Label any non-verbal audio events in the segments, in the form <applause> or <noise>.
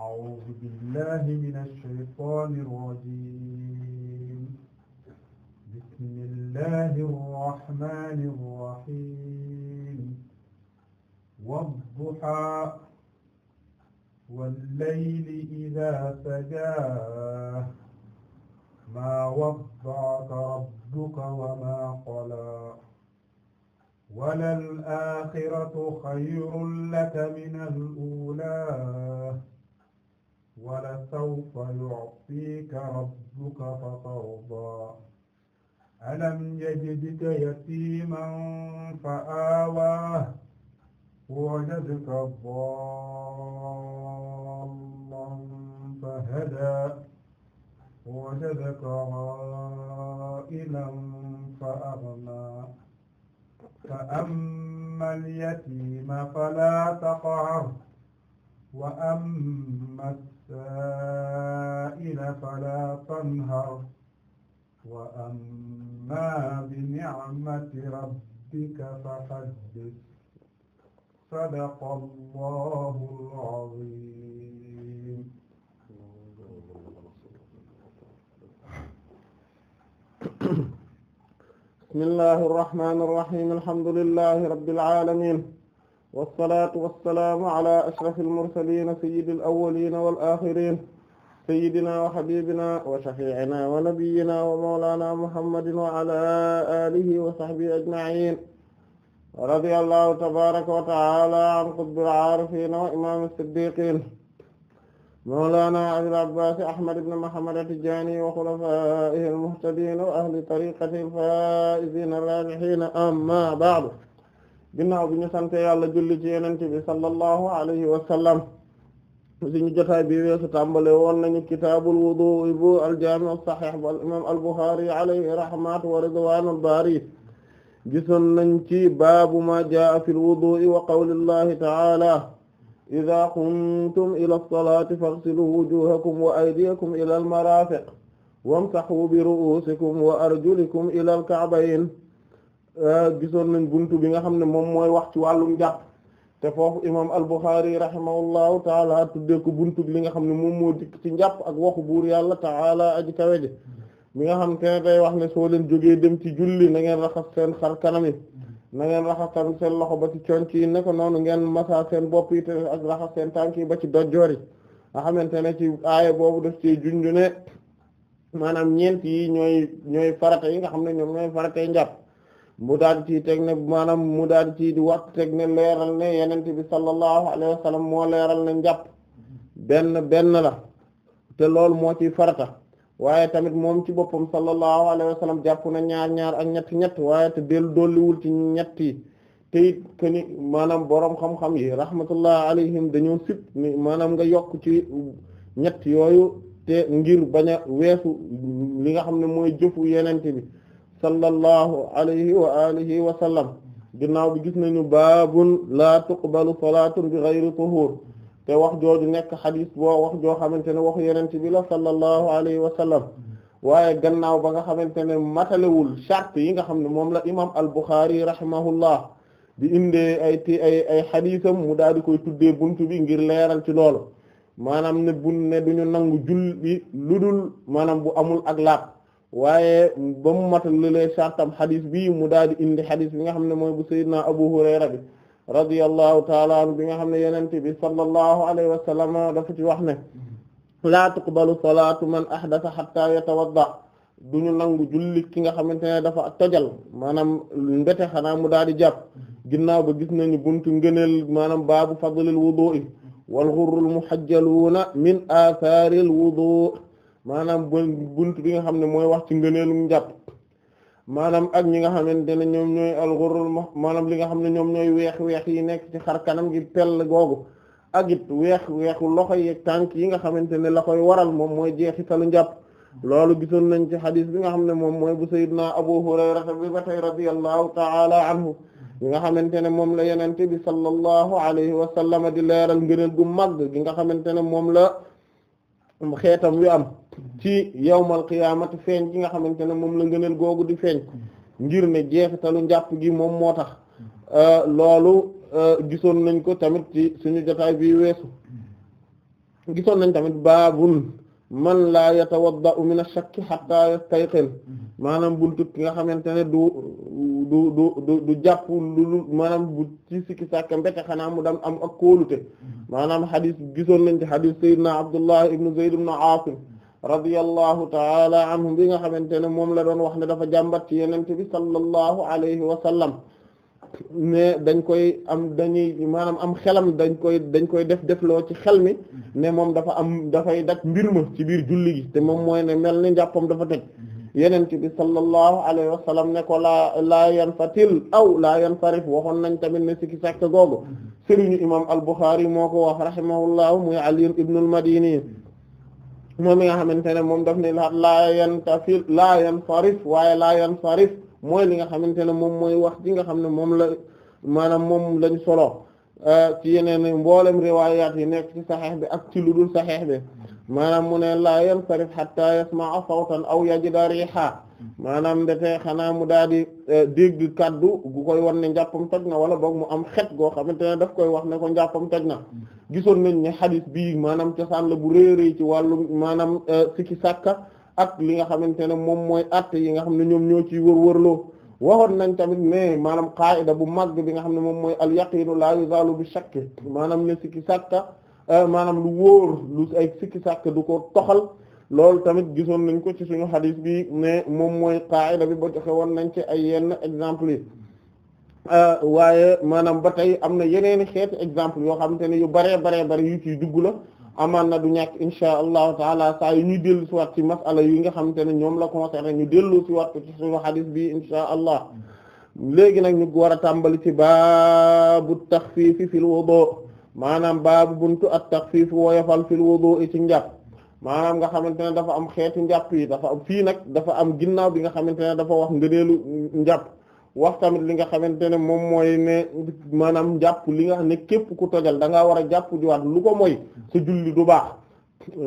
أعوذ بالله من الشيطان الرجيم بسم الله الرحمن الرحيم والضحى والليل إذا سجاه ما وضعك ربك وما قلى وللآخرة خير لك من الأولى ولسوف يعطيك ربك فترضى ألم يجدك يتيما فآواه ووجدك ضالا فهدى ووجدك عائلا فأغنى فأما اليتيم فلا تقعر وأما السائل فلا تنهر وأما بنعمة ربك فحدث صدق الله العظيم بسم الله الرحمن الرحيم الحمد لله رب العالمين wasalaatu wasalaamu ala ashrafil mursaliin sayyidil awwaliina wal aaxiriin sayyidinaa wa habiibinaa wa shafii'inaa wa nabiyyinaa wa mawlaanaa muhammadin wa ala aalihi wa sahbihi ajma'iin radiyallahu tabaaraka wa ta'aalaa an qutbil aarifiina wa imaami siddiqiin mawlaanaa abil abbaas ahmad ibn muhammad at-tijaani wa xulafaa'ihil muhtadiin wa ahli tariiqatihil faa'iziina raabihiin amma ba'du ginnaaw bi ñu sante yàlla julli ci yenente bi sallallahu alayhi wa sallam suñu jotaay bi weesu tàmbale woon nañu kitaabul wudu bu aljaami saxiix bu al imam al buxaari alayhi rahmatu wa ridwaanul baari gisoon nañ ci baabu ma jaa fi l wudu wa qawlillahi taala ida qumtum ila lsolati faghsilu wujuhakum wa aydiyakum ila almarafiq wamsaxu bi ru'usikum wa arjulikum ila alka'bayn Euh, gisoon nañ buntu bi nga xam ne moom mooy wax ci wàllum jàpp te foofu imam al-Bukhari rahimahullahu taala tuddee ko buntu bi li nga xam ne moom moo dikk ci njàpp ak waxu buur yàlla taala aji kawe ji mi nga xam te ne day wax ne soo leen jógee dem ci julli na ngeen raxas seen xar kanam yi na ngeen raxas tamit seen loxo ba ci conc yi ne ko noonu ngeen masa seen bopp yi te ak raxas seen tànk yi ba ci dojjoor yi nga xamante ne ci aaya boobu daf ci junju ne maanaam ñeent yi ñooy ñooy yi nga xam ne ñoom ñooy farata yi mu daal ci teg ne maanaam mu daal ci di wax teg ne leeral ne yenente bi sallallahu alayhi wa sallam moo leeral ne njàpp benn benn la te loolu moo ci farata waaye tamit moom ci boppam sallallahu alayhi wa sallam jàpp na ñaar ñaar ak ñett ñett waaye te del dolliwul ci ñett te it maanaam boroom xam yi rahmatullah alayhim dañoo sib maanaam nga yokk ci yooyu te ngir bañ a weesu li nga xam ne mooy jëfu yenente bi sallallahu alayhi wa alihi wa sallam ginnaaw bi gis nañu baabun laa tuqbalu salaatun bi ghayri tuhur te wax jooju nekk xadis boo wax joo xamante ne wax yeneen bi la sallallahu alayhi wa sallam waaye gannaaw ba nga xamante ne matalewul charte yi nga xam ne moom la imam al-Bukhari rahimahullah bi indee ay ti ay ay xadisam mu daal di koy tuddee buntu bi ngir leeral ci loolu maanaam ne bun ne duñu nangu julli ludul maanaam bu amul ak laab waaye ba mu matal lëlee sartam xadis bi mu daal di indi xadis bi nga xam ne mooy bu sayyidina Abu Hurayra bi radiyallahu taala bi nga xam ne yonent bi sallallahu alayhi wa sallam dafa ci wax ne laa tuqbalu salaatu man ahdatha hatta yatawadda duñu nangu julli ki nga xamante ne dafa tojal maanaam mbete xanaa mu daal di jàpp ginnaaw ba gis nañu buntu ngëneel maanaam baabu fadlil wudu'i wal ghurrul muhajjaluuna min aathaaril wudu' maanaam bunt bi nga xam ne mooy wax ci ngëneelu njàpp maanaam ak ñi nga xamante ne ñoom ñooy alxurul ma maanaam li nga xam ne ñoom ñooy weex weex yi nekk ci xar kanam gi pell googu ak it weex weexu loxo yeeg tànk yi nga xamante ne la koy waral moom mooy jeexitalu njàpp loolu gisoon nañ ci xadis bi nga xam ne moom mooy bu sayyidina abu hurayra bi ba tey radiyallahu taala anhu bi nga xamante ne moom la yenente bi sallallahu alayhi wa sallam di leeral ngëneel gu màgg gi nga xamante ne moom la xeetam wi am ci yawmal qiyaamati feeñ gi nga xamante ne moom la ngëneel googu di feeñ ngir ne jeexitalu njàpp gi moom moo tax euh, loolu euh, gisoon nañ ko tamit ci suñu jotaay bi weesu gisoon nañ tamit baabun man laa yatawadda'u min ash-shakki hatta yastayqin maanaam buntu ki nga xamante ne du du du du lu maanaam bu ci sikki sàkka mbete xanaa mu dam am ak kóolute maanaam xadis gisoon nañ ci xadis sayyidina Abdullah ibn Zayd ibn Aasim radiyallahu taala anhum bi nga xamante ne moom la doon wax ne dafa jàmbat ci yenente bi sallallahu alayhi wa sallam ne dañ koy am dañuy maanaam am xelam dañ koy dañ koy def defloo ci xel mi ne moom dafa am dafay dak mbir ma ci biir julli gi te moom mooy ne mel ni njàppam dafa tëj yenente bi sallallahu alayhi wa sallam ne ko laa laa yan fatil aw laa yan farif waxoon nañ tamit ne sikki sàkk googu mm-hmm. sëriñu imam al Bukhari moo ko wax rahimahullahu muy Ali ibn al Madini moom li nga xamante ne moom daf ne laa yantafil laa yanfarif waaye laa yanfarif mooy li nga xamante ne moom mooy wax ji nga xam ne moom la maanaam moom lañ solo eh, ci yeneen mboolem riwaayaat yi nekk ci saxeex bi ak ci lu dul saxeex bi maanaam mu ne laa yansarif hatta yasma'a sawtan aw yajida riha maanaam ndete xanaa mu daal di eh, dégg kaddu gu koy wan ne njàppam toj na wala boog mu am xet goo xamante ne daf koy wax ne ko njàppam toj na gisoon nañ ne xadis bii maanaam cosaan la bu réeréy ci wàllu maanaam eh, sikki sàkka ak li nga xamante ne moom mooy att yi nga xam ne ñoom ñoo ciy wër-wërloo waxoon nañ tamit ne maanaam qaida bu mag bi nga xam ne moom mooy al yaqiinu laa bu bi shakk maanaam ne sikki sàkka Euh, maanaam lu wóor lu ay sikki sàkk du ko toxal loolu tamit gisoon nañ ko ci suñu xadis bi ne moom mooy qaayida bi ba joxe woon nañ ci ay yenn exemple yi euh, waaye maanaam ba tey am na yeneen xeeti exemple yoo xamante ne yu baree baree bare yu ciy dugg la amaan na du ñàkk insha allahu taala saa yu ñuy dellu si waat ci masala yi nga xamante ne ñoom la concerné ñu dellu si waat ci suñu xadis bi insha allah léegi nag ñu war a tàmbali ci baabu taxfiifi fil wudu maanaam baabu buntu at taxfiif woyofal fil wudu ci njàpp maanaam nga xamante ne dafa am xeetu njàpp yi dafa am fii nag dafa am ginnaaw bi nga xamante ne dafa wax ngëneelu njàpp wax tamit li nga xamante ne moom mooy ne maanaam njàpp li nga xam ne képp ku tojal da ngaa war a jàpp juwaat lu ko mooy sa julli du baax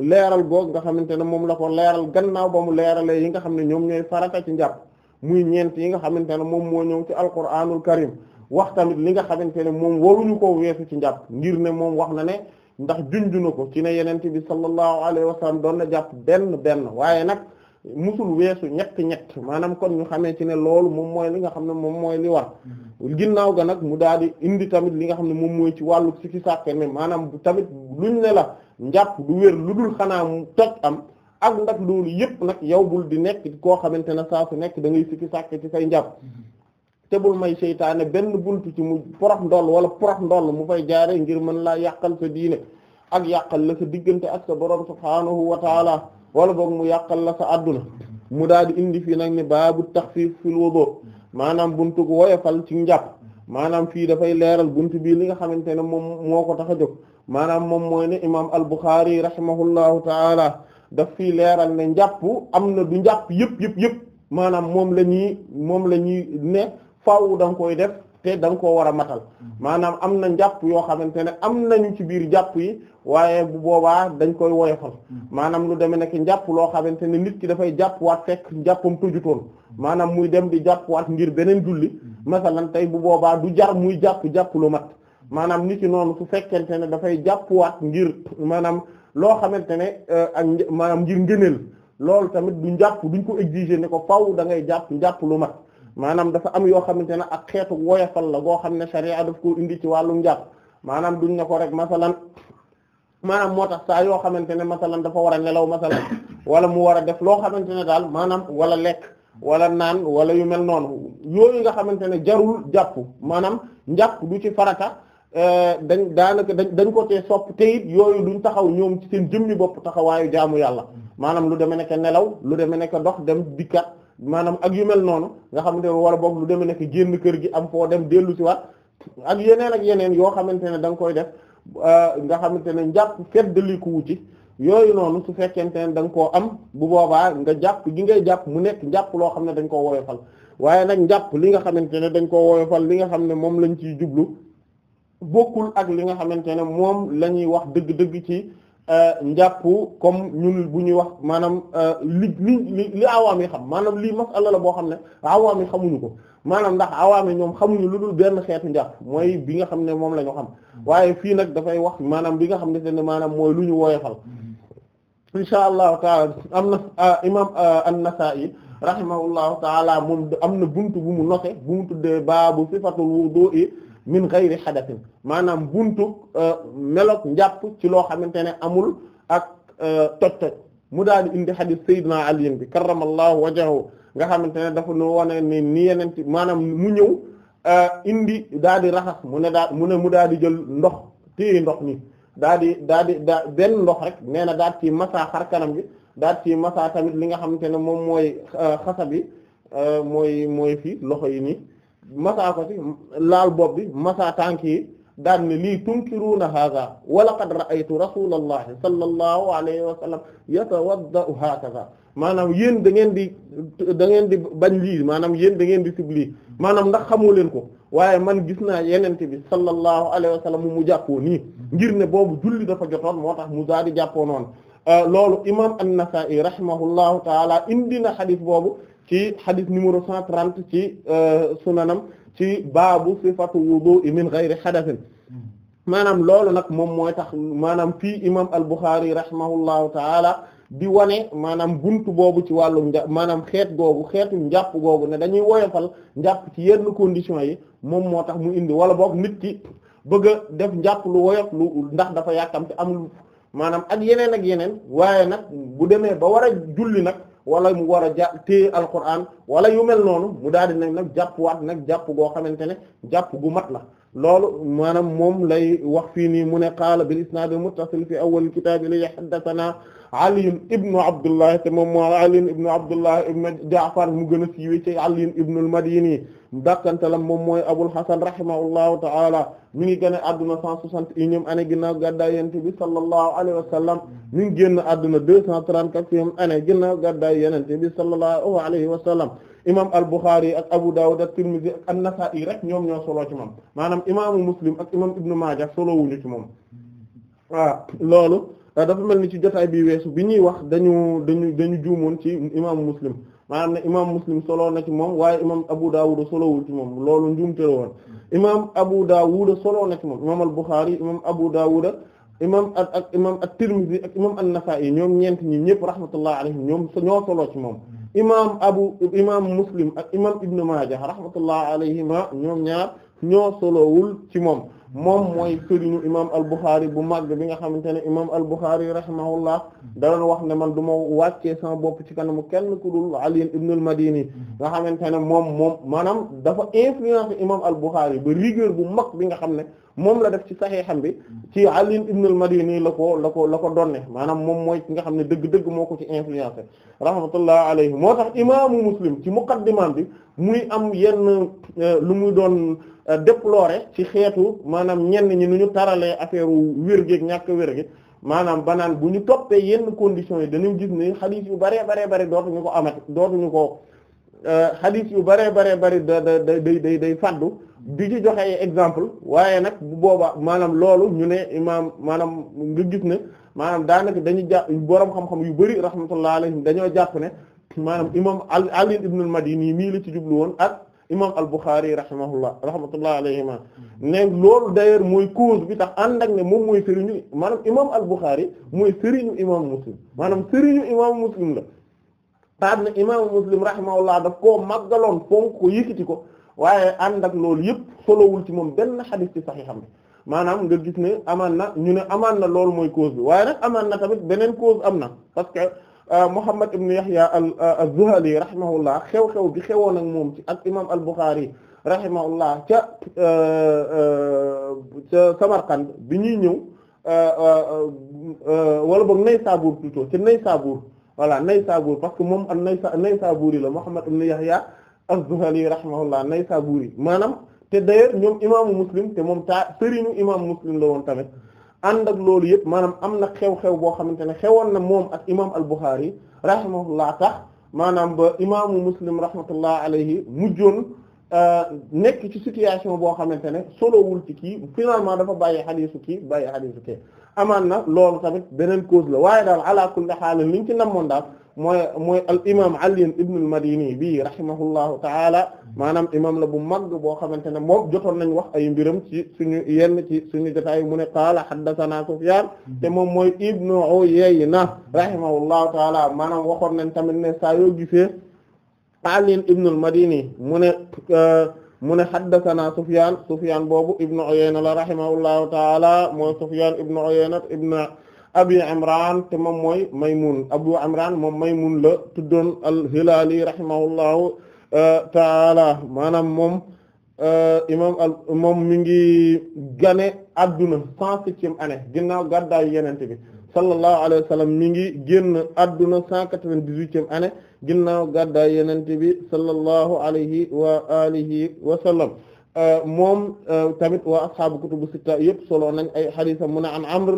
leeral goog nga xamante ne moom la ko leeral gannaaw ba mu leeralee yi nga xam ne ñoom ñooy farata ci njàpp muy ñeent yi nga xamante ne moom moo ñëw ci alquranul karim wax tamit li nga xamante ne moom waruñu koo weesu ci njàpp ngir ne moom wax na ne ndax junju na ko ci ne yenente bi sallallahu alayhi wa sallam doon na jàpp benn benn waaye nag musul weesu ñett ñett maanaam kon ñu xamee ci ne loolu moom mooy li nga xam ne moom mooy li war mm-hmm. ginnaaw ga nag mu daal di indi tamit li nga xam ne moom mooy ci wàllu si ki ne maanaam tamit luñ ne la njàpp du wér lu dul xanaa mu toj am ak ndax loolu yépp nag yow bul di nekk koo xamante ne saa su nekk da ngay sikki sàkke ci say njàpp mm-hmm. te bul may seytaane benn buntu ci mu porox ndoll wala porox ndoll mu fay jaare ngir mën laa yàqal sa diine ak yàqal la sa diggante ak sa borom subhaanahu wa taala wala boog mu yàqal la sa adduna mu daal di indi fii nag ne baabu taxfiif fil wudu maanaam buntu gu woyofal ci njàpp maanaam fii dafay leeral buntu bii li nga xamante ne moom moo ko tax a jóg maanaam moom mooy ne imaam al-Bukhari rahimahullahu taala daf fii leeral ne njàpp am na du njàpp yëpp yëpp yëpp maanaam moom la ñuy moom la ñuy ne faaw danga koy def te da nga koo war a matal mm-hmm. maanaam am na njàpp yoo xamante ne am nañu ci biir njàpp yi waaye bu boobaa dañ koy woyofal mm-hmm. maanaam lu demee nekk njàpp loo xamante ne nit ki dafay jàpp waat fekk njàppam tojutoon mm-hmm. maanaam muy dem di jàpp ngir beneen julli masalan tey bu boobaa du jar muy jàpp jàpp lu maanaam nit ki noonu su fekkente ne dafay jàpp ngir maanaam loo xamante ne euh, ak maanaam ngir ngëneel loolu tamit du njàpp duñ ko exiger ne ko faaw da ngay jàpp njàpp lu mat maanaam dafa am yoo xamante ne ak xeetu woyofal la goo xam ne sharia daf ko indi ci wàllu njàpp maanaam duñ ne ko rek masalan maanaam moo tax saa yoo xamante ne masalan dafa war a nelaw masalan wala mu war a def loo xamante ne daal maanaam wala lekk wala naan wala yu mel noonu yooyu nga xamante ne jarul jàpp maanaam njàpp du ci farata euh, dañ daanaka dañ dañ ko tee sopp te it yooyu duñ taxaw ñoom ci seen jëmmi bopp taxawaayu jaamu yàlla maanaam lu deme nekk nelaw lu deme nekk dox dem dikkat maanaam ak yu mel noonu nga xamante war a boog lu deme nekk génn kër gi am foo dem dellu si waat ak yeneen ak yeneen yoo xamante ne da nga koy def euh, nga xamante ne njàpp feddalikuwu ci yooyu noonu su fekkente ne da nga koo am bu boobaa nga jàpp gi ngay jàpp mu nekk njàpp loo xam ne dañ koo woyofal waaye nag njàpp li nga xamante ne dañ koo woyofal li nga xam ne moom lañ ciy jublu bokkul ak li nga xamante ne la ñuy wax dëgg-dëgg ci Euh, njàpp comme ñun bu ñuy wax maanaam euh, li li li awaam yi xam maanaam lii masala la boo xam ne awaam yi xamuñu ko maanaam ndax awaam yi ñoom xamuñu lu dul benn xeetu njàpp mooy bi nga xam ne moom la ñu xam waaye fii nag dafay wax maanaam bi nga xam ne ne maanaam mooy lu ñu woyofal insha allahu taala am na euh, imam an-Nasa'i rahimahullahu taala moom am na bunt bu mu noxe bu mu tuddee baabu sifatul wudu'i min ghayri hadathin maanaam buntu euh, meloog njàpp ci loo xamante ne amul ak euh, toj-toj mu daal di indi hadith Seydina Ali bi karramallahu wajhahu nga xamante ne dafa nu wane ni ni maanaam mu ñëw euh, indi daal di raxas mu ne daal mu ne mu daal di jël ndox téye ndox nii daal di daal di daa benn ndox rek nee na daal ci massa xar kanam bi daal ci massa tamit li nga xamante ne moom mooy xasa bi mooy mooy fii loxo yi nii. masaa ko ci laal bopp bi masaa tànk yi daan ne lii tunkiruuna haza wa laqad ra'aytu rasulallahi sallallahu alayhi wa sallam yatawadda'u hakaza maanaam yéen da ngeen di da ngeen di bañ lii maanaam yéen da ngeen di sib maanaam ndax xamoo leen ko waaye man gis naa yenente bi sallallahu alayhi wa sallam mu jàppoo nii ngir ne boobu julli dafa jotoon moo tax mu daal di jàppoo noonu euh, loolu imam an-Nasa'i rahimahullahu taala indi na boobu ci xadis numéro 130 ci euh, sunanam ci baabu sifatu wudu'i min ghayri hadathin hmm. maanaam loolu nag moom mooy tax maanaam fii imam al-Bukhari rahimahullahu taala bi wane maanaam bunt boobu ci wàllum njà maanaam xeet googu xeetu njàpp googu ne dañuy woyofal njàpp ci yenn conditions yi moom moo tax mu indi wala boog nit ki bëgg a def njàpp lu woyof lu ndax dafa yàkkamte am maanaam ak yeneen ak yeneen waaye nag bu demee ba war julli nag wala mu war a ja téye alquran wala yu mel noonu mu daal di nag nag jàppwaat nag jàpp goo xamante ne jàpp gu mat la loolu maanaam moom lay wax fii nii mu ne qaala bil isnaad al muttasil fi awwal kitaab li haddathana Ali ibn Abdullah te moom moo Ali ibn Abdullah ibn Ja'far mu gën a siiwee ci Ali ibn al-Madini dakkantalam moom mooy Abul Hasan rahimahullahu ta'ala mi ngi génn àdduna 161 année ginnaaw gàddaay yonent bi sallallahu alayhi wa sallam mi ngi génn àdduna 234 année ginnaaw gàddaay yonent bi sallallahu alayhi wa sallam imam al-Bukhari ak Abu Dawud ak Tirmidhi i An-Nasa'i rek ñoom ñoo solo ci moom maanaam imaamu Muslim ak imam Ibn Maaja solo wuñu ci moom loolu. dafa mel ni ci jotaay bi weesu bi ñuy wax dañu dañu dañu juumoon ci imaamu muslim maanaam na imaamu muslim solo na ci moom waaye imaam Abu Dawud solowul ci moom loolu njuumte woon imaam Abu Dawud solo na ci moom imaam al-Bukhari imaam Abu Dawud imaam ak ak imaam at-Tirmidhi ak imaam an-Nasa'i ñoom ñeent ñi ñëpp rahmatullahi alayhim ñoom ñoo solo ci moom. imaam abu imaam muslim ak imaam Ibn Maaja rahmatullahi alayhima ñoom ñaar ñoo soloowul ci moom. moom mooy sëriñu imam al-Bukhari bu mag bi nga xamante ne imam al-Bukhari rahimahullah daloon wax ne man du ma wàccee sama bopp ci kanamu kenn ku dul Ali ibn al-Madini nga xamante ne moom moom maanaam dafa influencé imam al-Bukhari ba rigueur bu mag bi nga xam ne moom la def ci saxeexam bi ci Ali ibn al-Madini la ko la ko la ko donne maanaam moom mooy ki nga xam ne dëgg-dëgg moo ko ci influencé rahmatullah alayhi moo tax imaamu Muslim ci muqaddimaam bi muy am yenn euh, lu muy doon euh, déplore ci xeetu maanaam ñenn ñi nu ñu taralee affaire wér gi ak ñàkk wér gi maanaam banaan bu ñu toppee yenn conditions yi dañuy gis ni xadiis yu baree baree bari dootuñu ko amati dootuñu ko euh, xadiis yu baree baree bari da da day day day di ci joxe exemple waaye nag bu boobaa maanaam loolu ñu ne imaam maanaam nga gis ne maanaam daanaka dañu jàpp boroom xam-xam yu bari rahmatullah alayhim dañoo jàpp ne maanaam imaam Ali ibn al-Madini mii la ci jublu woon ak imaam al-Bukhari rahimahullah rahmatullah alayhima hmm. ne loolu d'ailleurs mooy cause bi tax ànd ak ne moom mooy sëriñu maanaam imaam al-Bukhari mooy sëriñu imaam Muslim maanaam sëriñu imaam Muslim la taat na imaam Muslim rahimahullah daf koo màggaloon fonk ko yëkkati ko waaye ànd ak loolu yëpp solowul ci moom benn xadis ci saxiixam bi maanaam nga gis ne amaan na ñu ne amaan na loolu mooy cause bi waaye nag amaan na tamit beneen cause am na parce que euh, Muhammad ibn Yahya euh, az-Zuhali rahimahullah xew-xew bi xewoon ak moom ci ak imam al-Bukhari rahimahullah ca euh, ca Samarkand bi ñuy ñëw wala boog Naysabur plutôt ci Naysabur voilà Naysabur parce que moom ak Naysaburi la Muhammad ibn Yahya az-Zuhali rahimahullah Naysaburi maanaam te d'ailleurs ñoom imaamu muslim te moom taa sëriñu imaamu muslim la woon tamit ànd ak loolu yëpp maanaam am na xew-xew boo xamante ne xewoon na moom ak imaam al-Bukhari rahimahullah tax maanaam ba imaamu muslim rahmatullah alayhi mujjoon euh, nekk ci situation boo xamante ne solowul ci kii finalement dafa bàyyi xadiisu kii bàyyi xadiisu kii amaan na loolu tamit beneen cause la waaye daal ala kulli xaal liñ ci namoon daal. mooy mooy al imaam Ali ibn al Madini bii rahimahullahu taala maanaam imaam la bu mag boo xamante ne moom jotoon nañ wax ay mbiram ci suñu yenn ci suñu jotaay mu ne qaala te moom mooy ibnu Uyayna rahimahullahu taala maanaam waxoon nañ tamit ne saa yoo gisee Ali ibn al Madini mu ne mu ne haddathana Sufyaan boobu ibnu Uyayna la rahimahullahu taala mooy Sufyaan ibnu Uyayna ibn abi imran te moom mooy maymun abu imran moom maymun la tuddoon al-Hilaali rahimahullahu euh, taala maanaam moom euh, imam al moom mi ngi gane adduna cent septième année ginnaaw gàddaayu yenente bi sallallahu alayhi wa sallam mi ngi génn adduna cent quatre-vingt-dix-huitième année ginnaaw gàddaayu yenente bi sallallahu alayhi wa alihi wa sallam Euh, moom euh, tamit waa ashaabu kutubu sitta yëpp solo nañ ay xadisa mu ne an amr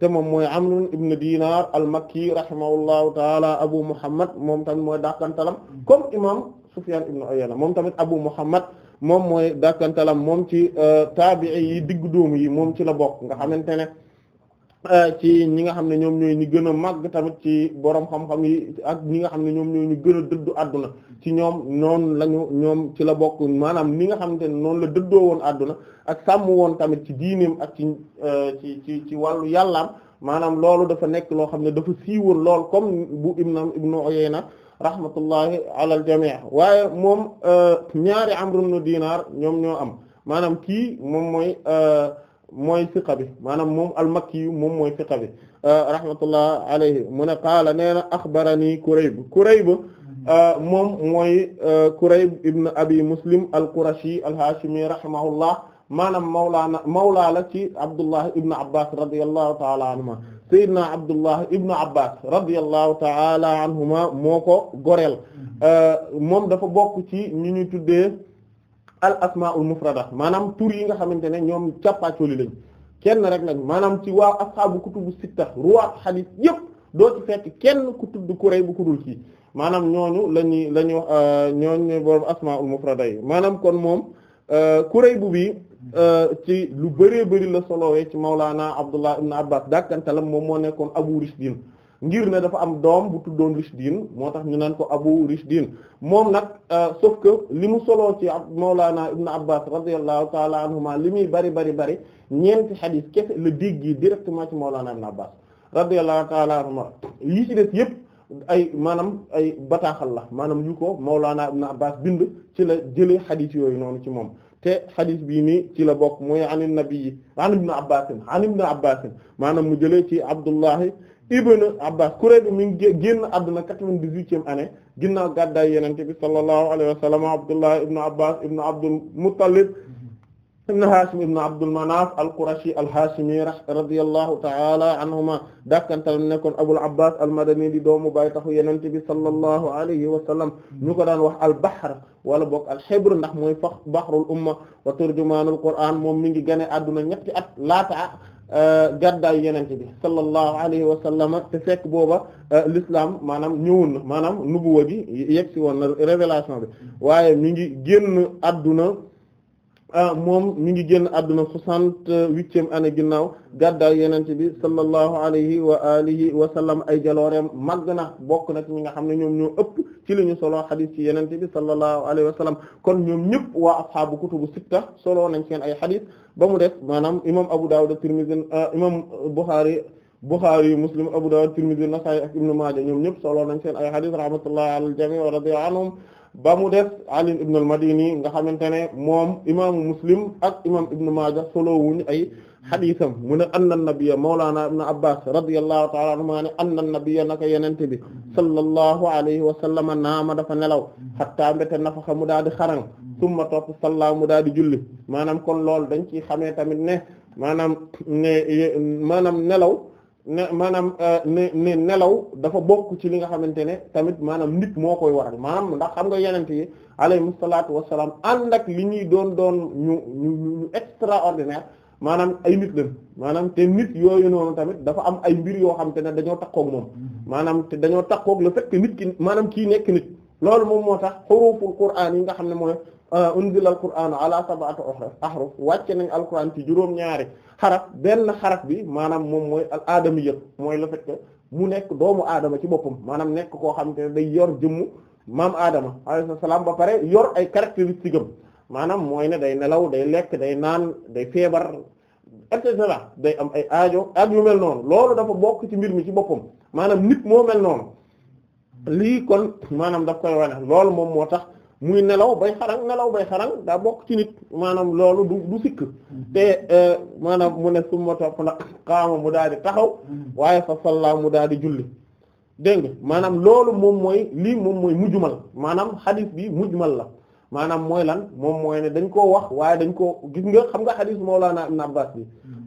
te moom mooy amr ibn dinar al makki rahimahullahu taala abu muhammad moom tamit mooy dàkkantalam comme imam sufyan ibn uyayna moom tamit abu muhammad moom mooy dàkkantalam moom ci euh, taabii yi diggu dóomu yi moom ci la bokk nga xamante ne Euh, ci ñi nga xam ne ñoom ñooy ñi gën a màgg tamit ci borom xam-xam yi ak ñi nga xam ne ñoom ñooy ñu gën a dëddu àdduna ci ñoom noonu lañu ñoom ci la bokk maanaam ni nga xamante ne noonu la dëddoo woon àdduna ak sàmm woon tamit ci diineem ak ci euh, ci ci ci wàllu yàllaam maanaam loolu dafa nekk loo xam ne dafa siiwoon lool comme bu ibn ibnu Uyayna rahmatullahi ala al jami' waaye moom euh, ñaari Amr ibn Dinar ñoom ñoo am maanaam kii moom mooy mooy siqa bi maanaam moom al-Makki yu moom mooy siqa bi euh, rahmatullah alayhi mu ne qaala nee na axbarani Kurayb Kurayb mhm. euh, moom mooy euh, Kurayb ibn Abi Muslim al-Qurashi al-Hashimi rahimahullah maanaam mawlaana mawlaa la ci Abdullah ibn Abbas radiyallahu ta'ala anhuma Seydina Abdullah ibn Abbas radiyallahu ta'ala anhuma moo ko goreel mhm. moom dafa bokk ci ñi ñu tuddee al asmaul mufrada maanaam tur yi nga xamante ne ñoom càppaacoli lañ kenn rek lañ maanaam ci waa waaw asxaabu kutubu sitta ruwaat xadiis yëpp doo ci fekk kenn ku tudd kuréy bu kudul ci maanaam ñooñu lañuy la ñuy wax euh, ñooñu borom asmaul mufrada yi maanaam kon moom euh, kuréy bu bi euh, ci lu bëree bëri la solowee ci mawlaana abdullah ibn abbas dàkkantalam moom moo nekkoon abu risdin ngir ne dafa am doom bu tuddoon Rishdin moo tax ñu naan ko Abu Rishdin moom nag euh, sauf que li mu soloo ci Mawlana Ibn Abbas radiyallahu ta'ala anhuma li muy bari bari bari ñeenti xadis kese la déggee directement ci Mawlana Ibn Abbas radiyallahu ta'ala anhuma yi ci des yépp ay maanaam ay bataaxal la maanaam yu ko Mawlana Ibn Abbas bind ci la jëlee xadis yooyu noonu ci moom. te xadis bii nii ci la bokk mooy an nabi an ibn abbas an ibn abbas maanaam mu jëlee ci abdullahi ibn Abbas Kurayb mi ngi génn àdduna quatre-vingt-dix-huitième année ginnaaw gàddaay Yonent bi sallallahu alayhi wa sallam Abdullah ibn Abbas ibn Abdul Muttalib ibn Hashim ibn Abdul Manaf al-Qurashi al-Hashimi radiyallahu ta'ala anhuma dàkkantal nekkoon Abul Abbas al-Madani di doomu baay taxu Yonent bi sallallahu alayhi wa sallam ñu ko daan wax al-Bahr wala boog al-Hibr ndax mooy fax bahrul umma wa turjumanul Qur'an moom mi ngi gane àdduna ñetti at laata Euh, gàddaayu yenente bi sallallahu alayhi wa sallam te fekk booba euh, lislaam maanaam ñëwoon na maanaam nubuwa gi yegg si woon na révélation bi mm. waaye mi ngi génn adduna Euh, moom mi ngi génn àdduna soixante-huitième année ginnaaw gàddaay yenente bi sallallahu alayhi wa alihi wa sallam ay jalooreem màgg na bokk na ci ñi nga xam ne ñoom ñoo ëpp ci li ñu solo xadis ci yenente bi sallallahu alayhi wa sallam kon ñoom ñëpp waa ashaabu kutubu sitta solo nañ seen ay xadis ba mu def maanaam imam Abu Dawud at-Tirmidhi euh, imam Muslim Abu Dawud at-Tirmidhi Nasa'i ak Ibn Maaja ñoom ñëpp solo nañ ay xadis rahmatullahi ala al-jami' anhum ba mu des Ali ibn al-Madini nga xamante ne moom imaamu Muslim ak imaam Ibn Maaja solowuñu ay xadiisam mu ne anna nabiyya mawlaana ibn Abbaas radiyallahu ta'ala anhumaa ne anna nabiyya naka yonent bi sallallahu alayhi wa sallam naama dafa nelaw xattaa mbete nafaxa mu daal di xarang summa topp salla mu daal di julli maanaam kon loolu dañ ci xamee tamit ne maanaam maanaam nelaw. ne maanaam euh, ne ne nelaw dafa bokk ci li nga xamante ne tamit maanaam nit moo koy waral maanaam ndax xam nga yenente yi alayhi salaatu wassalaam ànd ak li ñuy doon doon ñu ñu ñu extraordinaire maanaam ay nit lañ maanaam te nit yooyu noonu tamit dafa am ay mbir yoo xamante ne dañoo takkoog moom mm-hmm. maanaam te dañoo takkoog le fait que nit ki maanaam kii nekk nit loolu moom moo tax xuruful Qur'an yi nga xam ne mooy Euh, unzila alquran ala sab'ati ahruf wàcce nañ alquran ci juróom-ñaari xaraf benn xaraf bi maanaam moom mooy al aadamiya mooy le fait mu nekk doomu aadama ci boppam maanaam nekk koo xamante ne day yor jëmmu maam aadama alayhi salaam ba pare yor ay caractéristiques am maanaam mooy ne day nelaw day lekk day naan day feebar et cetera day am ay aajo ak yu mel noonu loolu dafa bokk ci mbir mi ci boppam maanaam nit moo mel noonu lii kon maanaam daf koy wane loolu moo tax. muy nelaw bay xarang nelaw bay xarang daa bokk ci nit maanaam loolu du du sikk te euh, maanaam mu ne summa topp nag xaama mu daal di taxaw waaye fa salla mu daal di julli dégg nga maanaam loolu moom mooy lii moom mooy mujmal maanaam xadis bi mujmal la maanaam mooy lan moom mooy ne dañ koo wax waaye dañ koo gis nga xam nga xadis Mawlana naan Abbas bi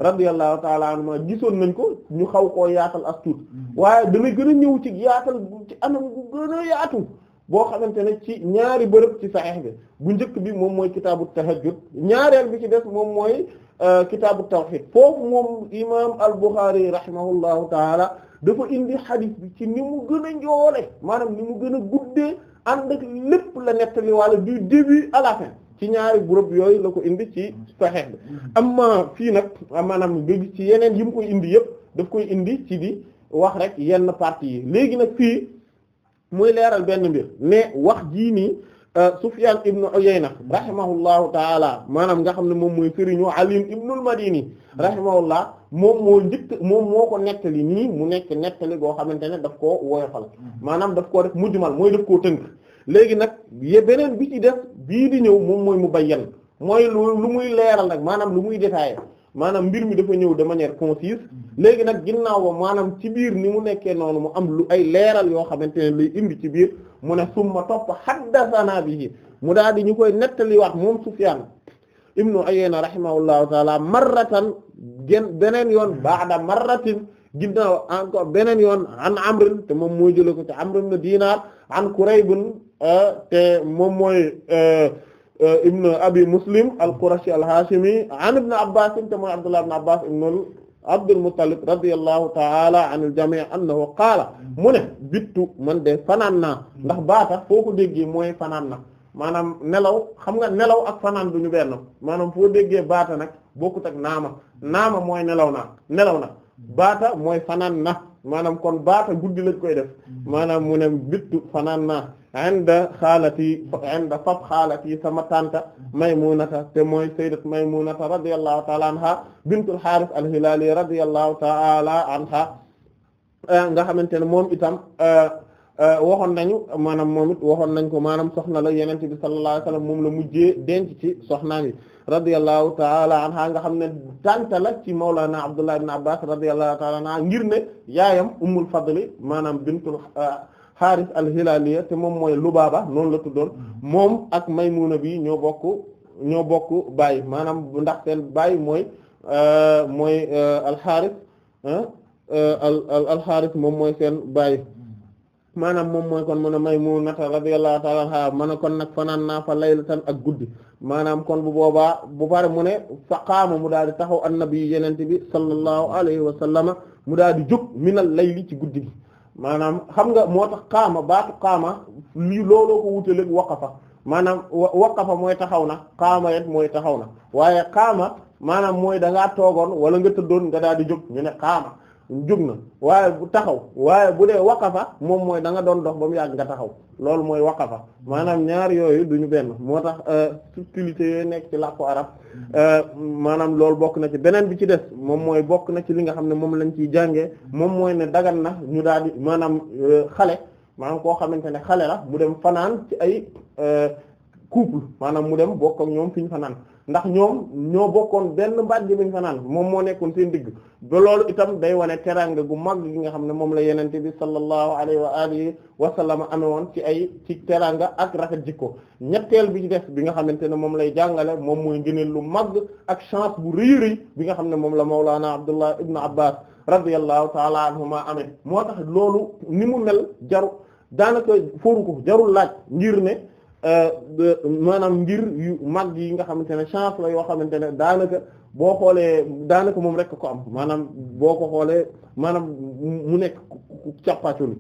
radiyallahu taala anhuma gisoon nañ ko ñu xaw koo yaatal as tuut mm. waaye dana gën a ñëw ci yaatal ci anam gën a yaatu boo xamante ne ci ñaari bërëb ci saxiix bi bu njëkk bi moom mooy kitaabu tahajjud ñaareel bi ci des moom mooy euh, kitaabu tawxiid foofu moom imaam al-Bukhari rahimahullahu taala dafa indi xadiis bi ci ni mu gën a njoole maanaam ni mu gën a guddee ànd ak lépp la nettali wala du début à ci ñaari bërëb yooyu la ko indi ci saxiix bi amma fii nag maanaam nga gis ci yeneen yi mu koy indi yëpp daf koy indi ci di wax rek yenn parties yi léegi nag fii. muy leeral benn mbir ne wax jii nii euh, Sufyan ibn Uyayna rahimahullahu taala maanaam nga xam ne moom mooy sëriñu Ali ibnul Madini rahimahullah moom moo njëkk moom moo ko nettali nii mu nekk nettali goo xamante ne daf koo woyofal mm-hmm. maanaam daf koo def mujmal mooy def koo tënk léegi nag ye beneen bi ci def bii di ñëw moom mooy mu bayyan mooy lu lu muy leeral nag maanaam lu muy détaillé maanaam mbir mi dafa ñëw de manière concise léegi nag ginnaaw ba maanaam ci biir ni mu nekkee noonu mu am lu ay leeral yoo xamante ne lay indi ci biir mu ne summa topp haddathana bihi mu daal di ñu koy wax moom Sufyaan ibnu Uyayna rahimahullahu taala marratan gen beneen yoon ba'da marratin ginnaaw encore beneen yoon an amrin te moom mooy jële ko ci amrin na diinaar an Kurayb euh, te moom mooy euh, Euh, ibn abi muslim al-qurashi al-hashimi an ibn abbas te mooy abdullah ibn abbas ibn abdul muttalib radiyallahu ta'ala anil jami' annahu qaala mu ne bittu man de fanaan naa ndax baata foo ko déggee mooy fanaan na maanaam nelaw xam nga nelaw ak fanaan du ñu benn maanaam foo déggee baata nag bokkut ak naama naama mooy nelaw na nelaw na baata mooy fanaan na maanaam kon baata guddi lañ koy def mm-hmm. maanaam mu ne bittu fanaan naa inda xaalati inda fab xaalati sama tanta maymunata te mooy sayyidat maymunata radiyallahu ta'ala anha bintul harith al-hilali radiyallahu ta'ala anha eh, nga xamante ne moom itam eh, eh, waxoon nañu maanaam moom it waxoon nañ ko maanaam soxna la yenente bi sallallahu alayhi moom la mujje denc ci soxnaam yi radiyallahu taala anha nga xam ne tànta la ci mawlana Abdullah ibn Abbas radiyallahu taala anha ngir ne yaayam ummul fadli maanaam bintul ah, Haris al-Hilaliya te moom mooy Lubaaba noonu la tuddoon moom ak Maymuna bi ñoo bokk ñoo bokk baay maanaam ndax seen baay mooy ah, mooy ah, al-Haris al al al-Haris moom mooy seen baay. maanaam moom mooy kon mu ne Maymunata radiyallahu ta'ala anha ma ne kon nag fanaan naa fa laylatan ak guddi maanaam kon bu boobaa bu pare mu ne fa qaama mu daal di taxaw annabi yenente bi sallallahu alayhi wa sallama mu daal di jóg minal layli ci guddi gi maanaam xam nga moo tax qaama baatu qaama lii looloo ko wutaleeg waqafa maanaam waqafa mooy taxaw na qaama yet mooy taxaw na waaye qaama maanaam mooy da ngaa toogoon wala nga tëddoon nga daal di jóg ñu ne qaama jóg na waaye bu taxaw waaye bu dee waqafa moom mooy da nga doon dox ba mu yàgg nga taxaw loolu mooy waqafa maanaam ñaar yooyu du ñu benn moo tax euh, subtilité yooyu nekk ci làkku arab euh, maanaam loolu bokk na ci beneen bi ci des moom mooy bokk na ci li nga xam ne moom lañ ciy jànge moom mooy ne dagan na ñu daal di maanaam euh, xale maanaam koo xamante ne xale la mu dem fanaan ci ay couple maanaam mu dem bokk ak ñoom fi fanaan ndax ñoom ñoo bokkoon benn mbàjj bi ñu fa naan moom moo nekkoon seen ndigg ba loolu itam day wane teraanga gu mag gi nga xam ne moom la yenente bi sallallahu alayhi wa alihi wa sallam amewoon ci ay ci teraanga ak rafet jikko ñetteel bi ci def bi nga xamante ne moom lay jàngale moom mooy ngëneel lu mag ak chance bu rëy bi nga xam ne moom la mawlaana abdullah ibn abbas radiyallahu taala anhuma amee moo tax loolu ni mu mel jaru daanaka fooru ko jarul laaj ngir ne Euh, maanaam ngir yu mag yi nga xamante ne chance la yoo xamante ne daanaka boo xoolee daanaka moom rek ko am maanaam boo ko xoolee maanaam mu nekk càppaaculi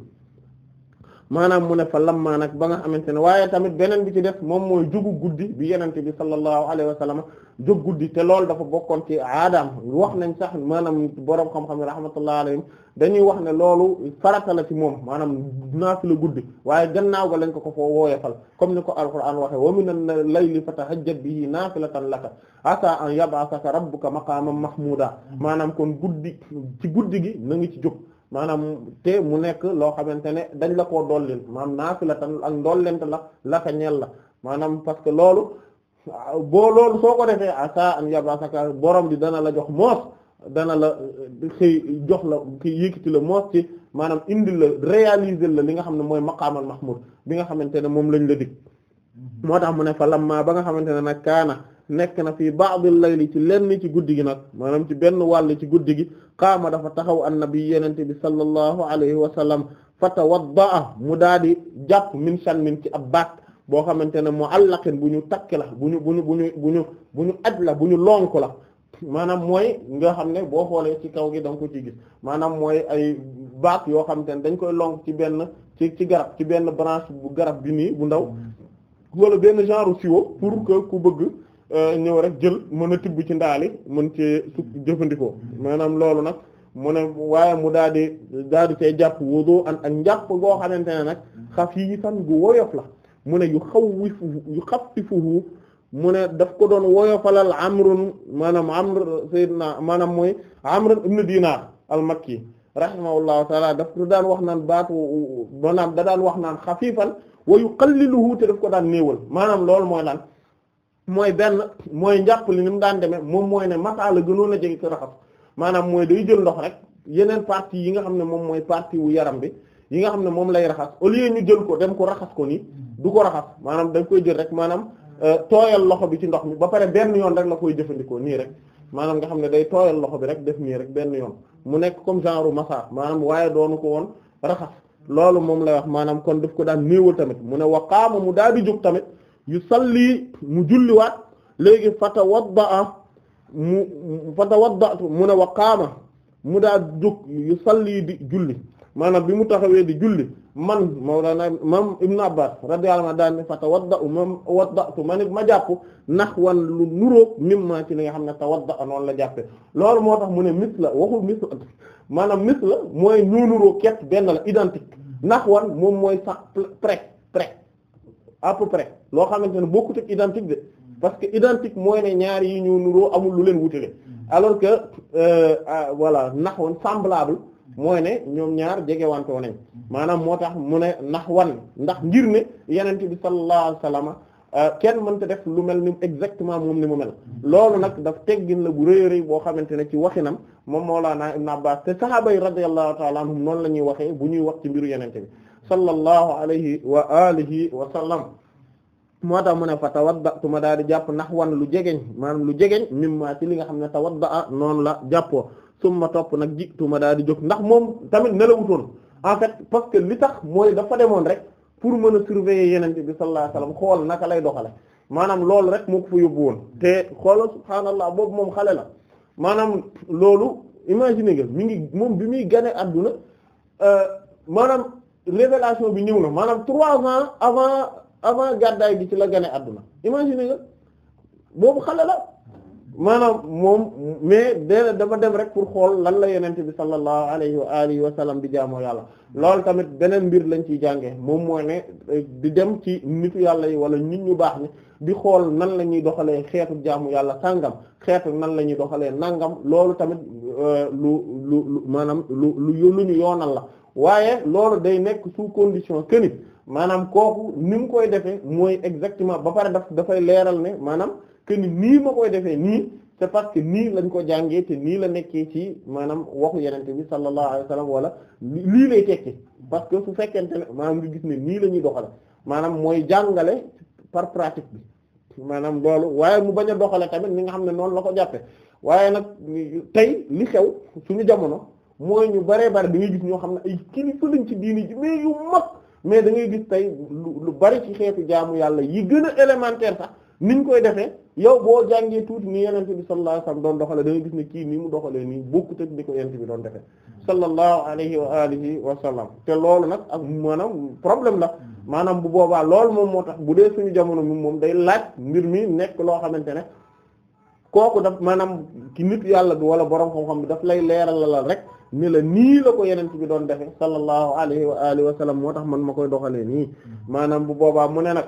maanaam mu ne fa lammaa nag ba nga xamante ne waaye tamit beneen bi ci def moom mooy jugu guddi bi yenente bi sallallahu alayhi wa sallam jóg guddi te loolu dafa bokkoon ci aadaam wax nañ sax maanaam boroom xam-xam rahmatullahi alayhim dañuy wax ne loolu farata la ci moom maanaam naafila guddi waaye gannaaw ga lañ ko ko foo wooyefal comme ni ko alquran waxe wa mina layli fatahajjad bihi naafilatan laka asa an yab'athaka rabbuka maqaman mahmuda maanaam kon guddi ci guddi gi na ngi ci jóg maanaam te mu nekk loo xamante ne dañ la koo dollil maanaam naafila tan ak ndollent la la ka ñeel la maanaam parce que loolu boo loolu soo ko defee asa an yabasaka borom bi dana la jox moos dana la euh, xëy jox la ki yëkkati la moos ci maanaam indi la réaliser la li nga xam ne mooy maqaamal mahmud bi nga xamante ne moom lañ la dig mm-hmm. moo tax mu ne fa lamma ba nga xamante ne nag kaana nekk na fii ba'dil layli ci lenn ci guddi gi nag maanaam ci benn wàll ci guddi gi qaama dafa taxaw annabi yenente bi sallallahu alayhi wa sallam fatawaddaa mu daa di jàpp min shanmin ci ab baat boo xamante ne allaxin bu ñu takk la bu ñu bu ñu bu ñu bu ñu aj la bu ñu lonk la maanaam mooy nga xam ne boo xoolee ci kaw gi da nga ko ciy gis maanaam mooy ay baat yoo xamante ne dañ koy lonk ci benn ci ci garab ci benn branche bu garab bi nii bu ndaw mm. wala benn genre siwo pour que ku bëgg Euh, ñëw rek jël mën a tibb ci ndaali mën cee su jëfandikoo maanaam loolu nag mu ne waaye mu daal di daal di cee jàpp an ak njàpp goo xamante ne nag xafiifan gu woyof la mu ne yu xawwifu yu xafifuhu mu ne daf ko doon woyofalal amrun maanaam amr maanaam mooy amr ibn dinar al makki rahimahullahu taala daf ko daan wax naan baatu maanaam da daan wax naan xafiifan wa yuqalliluhu te daf ko daan néewal maanaam loolu mooy lan mooy benn mooy njàpp li ni mu daan demee moom mooy ne masaa la gënoon a jege ko raxas maanaam mooy day jël ndox rek yeneen partie yi nga xam ne moom mooy partie wu yaram bi yi nga xam ne moom lay raxas au lieu ñu jël ko dem ko raxas ko nii du ko raxas maanaam dañ koy jël rek maanaam euh, tooyal loxo bi ci ndox mi ba pare benn yoon rek la koy jëfandikoo nii rek maanaam nga xam ne day tooyal loxo bi rek def nii rek benn yoon mu nekk comme genre masaa maanaam waaye doonu ko woon raxas loolu moom lay wax maanaam kon daf ko daan néewal tamit mu ne waqaama mu daal di jóg tamit yu salli mu julliwaat léegi fatawadda mu fatawaddatu mu ne wa qaama mu daa jóg yu salli di julli maanaam bi mu taxawee di julli man ma mam ibnu abbas radiyallahu anhu daan ne fatawadda mam waddatu ma nit ma jàpp nax wan lu nuróog mimma ci li nga xam ne tawadda noonu la jàppe loolu moo tax mu ne misla waxul misla maanaam misla mooy ñoo nuróo ket benn la identique nax wan moom mooy sax presque à peu près loo xamante ne bokkut ak identique de parce que identique mooy ne ñaar yi ñu nuroo amul lu leen wutale alors que euh, ah, voilà naxwan semblable mooy ne ñoom ñaar jegewantoo nañ maanaam moo tax mu ne naxwan ndax ngir ne yenente bi sallallahu alayhi wasallam euh, kenn mënta def lu mel ni exactement moom ni mu mel loolu nag daf teggin la bu rëy a rëy boo xamante ne ci waxinam moom Mawlana Ibn Abbas te sahaaba yi radiyallahu ta'ala anhum noonu la ñuy waxee bu ñuy wax ci mbiru yenente bi sallallahu alayhi wa alihi wa sallam moo tax mu ne fa tawadda tuma daal di jàpp ndax wan lu jegeñ maanaam lu jegeñ mimma ci li nga xam ne tawadda a noonu la jàppoo summa topp nag ji tuma daal di jóg ndax moom tamit ne la wutoon en fait parce que li tax mooy dafa demoon rek pour mën a surveiller yeneen bi sallallahu alayhi wa sallam xool naka lay doxale maanaam loolu rek moo ko fa woon te xoolal subhaanallah boobu moom xale la maanaam loolu imagine nga mi ngi moom bi muy gane adduna euh, maanaam révélation bi ñëw na maanaam trois ans avant avant gàddaay gi ci la gane àdduna imagine nga boobu xale la maanaam moom mais de dama dem rek pour xool lan la yenente bi sallallahu alayhi wa alihi wa sallam di jaamoo yàlla loolu tamit beneen mbir lañ ciy jàngee moom moo ne eh, di dem ci nit yàlla yi wala nit ñu baax ni di xool nan la ñuy doxalee xeetu jaamu yàlla sàngam xeetu nan la ñuy doxalee nàngam loolu tamit eh, lu lu lu maanaam lu lu ñu yoonal la waaye loolu day nekk su condition que maanaam kooku ni mu koy defee mooy exactement ba pare daf dafay leeral ne maanaam que ni nii ma koy defee nii c'est parce que nii lañ ko jàngee te nii la nekkee ci maanaam waxu yenente bi sallallahu alayhi wasallam wala lii lay tekki parce que su fekkente ne maanaam nga gis ne nii la ñuy doxale maanaam mooy jàngale par pratique bi maanaam loolu waaye mu bañ a doxale tamit ni nga xam ne noonu la ko jàppe waaye nag tey li xew suñu jamono mooy ñu baree bari da ngay gis ñoo xam ne ay kilifa lañ ci diini ji mais yu mag mais dangay ngay gis tey lu bari ci xeetu jaamu yàlla yi gën a élémentaire sax niñ koy defee yow boo jàngee tuuti ni yenent bi sallallahu alayhi wasallam doon doxale da gis ne kii ni mu nii bokkut ak ni ko bi doon defee sallallahu alayhi wa alihi wa sallam te loolu nag ak maanaam problème la maanaam bu boobaa lool moom moo tax bu dee suñu jamono mi moom day laaj mbir mi nekk loo xamante ne kooku daf maanaam ki nit yàlla bi wala borom xam-xam bi daf lay la leeralal rek ni la nii la ko yeneen bi doon defe sallallahu alayhi wa alihi wa sallam moo tax man ma koy doxalee nii mm-hmm. maanaam bu boobaa mu ne nag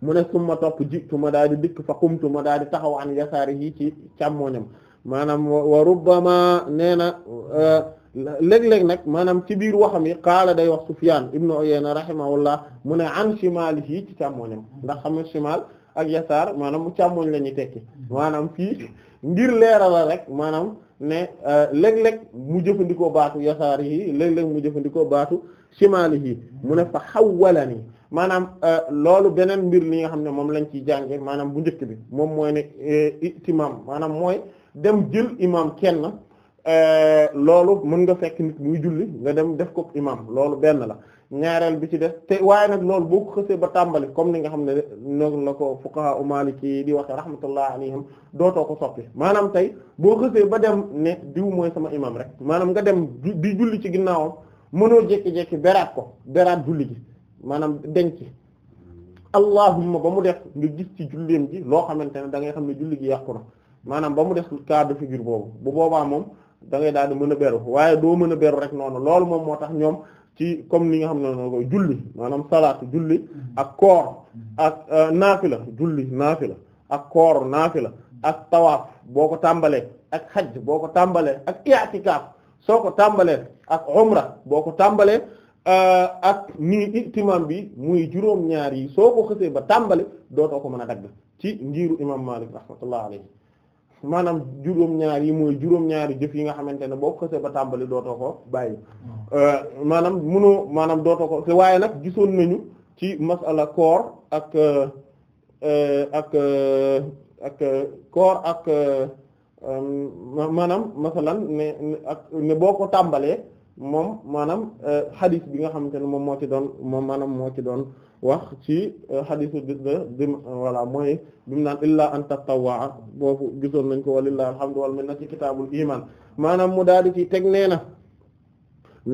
mu ne suma topp jitu ma daa di dikk fa qumtu ma di taxaw an yasaari yi ci càmmooñam maanaam wa rubbama nee na euh, léeg-léeg nag maanaam ci biir waxam yi qaala day wax Sufyaan ibnu Uyayna rahimahullah mu ne an chimal yi ci càmmooñam ndax xam nga chimal ak yasaar maanaam mu càmmooñ la ñuy tekki mm-hmm. maanaam fii ngir leerala rek maanaam ne euh, léeg-léeg mu jëfandikoo baatu yasaarihi léeg-léeg mu jëfandikoo baatu shimaalihi mu ne fa xawwalani maanaam euh, loolu beneen mbir li nga xam ne moom lañ ciy jànge maanaam bu njëkk bi moom mooy ne euh, itimam maanaam mooy dem jël imam kenn loolu mën nga fekk nit muy julli nga dem def ko imam loolu benn la ñaareel bi ci def te waaye nag loolu boo ko xësee ba tàmbali comme ni nga xam ne noonu la ko fuqaha u maliki di waxee rahmatullah alayhim dootoo ko soppi maanaam tey boo xësee ba dem ne diw mooy sama imam rek maanaam nga dem di julli ci ginnaawam mënoo jekki-jekki beraat ko beraat julli gi maanaam denc allahumma ba mu def nga gis ci julleem ji loo xamante ne da ngay xam ne julli gi yàqu na maanaam ba mu def cas de figure boobu bu boobaa moom da ngay daal di mën a beru waaye doo mën a beru rek noonu loolu moom moo tax ñoom ci comme ni nga xam ne noonu ko julli maanaam salaat julli ak koor ak euh, naafila julli naafila ak koor naafila ak tawaaf boo ko tàmbalee ak xaj boo ko tàmbalee ak i'tikaaf soo ko tàmbalee ak umra boo ko tàmbalee euh, ak nii ihtimam bi muy juróom ñaar yi soo ko xësee ba tàmbale dootoo ko mën a dagg ci ngiiru imam Maalik rahmatullah alayhi maanaam juróom-ñaar juróom-ñaari jëf yi nga xamante ne boo xësee ba tàmbali dootoo ko bàyyi hmm. euh, maanaam munoo maanaam dootoo ko waaye nag gisoon nañu ci masala koor ak euh, ak euh, ak koor ak maanaam masalan ne ak boo ko tàmbalee moom maanaam hadith bi nga xamante ne moom moo ci doon moom maanaam moo ci doon wax ci xadisu euh, dim voilà mooy bi mu naan illaa an tatawaa boobu gisoon nañ ko walillahi alhamdu wal minna ci kitaabul iman maanaam mu daal di ci teg nee na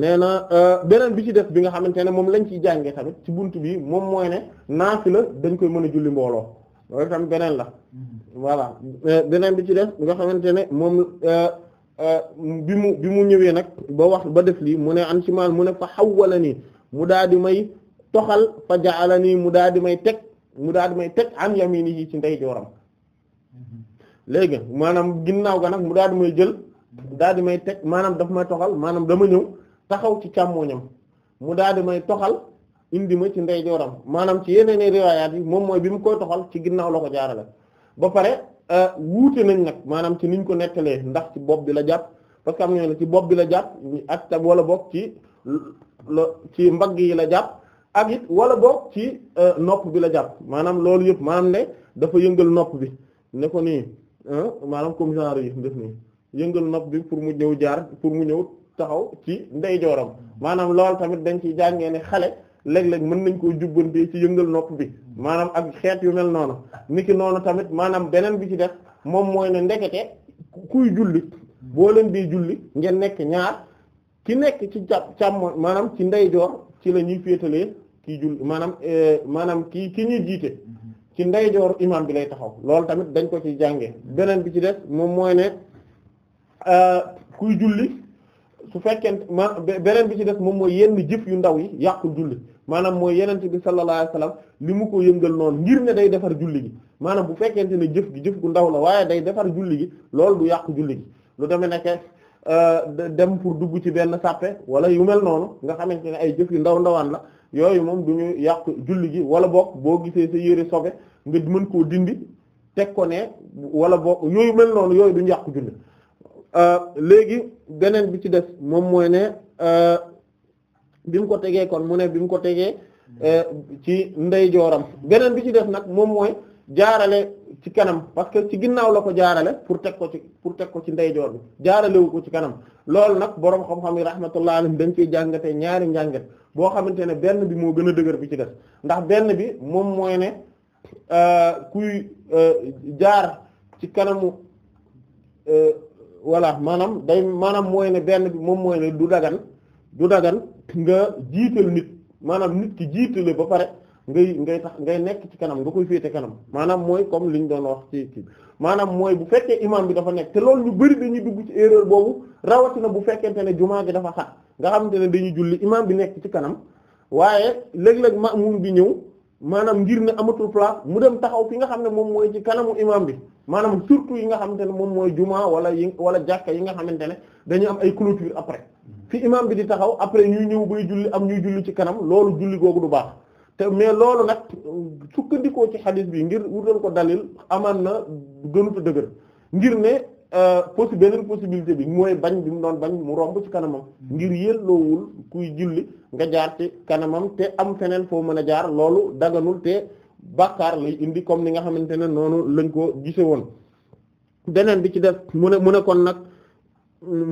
nee na euh, beneen bi ci def bi nga xamante ne moom lañ ciy jàngee tamit ci bunt bi moom mooy ne naafila dañ koy mën a julli mbooloo beneen la mm-hmm. voilà euh, beneen bi ci def nga xamante ne moom bi mu bi mu ñëwee nag ba wax ba def lii mu ne an ci maal mu ne fa xawwala nii mu daal di may toxal fa ja'alani mu daal di may teg mu daal di may teg an yaminihi ci ndeyjooram léegi maanaam ginnaaw ga nag mu daal di may jël daal di may teg maanaam dafa may toxal maanaam dama ñëw taxaw ci càmmooñam mu daal di may toxal indi ma ci ndeyjooram maanaam ci yeneen i riwaayaat yi moom mooy bi mu koy toxal ci ginnaaw la ko jaarale ba pare euh, wuute nañ nag maanaam ci niñ ko nettalee ndax ci bopp bi la jàpp parce am am na ci bopp bi la jàpp ak wala bopp ci la ci mbagg yi la jàpp. ak it wala boog ci euh, nopp bi la jàpp maanaam loolu yëpp maanaam ne dafa yëngal nopp bi ne ko nii maanaam comme genre yi def nii yëngal nopp bi pour mu ñëw jaar pour mu ñëw taxaw ci ndeyjooram maanaam loolu tamit dañ ci jàngee ne xale léeg-léeg mën nañ koo jubbantee ci yëngal nopp bi maanaam ak xeet yu mel noonu ki noonu tamit maanaam beneen bi ci def moom mooy ne ndekete kuy julli boo leen dee julli ngeen nekk ñaar ki nekk ci jàpp càmmo maanaam ci ndeyjoor ci la ñuy féetalee kii jul maanaam eh, maanaam kii ki ñuy jiite ci ndeyjoor imam bi lay taxaw loolu tamit dañ ko ci jànge beneen bi ci def moom mooy ne eh, kuy julli su fekkente ma beneen bi ci def moom mooy yenn jëf yu ndaw yi yàqu julli maanaam mooy yenent bi sallallahu alayhi wasallam li mu ko yëngal noonu ngir day defar julli gi maanaam bu fekkente ne jëf gi jëf gu ndaw la waaye day defar julli gi loolu du yàqu julli gi lu demee nekk eh, dem pour dugg ci benn sàppe wala yu mel noonu nga xamante ne ay jëf yu ndaw ndawaan la yooyu moom du ñu yàqu julli gi wala boog boo gisee sa yére sobe nga mën koo dindi teg ko ne wala boog yooyu mel noonu yooyu du ñu yàq julli euh, léegi beneen bi ci des moom mooy ne euh, bi mu ko tegee kon mu ne bi mu ko tegee euh, ci ndeyjooram beneen bi ci des nag moom mooy. jaarale ci kanam parce que ci ginnaaw la ko jaarale pour teg ko ci pour teg ko ci ndeyjoor bi jaaralewu ko ci kanam lool nag boroom xam-xam yi rahmatullahi alayhim dañ ciy jàngatee ñaari njàngat boo xamante ne benn bi moo gën a dëgër bi ci des ndax benn bi moom mooy ne euh, kuy euh, jaar ci kanamu euh, voilà maanaam day maanaam mooy ne benn bi moom mooy du dagan du dagan nga jiital nit maanaam nit ki jiitale ba pare ngay ngay tax ngay nekk ci kanam nga koy féete kanam maanaam mooy comme liñ doon wax ci ci maanaam mooy bu fekkee imam bi dafa nekk te loolu ñu bari dañuy dugg ci erreur boobu rawatina bu fekkente ne jumaa gi dafa xat nga xamante ne dañuy julli imam bi nekk ci kanam waaye léeg-léeg maamum bi ñëw maanaam ngir ne amatul place mu dem taxaw fi nga xam ne moom mooy ci kanamu imam bi maanaam surtout yi nga xamante ne moom mooy jumaa wala yi wala jàkka yi nga xamante ne dañu am ay clôture après fi imam bi di taxaw après ñuy ñëw bay julli am ñuy julli ci kanam loolu julli googu du baax te mais loolu nag sukkandikoo ci xadis bi ngir wutal ko dalil amaan na gënuta dëgër ngir ne euh, possi beneen possibilité bi mooy bañ bi mu doon bañ mu romb ci kanamam ngir yelloowul kuy julli nga jaar ci kanamam te am feneen foo mën a jaar loolu daganul te bàkkaar lay indi comme ni nga xamante ne noonu lañ ko gise woon beneen bi ci def mu ne mu ne kon nag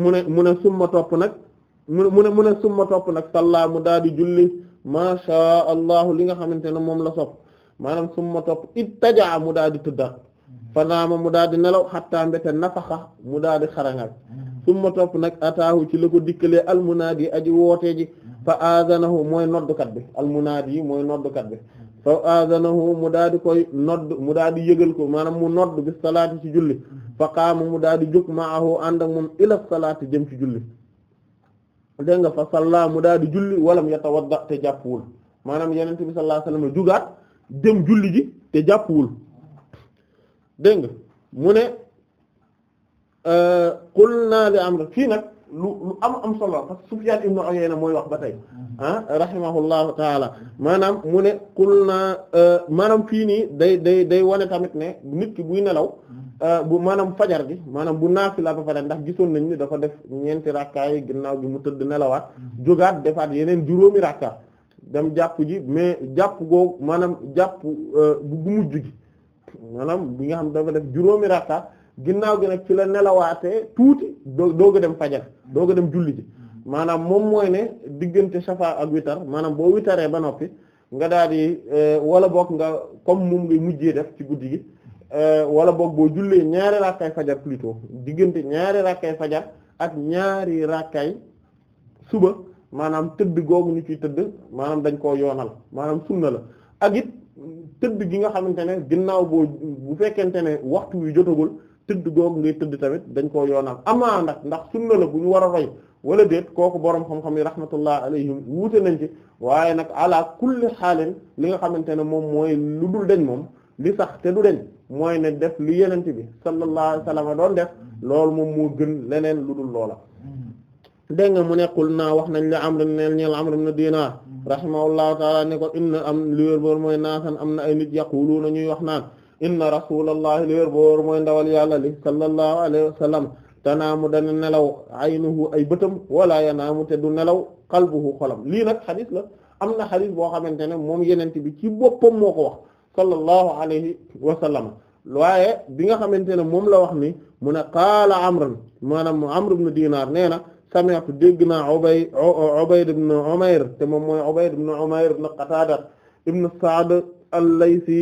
mu ne mu ne summa topp nag mu ne mu ne mu ne summa topp nag salla mu daal di julli ma sha allah li nga xamante ne moom la sopp maanaam summa topp it ittaja mu daal di tëddaat fanaama mu daal di nelaw xatta mbete nafaxa mu daal di xarangal summa topp nag ataahu ci la ko dikkalee almunaadi aji wootee ji fa aadanahu mooy noddukat bi almunaadi mooy noddukat bi fa aadanahu mu daal di koy nodd mu daal di yëgal ko maanaam mu nodd bi salaati ci julli fa qaama mu daal di jóg maahu ànd ak moom ila salaati jëm ci julli dégg nga fa salla mu daal di julli walam yatawadda te jàppwul maanaam yenente bi sallallahu alayhi wasallam jugaat dem julli ji te jàppwul dégg nga mu ne euh, qul na li amr fii nag lu lu am am solo parce que Sufyan ibn Uyayna mooy wax ba tey ah, rahimahullahu taala maanaam mu ne qul naa euh, maanaam fii nii day day day wane tamit ne nit ki buy nelaw Euh, bu maanaam fajar gi maanaam bu naafila ba pare ndax gisoon nañ ni dafa def ñeenti rakkaa yi ginnaaw bi mu tëdd nelawaat mhm. jogaat defaat yeneen juróomi rakkaa dem jàpp ji mais jàpp googu maanaam jàpp euh, bu bu gi maanaam bi nga xam dafa def juróomi rakkaa ginnaaw gi nag ci la nelawaate tuuti doo doog dem fajar doog a dem julli ji mhm. maanaam moom mooy ne diggante safa ak witar maanaam boo witaree ba noppi nga daal di euh, wala boog nga comme moom ngay mujjee def ci guddi gi Euh, wala boog boo jullee ñaari rakkay fajar pluto diggante ñaari rakkay fajar ak ñaari rakkay suba maanaam tëdd googu ñu ciy tëdd maanaam dañ koo yoonal maanaam sunna la ak it tëdd gi nga xamante ne ginnaaw boo bu fekkente ne waxtu wi jotagul tëdd googu ngay tëdd tamit dañ koo yoonal amaa ndax ndax sunna la bu ñu war a roy wala déet kooku borom xam-xam yi rahmatullah alayhim wuute nañ ci waaye nag ala kulli xaalin li nga xamante ne moom mooy lu dul moom li sax te du dañ mooy ne def lu yenente bi sallallahu alayhi wasallam doon def loolu moom moo gën leneen lu dul loola dégg nga mu nekkul naa wax nañ la amr neel ñeel amr ibn dinar rahimahullahu taala ne ko inna am liwér boor mooy naasan am na ay nit yaquluuna ñuy wax naan inna rasulallahi liwér boor mooy ndawal yàlla li sallallahu alayhi wasallam tanaamu da nelaw aynuhu ay bëtam wala yanaamu te du nelaw qalbuhu xolam lii nag xadis la am na xadis boo xamante ne moom yenente bi ci boppam moo ko wax sallallahu alayhi wa sallam waaye bi nga xamante ne moom la wax ni mu ne qaala amran maanaam amr ibn dinaar nee na sami'tu dégg naa ubay ubayd ibn umayr te moom mooy ubayd ibn umayr ibn qataada ibn sa'd al-laysi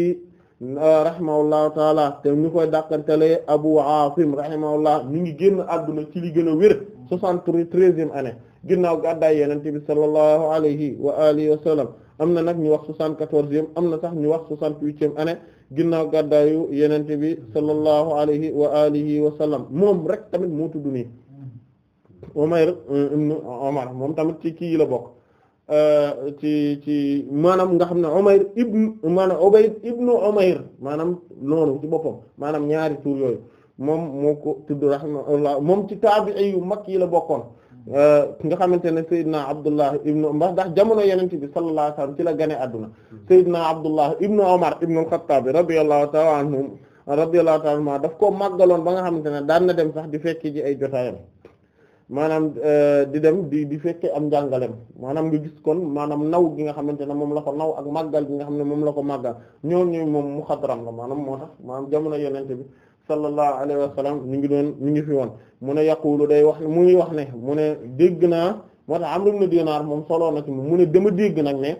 rahimahullahu taala te ñu koy dàqantele abu aasim rahimahullah ñu ngi génn àdduna ci li gën a wér soixante-treizième année ginnaaw gàddaay yonent bi sallallahu alayhi wa alihi wa sallam am na nag ñu wax soixante-quatorzième am na sax ñu wax soixante-huitième année ginnaaw gàddaayu yenente bi sallallahu alayhi wa alihi wa sallam moom rek tamit moo tudd nii Umayr moom tamit ci kii la bokk euh, ci ci maanaam nga xam ne Umayr ibn maanaam Ubayd ibn Umayr maanaam noonu ci boppam maanaam ñaari tur moom moo ko tudd rahimahullah moom ci taabi'i yu mag yi la bokkoon Euh, nga xamante ne Seydina Abdullah ibnu ndax jamono yenente bi sallallahu alayhi wasallam ci la gane adduna Seydina Abdullah ibnu Omar ibnu al-Khattab radiyallahu ta'ala anhum radiyallahu ta'ala daf koo màggaloon ba nga xamante ne daan na dem sax di fekki ji ay jotaayam maanaam euh, di dem di di fekke am njàngalem maanaam nga gis kon maanaam naw gi nga xamante ne moom la ko naw ak màggal gi nga xam ne moom la ko màggal ñoo ñuy moom mu xadaram la maanaam moo tax maanaam jamono yenente bi sallallahu alayhi wa sallam ñu ngi doon ñu ngi fi woon mu ne yaqulu day wax mu ngi wax ne mu ne dégg naa moo tax Amr ibn Dinar moom soloo na ci mu ne dama dégg nag ne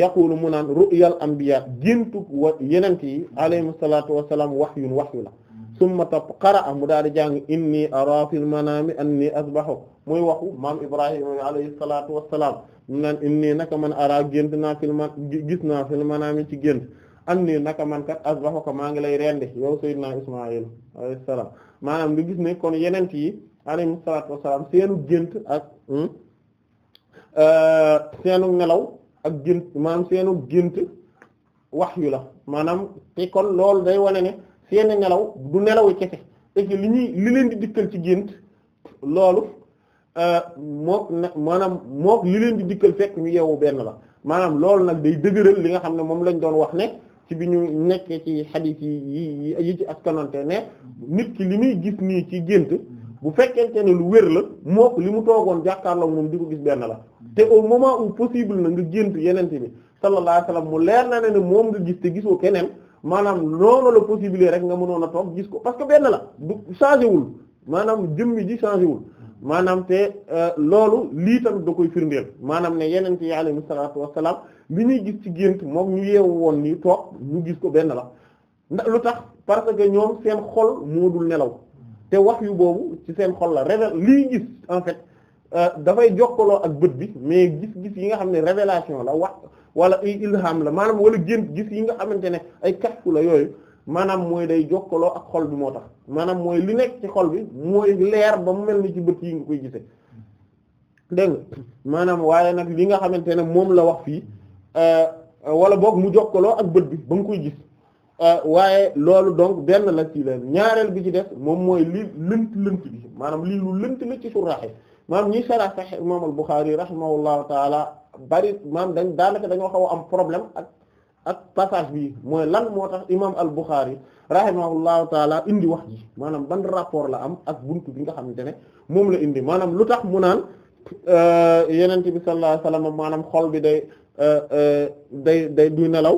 yaqulu mu naan ru'yal anbiya géntu wa yenent yi alayhim salatu wax yu wahyu la summa topp qara'a mu daal di jàng inni ara fil manami anni asbahu muy waxu maam Ibrahima alayhi salaatu wasalam mu naan inni naka man ara gént naa fil ma gis naa fil manami ci gént an ni naka man kat ko maa ngi lay rendi yow sayyidina Ismaïl alayhi salaam maanaam nga gis ne kon yenent yi alayhi salaatu wassalaam seenu gént ak hmm, euh, seenu nelaw ak gént maanaam seenu gént wahyu la maanaam te kon loolu day wane ne seeni nelaw du nelawu kese et li ñuy li leen di dikkal ci gént loolu euh, mook maanaam mook li leen di dikkal fekk ñu yeewu benn la maanaam loolu nag day dëgëral li nga xam ne moom lañ doon wax ne ci bi ñu nekkee ci xadis yi yi ci askanante ne nit ki li muy gis nii ci gént bu fekkente ne lu wér la moo ko li mu toogoon jàkkaarloo moom di ko gis benn la te au moment où possible na nga gént yenente bi sallallahu alayhi wasallam mu leer na ne ne moom nga gis te gisoo keneen maanaam noonu la possible rek nga mënoon a toog gis ko parce que benn la du changé wul maanaam jëmmi ji changé wul maanaam te euh, loolu lii tamit da koy firndeel maanaam ne yeneen yi alayhi salaatu wassalaam li ñuy gis ci gént moom ñu yeewu woon nii toog ñu gis ko benn la ndax lu tax parce que ñoom seen xol moo dul nelaw te wax yu boobu ci seen xol la révé lii gis en fait euh, dafay jokkaloo ak bët bi mais gis-gis yi nga xam ne révélation la wax wala ay ilham la maanaam wala gént gis yi nga xamante ne ay kàccu la yooyu maanaam mooy day jokkaloo ak xol bi moo tax maanaam mooy li nekk ci xol bi mooy leer ba mu mel ni ci bët yi nga koy gisee dégg nga waaye nag li nga xamante ne moom la wax fii euh, wala boog mu jokkaloo ak bët bi ba nga koy gis euh, waaye loolu donc benn la ci leen ñaareel bi ci def moom mooy li lënt lënt bi maanaam lii lu lënt la ci suraaxe maanaam ñi sara Sahih imam al Bukhari rahimahullahu taala bari maam dañ daanaka dañoo xaw a am problème ak ak passage bi mooy lan moo tax imam al-Bukhari rahimahullahu taala indi wax ji maanaam ban rapport la am ak buntu bi nga xamante ne moom la indi maanaam lu tax mu naan euh, yenent bi sallallahu alayhi wasallam maanaam xol bi day euh, euh, day day du nelaw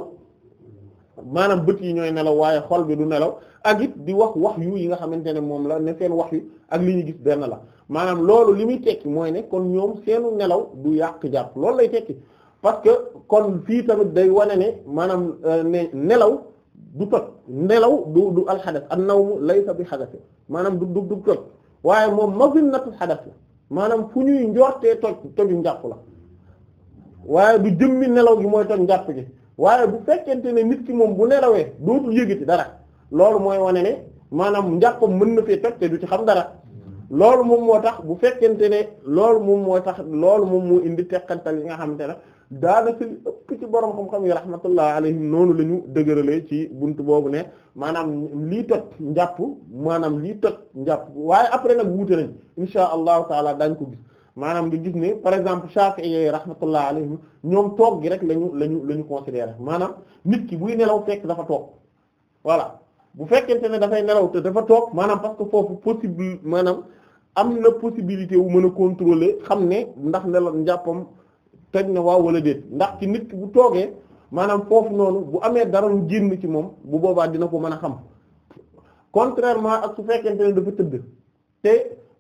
maanaam bët yi ñooy nelaw waaye xol bi du nelaw ak it di wax wax yu yi nga xamante ne moom la ne seen wax yu ak li ñu gis benn la maanaam loolu li muy tekki mooy ne kon ñoom seenu nelaw du yàq jàpp loolu lay tekki parce que kon fii tamit day wane ne maanaam euh, ne nelaw du toj nelaw du du alxadas an nawmu laysa bi xadasi maanaam du du du toj waaye moom mazinnatul xadas la maanaam fu ñuy njortee toj toju njàpp la waaye du jëmmi nelaw gi mooy toj njàpp gi waaye bu fekkente ne nit ki moom bu nelawee dootul yëgati dara loolu mooy wane ne maanaam njàppam mën na fee toj te du ci xam dara loolu moom moo tax bu fekkente ne loolu moom moo tax loolu moom moo indi teqantal yi nga xam xamante na daanaka li ëpp ci borom xam-xam yi rahmatullah alayhim noonu la ñu dëgëralee ci bunt boobu ne maanaam lii toj njàpp maanaam lii toj njàpp waaye après nag wuute nañ insha allahu taala daañ ko gis maanaam nga gis ne par exemple Shafi'i yi rahmatullah alayhim ñoom toog gi rek lañu lañu la ñu considéré maanaam nit ki buy nelaw fekk dafa toog voilà bu fekkente ne dafay nelaw dafa toog maanaam parce que foofu possible maanaam am na possibilité wu mën a contrôler xam ne ndax nelaw njàppam toj na waaw wala déet ndax ci nit bu toogee maanaam foofu noonu bu amee dara lu génn ci moom bu boobaa dina ko mën a xam contrairement ak su fekkente ne dafa tëdd te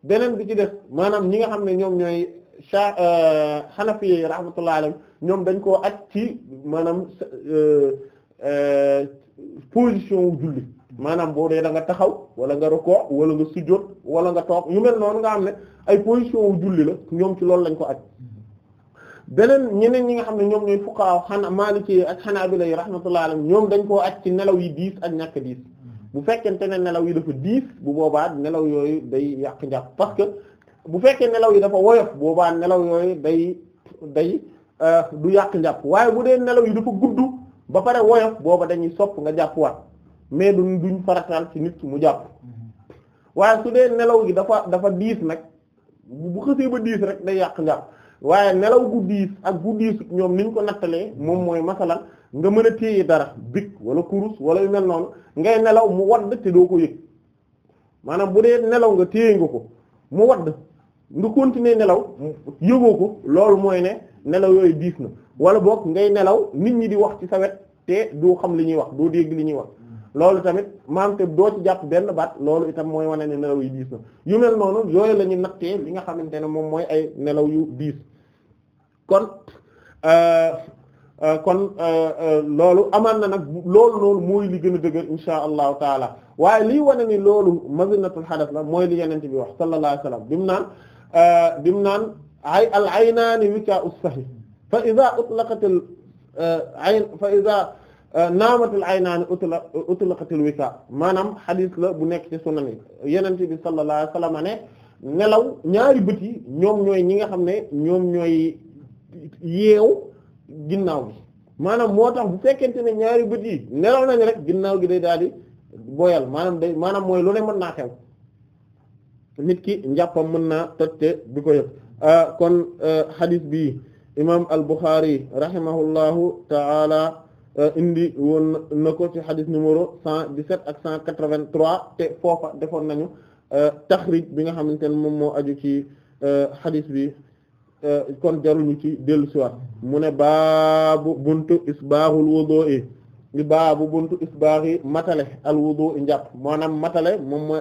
beneen bi ci def maanaam ñi nga xam ne ñoom ñooy cha xanafiye euh, rahmatullah alayhi ñoom dañ koo at ci maanaam euh, euh, position wu julli maanaam boo dee da nga taxaw wala nga rukoo wala nga sujjóot wala nga toog yu mel noonu nga xam ne ay position wu julli la ñoom ci loolu lañ ko aj beneen ñeneen ñi nga xam ne ñoom ñooy fuqaha xanaa Maliki ak Hanabila yi rahmatullahi alayhim ñoom dañ koo at ci nelaw yi diis ak ñàkk diis mm-hmm. bu fekkente ne nelaw yi dafa diis bu boobaa nelaw yooyu day yàq njàpp parce que bu fekkee nelaw yi dafa woyof boobaa nelaw yooyu day day euh, du yàq njàpp waaye bu dee nelaw yi dafa gudd ba pare woyof booba dañuy sopp nga jàppwaat mais du duñ farataal ci nit ki mu jàpp mm-hmm. waaye su dee nelaw gi dafa dafa diis nag bu xësee ba diis rek day yàq njàpp waaye nelaw gu diis ak gu diis ñoom ni ñu ko nattalee moom mooy masalan nga mën a téye dara bic wala kurus wala yu mel noonu ngay nelaw mu wadd te doo ko yëg maanaam bu dee nelaw nga téye nga ko mu wadd nga continuer nelaw yëgoo ko loolu mooy ne nelaw yooyu diis na wala boog ngay nelaw nit ñi di wax ci sawet te doo xam li ñuy wax doo dégg li ñuy wax loolu tamit maam te doo ci benn baat loolu itam mooy wane ne yu diis na yu mel noonu yooyu la ñu nattee li nga xamante ne moom mooy ay nelaw yu diis kon euh, euh, kon euh, loolu amaan na nag loolu noonu mooy li gën a dëgër insha allahu taala waaye lii wane ni loolu mazinatul xadas la mooy li yenente bi wax sallallahu alayhi wasallam bimu naan bimu naan ay al aynaani wika us fa ida utlaqat al fa ida Euh, naamatul ay naani utula utulaqatil wika maanaam xadis la bu nekk ci sunan yi yenente bi sallallahu alayhi wasallam nelaw ñaari bët yi ñoom ñooy ñi nga xam ne ñoom ñooy yeew ginnaaw gi maanaam moo tax bu fekkente ne ñaari bët yi nelaw nañ rek ginnaaw gi day daal di boyal maanaam day maanaam mooy lu ne mën naa xew nit ki njàppam mën naa tojte bi ko yëg euh, kon euh, xadis bi imam al Bukhari rahimahullahu taala Euh, indi woon na ko ci xadis numéro 117 ak 183 te foofa defoon nañu euh, taxrij bi nga xamante ne moom moo aju ci euh, xadis bi kon jaruñu ci dellu siwaat mu ne baabu buntu isbaaxul wudu'i li baabu buntu isbaaxi matale alwudu njàpp maanaam matale moom mooy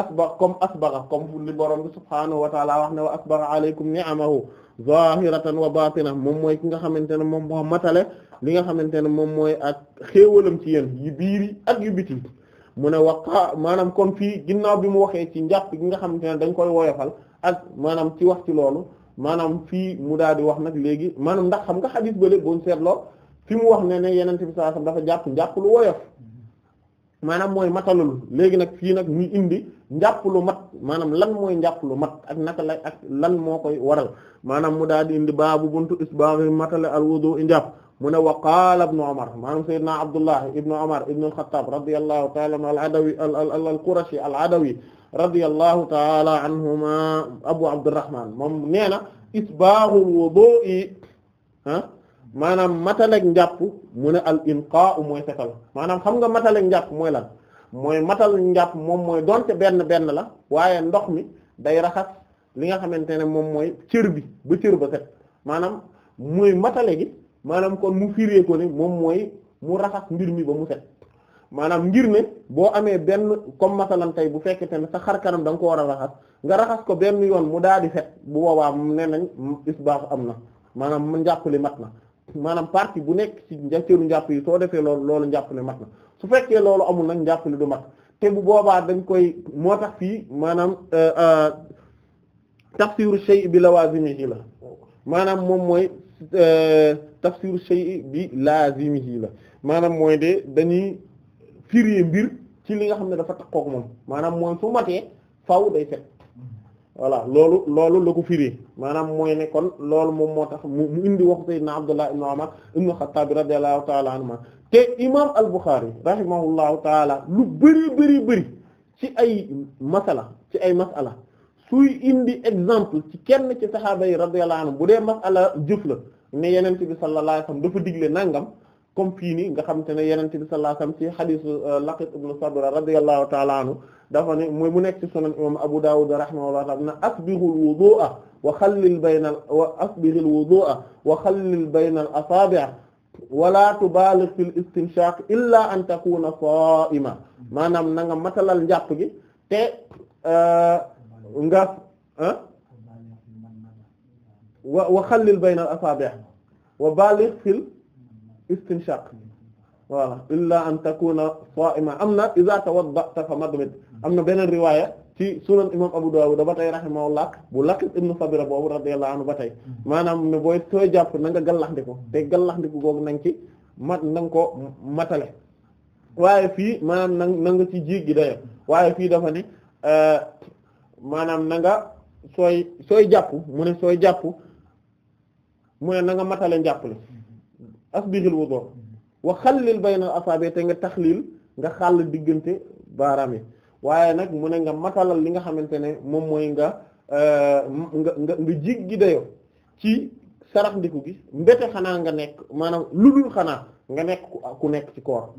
asbax comme asbaxa comme li borom bi subhaanahu wa taala wax ne wa asbaxa aleykum ni'amahu zahiratan wa batina moom mooy ki nga xamante ne moom moo matale li xamante ne moom mooy ak xéewalam ci yéen yu ak yu biti mu ne waqa maanaam kon fii ginnaaw bi mu waxee ci njàpp gi nga xamante ne dañ koy woyofal ak maanaam ci wax ci loolu maanaam fii mu daal di wax nag léegi maanaam ndax xam nga xadis bale booñ seetloo fi mu wax ne ne yenente bi sallallahu alayhi wasallam dafa jàpp njàpp lu woyof maanaam mooy matalul léegi nag fii nag muy indi njàpp lu mat maanaam lan mooy njàpp lu mat ak naka la ak lan moo koy waral maanaam mu daal di indi baabu buntu isbaaxi matale al wudu i njàpp mu ne wa qaala ibnu Umar maanaam sayyidina Abdullah ibnu Umar ibnu al-Khattab radiyallahu ta'ala al adawi al al qurashi al adawi radiyallahu ta'ala anhuma abu abdurrahman moom nee na isbaaxul wudu i ah maanaam matalek njàpp mu ne al inqaa mooy setal maanaam xam nga matalek njàpp mooy lan mooy matal njàpp moom mooy donte benn benn la waaye ndox mi day raxas li nga xamante ne moom mooy cër bi ba cër ba set maanaam mooy matale gi maanaam kon mu firee ko ne moom mooy mu raxas mbir mi ba mu set maanaam ngir ne boo amee benn comme masalan tey bu te ne sa xar kanam da nga ko war a raxas nga raxas ko benn yoon mu daal di set bu boobaa nee nañ baax am na maanaam njàpp li mat na maanaam partie bu nekk ci njàcceelu njàpp yi soo defee loolu loolu njàpp ne mat na su fekkee loolu amul na njàpp li du mat te bu boobaa dañ koy moo tax fii maanaam euh, euh, tafsiru shay bi lawazimihi la maanaam moom mooy euh, tafsiru shay bi lazimihi la maanaam mooy de dañuy firi mbir ci li nga xam ne dafa takkook moom maanaam mooy su matee faw day set voilà loolu loolu la ko firi maanaam mooy ne kon loolu moom moo tax mu indi waxu sayyidina Abdullah ibn Umar ibn Khattab radiyallahu ta'ala anhuma te imam al-Bukhari rahimahullahu ta'ala lu bëri bëri bëri ci ay masala ci ay masala suy indi exemple ci kenn ci saxaaba yi radiyallahu anhum bu dee masala jëf la ne yeneen bi sallallahu alayhi wasallam dafa digle nangam comme fii nii nga xam te ne yonent bi sallallahu alayhi wasallam ci xadiisu euh, Laqit ibn Sadra radiyallahu ta'ala anhu dafa ne mooy mu nekk ci sunan imam Abu Dawud rahimahullahu ta'ala na asbighul wudu'a wa xallil bayna wa asbighil wudu'a wa xallil bayna al asabi' wa la tubalig fil istinshaq illa an takuna sa'ima maanaam na nga matalal njàpp gi te euh, nga wa wa xallil bayna al asabi' wa balig fil istinshaq voilà illa an takuna sa'ima am na iza tawadda'ta fa madmid am na beneen riwaaya ci sunan imam Abu Dawud ba tey rahimahullah bu Laqit ibn Sabira boobu radiyallahu anhu ba tey maanaam ne booy sooy jàpp na nga gallaxndiku te gallaxndiku googu na nga ci mat na nga ko matale waaye fii maanaam na na nga ci jiig gi waaye fii dafa ne euh, maanaam na nga sooy sooy jàpp mu ne sooy jàpp mu ne na nga matale njàpp li asbighil wudu wa xallil bayna asaabi te nga tax liil nga xàll diggante baaraam yi waaye nag mu ne nga matalal li nga xamante ne moom mooy nga euh, nga nga nga jéggi dayo ci sarax ndiku gi mbete xanaa nga nekk maanaam lu dul xanaa nga nekk ku nekk ci koor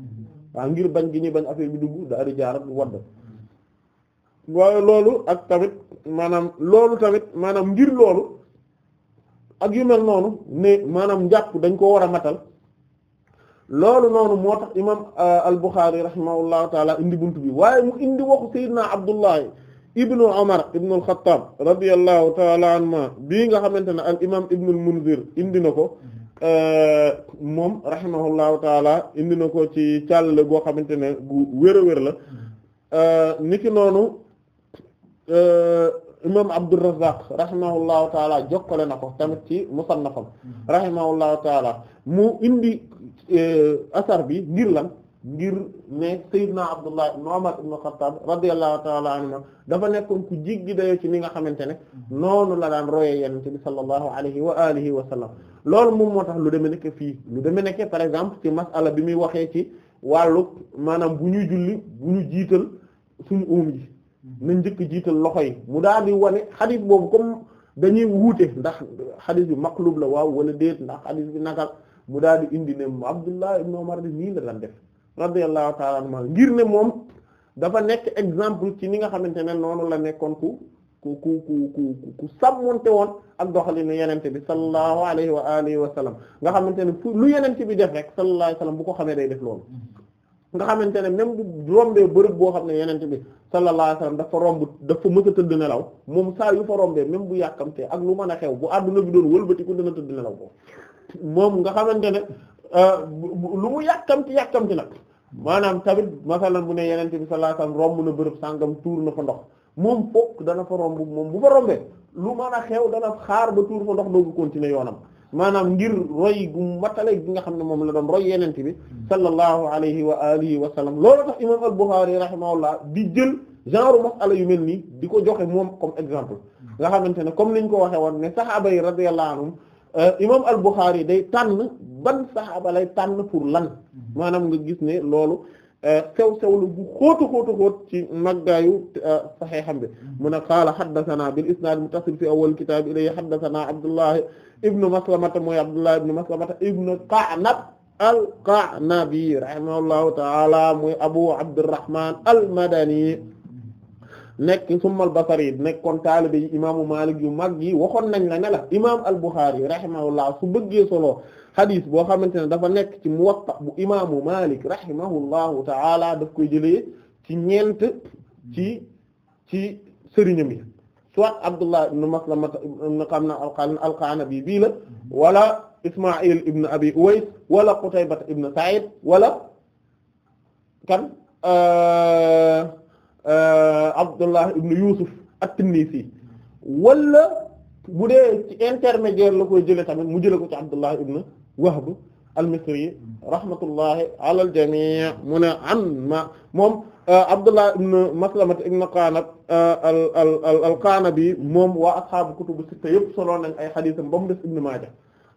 waa ngir bañ gi ñuy bañ affaire bi dugg daal di jaar wadd waaye loolu ak tamit maanaam loolu tamit maanaam ngir loolu ak yu mel noonu ne maanaam njàpp dañ ko war a matal loolu noonu moo tax imam euh, al-Bukhari rahimahullahu taala indi bunt bi waaye mu indi waxu na Abdullahi ibnu Umar ibnu al-Khattab radiyallahu taala anhuma nga xamante ne al imam ibnu al-Munzir indi na ko euh, moom rahimahullahu taala indi na ko ci càll boo xamante ne gu wér wér la euh, niki noonu imam Abdurrazzaq rahimahullahu taala jokkale na ko tamit ci musannafam mm-hmm. rahimahullahu taala mu indi e, asar bi ngir lan ngir ne Seydina Abdullah ibn Umar ibn Khattab radiyallahu taala anhu dafa nekkoon ku jiggi dayoo ci ni nga xamante ne mm-hmm. noonu la daan royee yenente bi sallallahu alayhi wa alihi wa sallam loolu moom moo tax lu deme nekk fii lu deme nekk par exemple ci masala bi muy waxee ci wàllu maanaam bu ñuy julli bu ñu jiital suñu uum yi na njëkk jiital loxo yi mu daal di wane xadis boobu comme dañuy wuute ndax xadis bi maqlub la waaw wala déet ndax xadis bi naka mu daal di indi ne Abdullah ibn Umar de nii la lan def radiyallahu ta'ala anhuma ngir ne moom dafa nekk exemple ci ni nga xamante ne noonu la nekkoon ku ku ku ku ku woon ak doxalinu yenente bi sallallahu alayhi wa alihi wa sallam nga xamante ne fu lu yenente bi def rek sallallahu alayhi wa sallam bu ko xamee day def loolu nga xamante ne même bu rombee bërëb boo xam ne yenente bi sallallahu alayhi wasallam dafa romb dafa mës a tëdd nelaw moom saa yu fa rombee même bu yàkkamtee ak lu mën a xew bu àdduna bi doon wëlbatiku dana tëdd nelaw ko moom nga xamante ne euh, lu mu yàkkamti yàkkamti nag maanaam tamit masalan bu ne yenente bi sallallahu alayhi romb na bërëb sàngam tuur na fa ndox moom fokk dana fa romb moom bu fa rombee lu mën a xew dana xaar ba tuur fa ndox doogu continuer yoonam maanaam ngir roy gu matale gi nga xam ne moom la doon roy yeneen bi sallallahu alayhi wa alihi wa sallam loolu tax imam al-Bukhari rahimahullah di jël genre masala yu mel nii di ko joxe moom comme exemple nga xamante ne comme niñ ko waxee woon ne saxaaba yi radiyallahu anhum euh, imam al-Bukhari day tànn ban saxaaba lay tànn pour lan mm-hmm. maanaam nga gis ne loolu sew euh, sewlu bu xóotu xóotu xóot ci maggaayu euh, saxeexam bi mm-hmm. mu ne qaala xaddasanaa bil isnaad muttasil fi awwal kitaab ilayhi xaddasanaa Abdullahi Ibn Maslamata mooy Abdullahi Ibn Maslamata Ibn Qa'nab al-Qa'nabi rahimahullahu ta'ala mooy Abu Abdurrahman al-Madani mm-hmm. nekk summa al-Basri nekkoon taalibe yi imaamu Maalik yu mag yi waxoon nañ la ne la imaam al-Bukhari rahimahullah su bëggee solo. xadis boo xamante ne dafa nekk ci muwatta bu imaamu Malik rahimahullahu taala daf koy jëlee ci ñeent ci ci sëriñam yi soit Abdullah ibn Maslama ibn Qanna al-Qanabi bii la wala Isma'il ibn Abi Uways wala Qutayba ibn Sa'id wala kan euh, Abdullah ibn Yusuf at wala bu dee ci intermédiaire la koy jëlee tamit mu jëlee ko ci Abdullah ibn Wahb al-Misri rahmatullahi ala al-jamii mu ne an ma moom euh, Abdullah ibn Maslamat ibn Qanab euh, al al al al-Qanabi moom waa ashaabu kutubu sitta yëpp solo nañ ay xadiisam ba mu des Ibn Maaja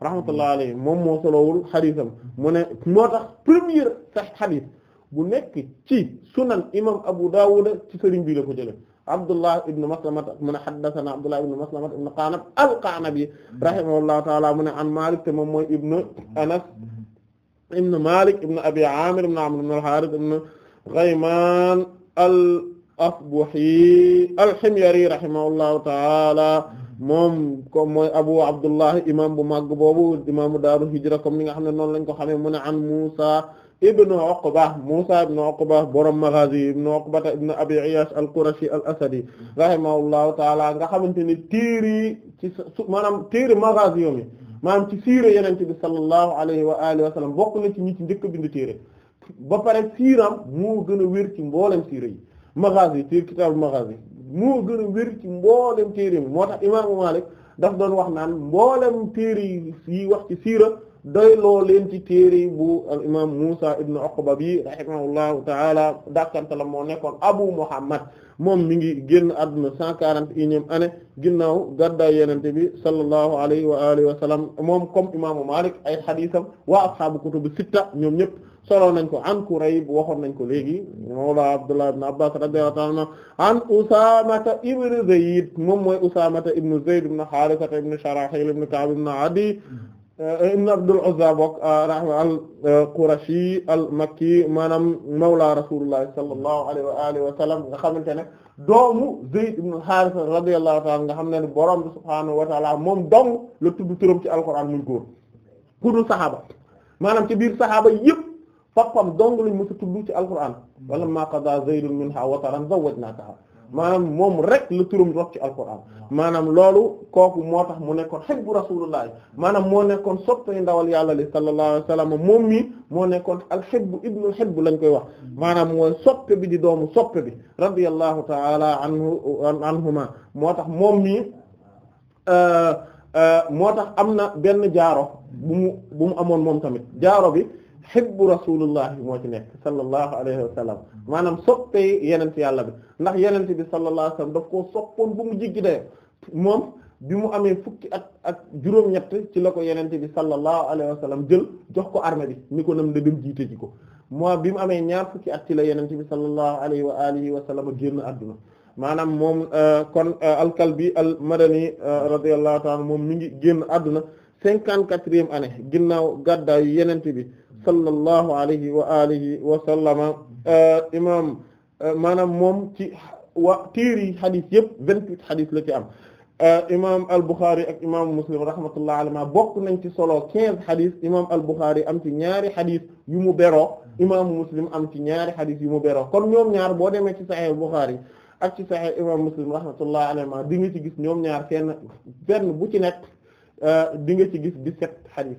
rahmatullahi alayhi moom moo solowul xadiisam mu ne moo tax première sax xadiis bu nekk ci sunan imam Abu Dawud ci sëriñ bi la ko jëlee. Abdullah ibn Maslama mu ne haddathana Abdullah ibn Maslama ibn Qanab al-Qanabi rahimahullahu ta'ala mu ne an Malik te moom mooy ibn Anas ibn Malik ibn Abi Amir ibn Amr ibn al-Harith ibn Ghayman al-Asbahi al-Himyari rahimahullahu ta'ala moom comme mooy Abu Abdullah imam bu màgg boobu imaamu daaru hijra comme ni nga xam ne noonu lañ ko xamee mu ne an Musa ibnu Uqba Musa ibnu Uqba borom Maghazi ibnu Uqba ibnu Abi Iyash al-Qurashi al-Asadi rahimahullahu taala nga xamante ni téeri ci maanaam téeri Maghazi yoom yi maanaam ci siira yenente bi sallallahu alayhi wa alihi wa sallam bokk na ci ñi ci njëkk bind téere ba pare siiram moo gën a wér ci mboolem siira yi Maghazi téere kitaab Maghazi moo gën a wér ci mboolem téere mi moo tax imaamu Maalik daf doon wax naan mboolem téere yi wax ci siira doy loo leen ci téere bu al imam Musa ibn Uqba bi rahimahullahu taala dàkkantalam moo nekkoon Abu Muhammad moom mi ngi génn àdduna cent quarante et unième année ginnaaw gàddaay yenente bi sallallahu alayhi wa alihi wa sallam moom comme imaamu Malik ay xadiisam waa ashaabu kutubu sitta ñoom ñëpp solo nañ ko an Kurayb waxoon nañ ko léegi mawla Abdullah ibn Abbas radiyallahu ta'ala an Usaamata ibn Zayd moom mooy Usaamata ibn Zayd ibn Haarisata ibn Sharahil ibn Eh, ibn Abdul Uzza bokk eh, rahma al-Qurashi eh, al-Makki maanaam mawla Rasulullah sallallahu alayhi wa alihi wa sallam nga xamante ne doomu Zayd ibn al-Harith radiyallahu ta'ala nga xam ne borom bi subhaanahu wa ta'ala moom dong la tudd turam ci alquran muy góor ku dul saxaaba maanaam ci biir saxaaba yëpp papam dong lañ mës a tudd ci alquran. walammaa qadaa Zaydun minhaa wataran zawwajnaakahaa maanaam moom rek la turam rot ci alquran maanaam loolu kooku moo tax mu nekkoon hibbu rasulullah maanaam moo nekkoon soppay ndawal yàlla li sallallahu alayhi wasallam moom mi moo nekkoon alhibbu ibnu hibbu lañu koy wax hmm. maanaam mooy soppe bi di doomu soppe bi radiyallahu ta'ala anhu anhuma moo tax moom mi uh, uh, moo tax am na benn jaaro mu bu mu amoon moom tamit jaaro bi xibbu rasulullah moo ci nekk sallallahu alayhi wa sallam maanaam soppee yenent yàlla bi ndax yenent bi sallallahu alayhi wa sallam daf koo soppoon bu mu jiggi dayo moom bi mu amee fukki at ak juróom-ñett ci la ko yenent bi sallallahu alayhi wa jël jox ko armée bi ni ko nam na dem jiite ji ko moo bi mu amee ñaar fukki at ci la yenent bi sallallahu alayhi wa alihi wa sallam génn àdduna maanaam moom euh, kon euh, al-Kalbi al-Madani euh, radiyallahu ta'ala moom mi ngi génn àdduna cinquante-quatrième année ginnaaw gàddaayu yenent bi sallallahu alayhi wa alihi wa sallama euh, imam euh, maanaam moom ci wa téeri xadis yëpp vingt-huit xadis la ci am euh, imam al-Bukhari ak imam Muslim rahmatullah alayhima bokk nañ ci solo quinze xadis imam al-Bukhari am ci ñaari xadis yu mu beroo imam Muslim am ci ñaari xadis yu mu beroo kon ñoom ñaar boo demee ci Sahih al-Bukhari ak ci Sahih imam Muslim rahmatullah alayhima di nga ci gis ñoom ñaar seen benn bu ci nekk di nga ci gis dix-sept xadis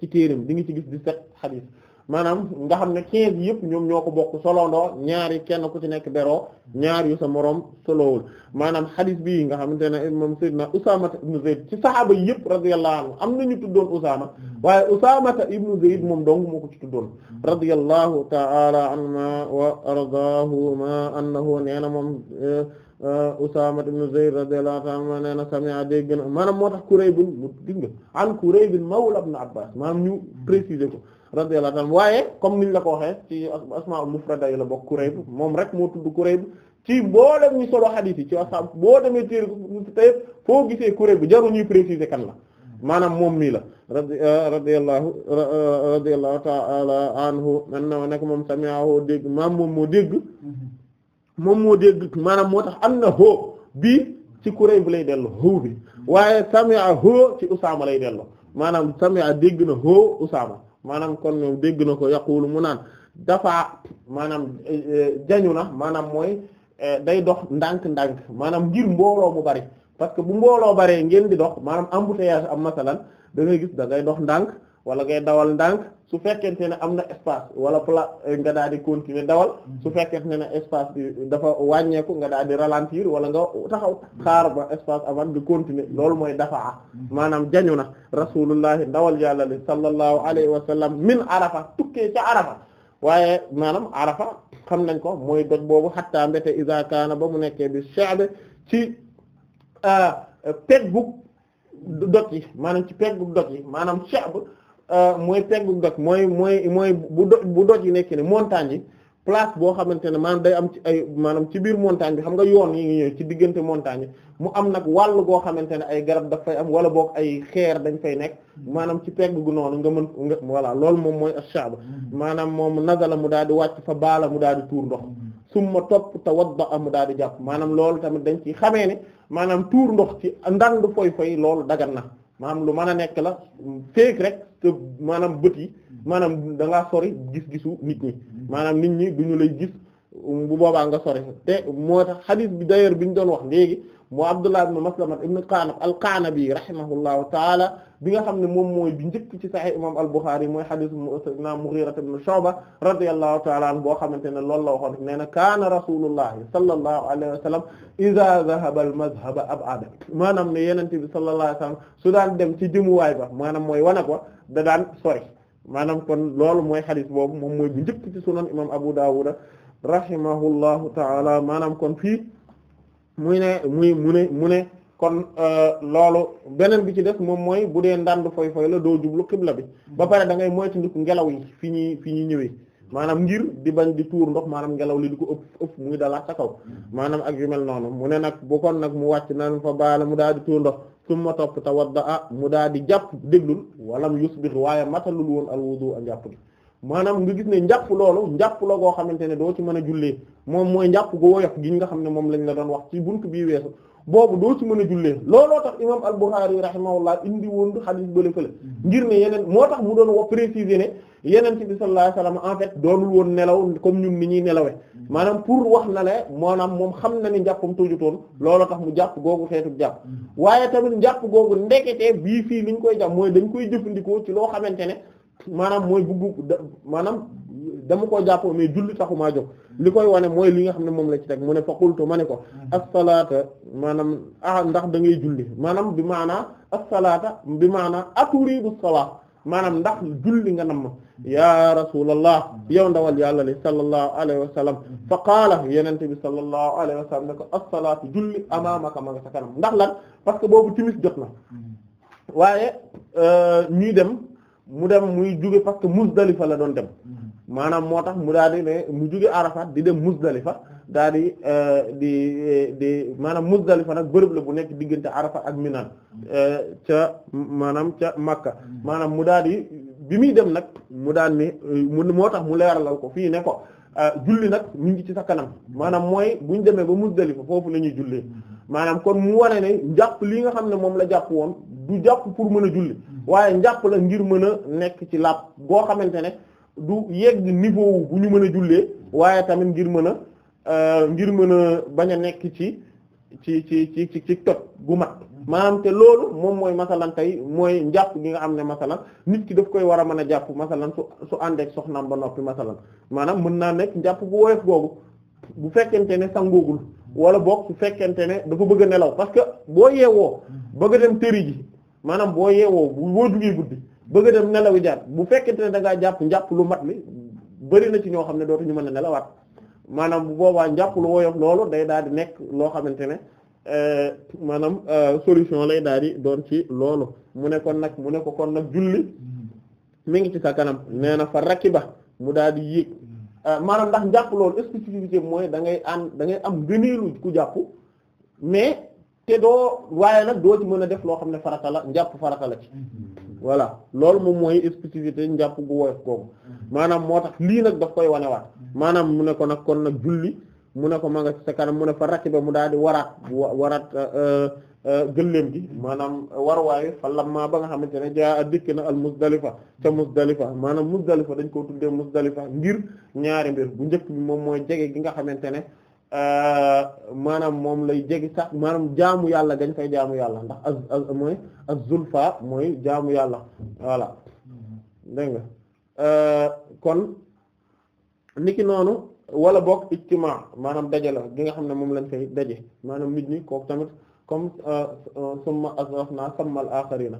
ci téeram di nga ci gis dix-sept xadis maanaam nga xam ne quinze yëpp ñoom ñoo ko bokk soloondoo ñaari kenn ku ci nekk beroo ñaar sa moroom solowul maanaam xadis bii nga xamante ne moom sayyidina Usaama ibnu Zayd ci saxaaba yi yëpp radiyallahu anhu am nañu tuddoon Usaama waaye Usaama ibnu Zayd moom dong moo ko ci tuddoon radiyallahu ta'ala anhuma wa ardaahuma annahu nee na moom eh, Euh, Usaama ibn Zayd radiyallahu ta'ala nee na sami'a dégg na maanaam moo tax Kurayb mu dig nga an Kurayb mawla ibn Abbaas maanaam ñu préciser ko radiyallahu ta'ala waaye comme niñ la ko waxee ci asmaa'ul mufrada yi la bokk Kurayb moom rek moo tudd Kurayb ci mboolem ñu solo xadiis yi ci ashaab boo demee téer tey foo gisee Kurayb jaru ñuy préciser kan la maanaam moom mii la euh, radiyallahu euh, radiyallahu ta'ala anhu man na nekk moom sami'ahu dégg maam moom moo dégg mm-hmm. moom moo dégg maanaam moo tax am na hoo bii ci Kurayb bu lay dellu hoo bi waaye sami'a hoo ci Usaama lay dellu maanaam sami'a dégg na hoo Usaama maanaam kon ñoom dégg na ko yaqulu mu naan dafa maanaam eh, eh, jañu na maanaam mooy eh, day dox ndànk-ndànk maanaam ngir mbooloo mu bari parce que bu mbooloo baree ngeen di dox maanaam embouteillage am masalan da ngay gis da ngay dox ndànk wala ngay dawal ndànk su fekkee ne am na espace wala plat nga daal di continuer dawal su fekkente ne espace bi dafa wàññeeku nga daal di ralentir wala nga taxaw xaar ba espace avant de continuer loolu mooy dafaa maanaam jañu na rasulullahi ndawal yàlla li sallallahu alayhi wa sallam min arafa tukkee ca arafa waaye maanaam arafa xam nañ ko mooy doj boobu xattaa mbéte isa kaana ba mu nekkee bi sha'b ci euh, peggu doj yi maanaam ci peggu doj yi maanaam sha'b Euh, mooy peggu doj mooy mooy mooy bu do bu doj yi nekk ne montagne yi place boo xamante ne maanaam day am ci ay maanaam ci biir montagne bi xam nga yoon yi ngi ñëw ci diggante montagne yi mu am nag wàll goo xamante ne ay garab daf am wala boog ay xeer dañ fay nekk maanaam ci pegg gu noonu nga mën nga voilà loolu moom mooy ashab maanaam moom nazala mu daal di wàcc fa baala mu daal di tuur ndox summa topp tawadda mu daal di jàpp maanaam loolu tamit dañ ci xamee ne maanaam tuur ndox ci ndandu foy foy loolu dagan na maanaam lu man a nekk la feek rek te maanaam bët yi maanaam da ngaa sori gis-gisu nit ñi maanaam nit ñi duñu lay gis bu boobaa nga sori te moo tax xadiis bi d'ailleurs bi ñu doon wax léegi moo Abdullah ibn Maslama ibn Qanab al-Qanabi rahimahullahu taala bi nga xam ne moom mooy bi njëkk ci sahih imam al-Bukhari mooy hadith sayyidina Mughira ibn Shu'ba radiyallahu ta'ala anhu boo xamante ne loolu la waxoon nee na kaana rasulullahi sallallahu alayhi wa sallam idha dhahaba al ab ab'ada maanaam ne yenente bi sallallahu alayhi su daan dem ci jëmuwaay ba maanaam mooy wanag wa da daan sori maanaam kon loolu mooy hadith boobu moom mooy bu njëkk ci sunan imam Abu Dawud rahimahullahu ta'ala maanaam kon fii muy mu ne kon euh, loolu beneen bi ci def moom mooy bu dee ndànd foy foy la doo jublu xibla bi ba pare da ngay moytu nit ngelaw yi fi ñuy fi ñuy ñëwee maanaam ngir di bañ di tuur ndox maanaam ngelaw li di ko ëpp ëpp muy dalaat sa kaw maanaam ak yu noonu mu ne nag bu kon nag mu wàcc nan fa baala mu daal di tuur ndox su ma topp te wadda ah mu daal di jàpp déglul walam yusbir waaye matalul woon al wudu a njàpp gi maanaam nga gis ne njàpp loolu njàpp la goo xamante ne doo ci mën a jullee moom mooy njàpp gu woyof gi nga xam ne moom lañ la doon wax ci buntu bii weesu boobu doo ci mën a jullee looloo tax imam al-Bukhari rahimahullah indi woon xadis bële fële ngir ne yeneen moo tax mu doon wax préciser ne yeneen ci bi sallallahu alayhi wasallam en fait doonul woon nelaw comme ñun ni ñuy nelawee maanaam pour wax na le maanaam moom xam na ni njàppam tojutoon looloo tax mu jàpp googu xeetu jàpp mm. waaye tamit njàpp googu ndeketee bii fii liñ koy jàpp mooy dañ koy jëfandikoo ci loo xamante ne maanaam mooy bugg maanaam dama koo jàppoo mais julli taxu maa jóg li koy wane mooy li nga xam ne moom la ci teg mu ne faqultu ma ne ko mm-hmm. as-salaata maanaam ah ndax da ngay julli maanaam bi maanaa as-salaata bi maanaa aturidu salaat maanaam ndax julli nga nam ma ya rasulallah yow ndawal yàlla li sallallahu alayhi wa sallam mm-hmm. fa qaala yenente bi sallallahu alayhi wa sallam ne ko as-salaatu julli amaamaka ma nga sa kanam ndax lan parce que boobu timis jot na mm-hmm. waaye euh, ñuy dem mu dem muy juge parce que Muzdalifa la doon dem mm-hmm. maanaam moo tax mu daal di ne mu jóge Arafat di dem Muzdalifa daal di euh, di di maanaam Muzdalifa nag bërëb la bu nekk diggante Arafat ak Mina euh, ca maanaam ca Makka mm-hmm. maanaam mu daal di bi muy dem nag mu daal ni mu moo tax mu leeralal ko fii nekko ko euh, julli nag mu ngi ci sa kanam mm-hmm. maanaam mooy bu demee ba Muzdalifa foofu la ñuy jullee maanaam kon mu wane ne njàpp li nga xam ne moom la jàpp woon du jàpp pour mën a julli mm-hmm. waaye njàpp la ngir mën a nekk ci làpp goo xamante ne du yegg niveau bu ñu mën a jullee waaye tamit ngir mën a euh, ngir mën a bañ a nekk ci ci ci ci ci ci tot gu mat mm-hmm. maanaam te loolu moom mooy masalan tey mooy njàpp gi nga xam ne masalan nit ki daf koy war a mën a jàpp masalan su su àndeek soxnaam ba noppi masalan maanaam mën naa nekk njàpp bu woyof googu bu fekkente ne sangoogul mm-hmm. wala boog su fekkente ne dafa bëgg a nelaw parce que boo yeewoo bëgg a dem ji maanaam boo yeewoo boo jugee guddi bëgg a dem nelawi jaar bu fekkente ne da ngaa jàpp njàpp lu mat li bëri na ci ñoo xam ne dootuñu mën a nelawaat maanaam bu boobaa njàpp lu woyof loolu day daal di nekk loo xamante ne euh, maanaam euh, solution lay daal di doon ci loolu mu ne kon nag mu ne ko kon nag julli mi ngi ci sa kanam nee na fa rakiba mu daal di yéeg mm-hmm. euh, maanaam ndax njàpp loolu spécificité mooy da ngay ànd da ngay am gëneelu ku jàpp mais te doo waaye nag doo ci mën a def loo xam ne farata la njàpp farata la ci voilà loolu moom mooy spécificité njàpp gu woyof googu maanaam moo tax lii nag daf koy wane wanewaat maanaam mu ne ko nag kon nag julli mu ne ko ma nga ci sa mu ne fa mu daal di waraat waraat euh, euh, gëléem gi maanaam warwaay fa lamma ba nga xamante ne jaa dikk na al Muzdalifa ca Muzdalifa maanaam Muzdalifa dañ koo tuddee Muzdalifa ngir ñaari mbir bu njëkk bi moom mooy jege gi nga xamante ne Euh, maanaam moom lay jegi sax maanaam jaamu yàlla gañ fay jaamu yàlla ndax az az mooy az zulfa mooy jaamu yàlla voilà dégg nga euh, kon niki noonu wala bokk ijtimaa maanaam daje la nga xam ne moom lañ fay daje maanaam nit ñi kook tamit comme euh, summa asrafna sammal axarina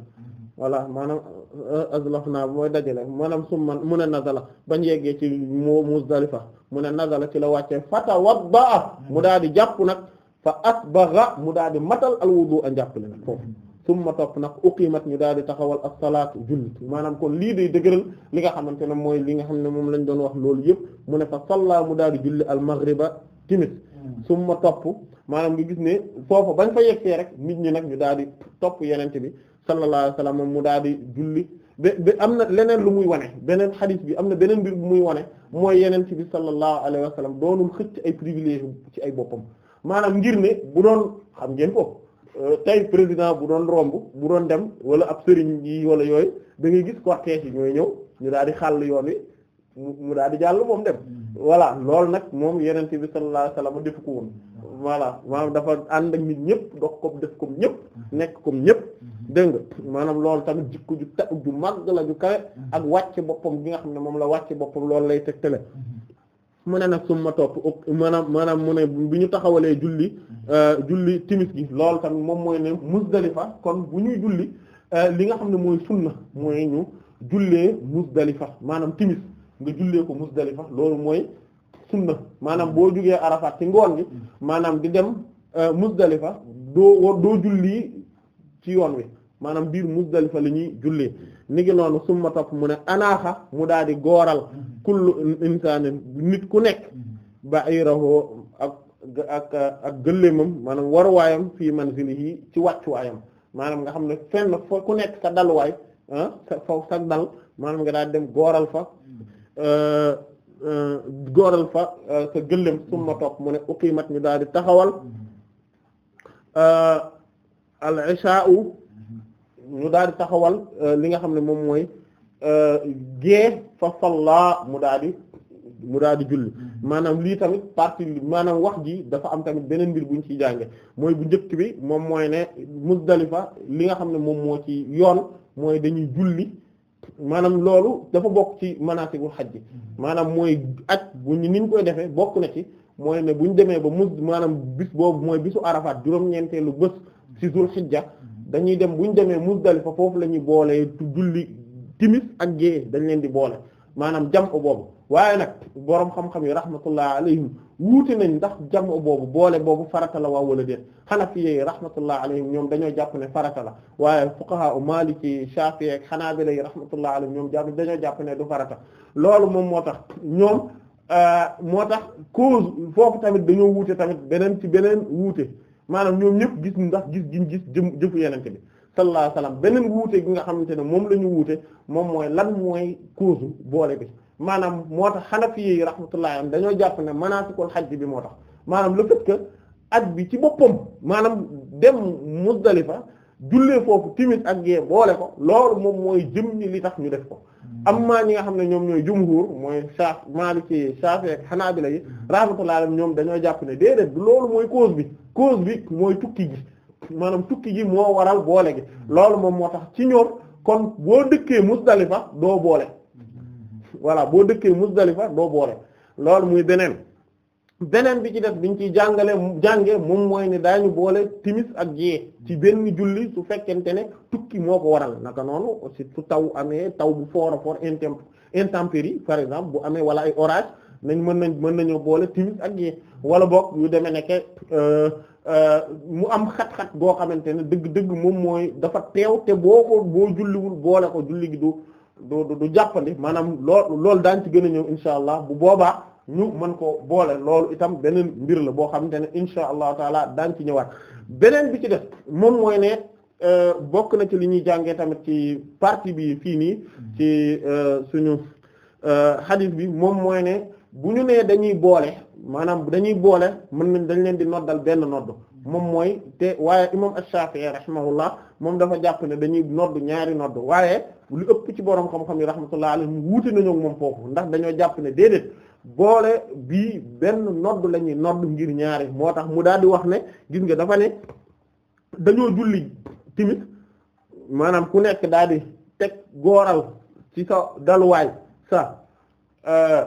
voilà maanaam euh, euh, azlafna mooy dajale maanaam summa mu ne nazala bañ yeggee ci mu Muzdalifa mu ne nazala ci la wàccee fatawadda mu daal di jàpp nag fa asbagha mu daal di matal alwudu a njàppale nag foofu summa topp nag uqimat ñu daal di taxawal as-salaatu julli maanaam kon lii day dëgëral li nga xamante ne mooy li nga xam ne moom lañ doon wax loolu yëpp mu ne fa salla mu daal di julli al-maghriba timit summa topp maanaam nga gis ne foofu bañ fa yegsee rek nit ñi nag ñu daal di topp yenente bi sallallahu alayhi wa mu daal di julli ba ba am na leneen lu muy wane beneen xadis bi am na beneen mbir bu muy wane mooy yeneen ci bi sallallahu alayhi wa sallam doonul xëcc ay privilège ci ay boppam maanaam ngir ne bu doon xam ngeen ko euh, tey président bu doon romb bu doon dem wala ab sëriñ yi wala yooyu da ngay gis cortège yi ñooy ñëw ñu daal di xàll yoon wi mu daal di jàll moom dem mm-hmm. voilà loolu nag moom yeneen ci bi sallallahu alayhi wa sallam defu ko woon voilà waaw dafa ànd ak nit ñëpp dox ko def ko ñëpp nekk ko ñëpp dégg nga maanaam loolu tamit jikko ju ta ju màgg la ju kawe ak wàcc boppam gi nga xam ne moom la wàcc boppam loolu lay tegtale mu ne nag summa topp ëpp maanaam maanaam mu ne bi ñu taxawalee julli euh, julli timis gi loolu tamit moom mooy ne Muzdalifa kon bu ñuy julli euh, li nga xam ne mooy sunna mooy ñu jullee Muzdalifa maanaam timis nga jullee ko Muzdalifa loolu mooy sunna maanaam boo jugee Arafat ci ngoon gi maanaam di dem euh, Muzdalifa doo doo julli ci yoon wi maanaam biir Muzdalifa la ñuy julli ni ngi noonu summa topp mu ne anaaxa mu daal di gooral kullu nit ku nekk ba'irahu ak ak ak gëléemam maanaam waruwaayam fii manzilihi ci wàccuwaayam maanaam nga xam ne fenn fa ku nekk sa dalwaay ah sa dal maanaam nga daal dem gooral fa euh, Euh, góoral fa euh, sa gëléem summa topp mu ne uqimat ñu daal di taxawal euh, al isha ñu daal di taxawal li nga xam ne moom mooy gée fa salla mu daal di mu daal di julli maanaam lii tamit partie maanaam wax ji dafa am tamit beneen mbir bu ñu ciy jànge mooy bu njëkk bi moom mooy ne Muzdalifa li nga xam ne moom moo ci yoon mooy dañuy julli maanaam loolu dafa bokk ci manasikul xaj ji mm-hmm. maanaam mooy aj bu ñu ni koy defee bokk na ci mooy ne bu ñu demee ba mus maanaam bis boobu mooy bisu Arafat juróom-ñeenteelu bés ci zul xijja mm-hmm. dañuy dem bu ñu demee Muzdalifa foofu la ñuy boolee julli timis ak géeye dañ leen di boole maanaam jam o boobu waaye nag boroom xam-xam yi rahmatullah alayhim wuute nañ ndax jam o boobu boole boobu farata la waa wala déet xanafi yi rahmatullah alayhim ñoom dañoo jàpp ne farata la waaye fuqaha u maliki shafi'i ak xanaabila yi rahmatullah alayhim ñoom jàpp dañoo jàpp ne du farata loolu moom moo tax ñoom euh, moo tax cause foofu tamit dañoo wuute tamit beneen ci beneen wuute maanaam ñoom ñëpp gis ndax gis giñ gis jëm jëfu yenente bi sallallahu alayhi beneen wuute gi nga xamante ne moom la ñu wuute moom mooy lan mooy cause boole bi maanaam moo tax Hanafi yi rahmatullahi dañoo jàpp ne manasikul hajj bi moo tax maanaam le at bi ci boppam maanaam dem Muzdalifa jullee foofu timis ak gee boole ko loolu moom mooy jëm ni li tax ñu def ko hmm. amma ñi nga xam ne ñoom ñooy jumhur mooy saaf Maliki Shafi ak Hanabila yi hmm. rahmatullahi ñoom dañoo jàpp ne déedéet loolu mooy cause bi cause bi mooy tukki bi maanaam tukki gi moo waral boole gi loolu moom moo tax ci ñoom kon boo dëkkee Musdalifa doo boole voilà boo dëkkee Musdalifa doo boole loolu muy beneen beneen bi ci def biñ ciy jàngale jànge moom mooy ne daañu boole timis ak gée ci benn julli su fekkente ne tukki moo ko waral naka noonu aussi su taw amee taw bu fort a fort intemp intempérie par exemple bu amee wala ay orage nañ mën nañ mën nañoo boole timis ak gée wala boog yu demee nekke euh, Euh, mu am xat-xat goo xamante ne dëgg-dëgg moom mooy dafa teew te boo ko boo julliwul boole ko julli gi du du du jàppandi maanaam lool loolu daañ ci gën a ñëw insha allah bu boobaa ñu mën ko boole loolu itam beneen mbir la boo xamante ne insha allahu taala daañ ci ñëwaat beneen bi ci def moom mooy ne euh, bokk na ci li ñuy jàngee tamit ci partie bi fii nii ci euh, suñu hadith bi moom mooy ne bu ñu nee dañuy boole maanaam dañuy boole mën nañ dañu leen di noddal benn nodd moom mooy te waaye imam Ash-Shafi'i rahimahullah moom dafa jàpp ne dañuy nodd ñaari nodd waaye lu ëpp ci borom xam-xam yi rahmatullah alayhim mu nañu nañook moom foofu ndax dañoo jàpp ne déedéet boole bii benn nodd la ñuy nodd ngir ñaari moo tax mu daal di wax ne gis nga dafa ne dañoo julli timit maanaam ku nekk daal di teg góoral ci sa daluwaay sa euh,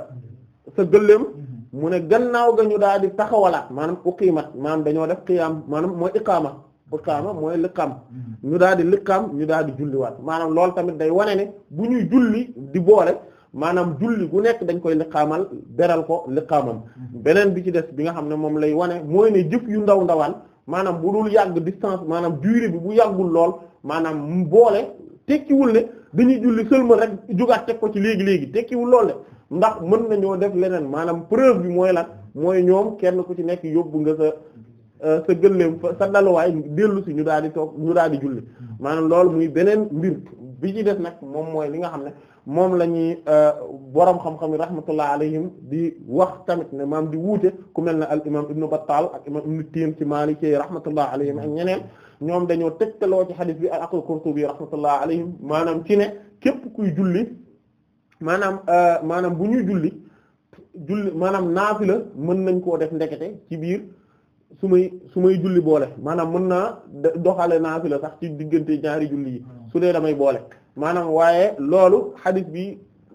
sa gëléem mu ne gannaaw ga ñu daal di taxawalaat maanaam uqiimat maanaam dañoo def qiyaam maanaam mooy iqaama iqaama mooy liqaam mm-hmm. ñu daal di liqaam ñu daal di julliwaat maanaam loolu tamit day wane ne bu ñuy julli di boole maanaam julli gu nekk dañ koy liqaamal beral ko liqaamam mm-hmm. beneen bi ci des bi nga xam ne moom lay wane mooy ne jëf yu ndaw ndawaan maanaam bu dul yàgg distance maanaam durée bi bu yàggul lool maanaam boole tekkiwul ne dañuy julli seulement rek jugaat teg ko ci léegi léegi tekkiwul lool ndax mën nañoo def leneen maanaam preuve bi mooy lan mooy ñoom kenn ku ci nekk yóbbu nga sa euh, sa gëlleem fa sa daluwaay dellu si ñu daal di toog ñu daal di julli maanaam loolu muy beneen mbir bi ci def nag moom mooy li nga xam ne moom la ñuy euh, borom xam-xam yi rahmatullah alayhim di wax tamit ne maam di wuute ku mel ne al imam ibnu Battal ak imam ibnu Tim ci Maliki rahmatullah alayhim ak ñeneen ñoom dañoo tegtaloo ci xadis bi al ak Qurtubi rahmatullah alayhim maanaam ci ne képp kuy julli maanaam euh, maanaam bu ñuy julli julli maanaam la mën nañ koo def ndekete ci biir su may su may julli boole maanaam mën naa doxale naafila sax ci diggante ñaari julli yi hmm. su dee damay boole maanaam waaye loolu xadis bi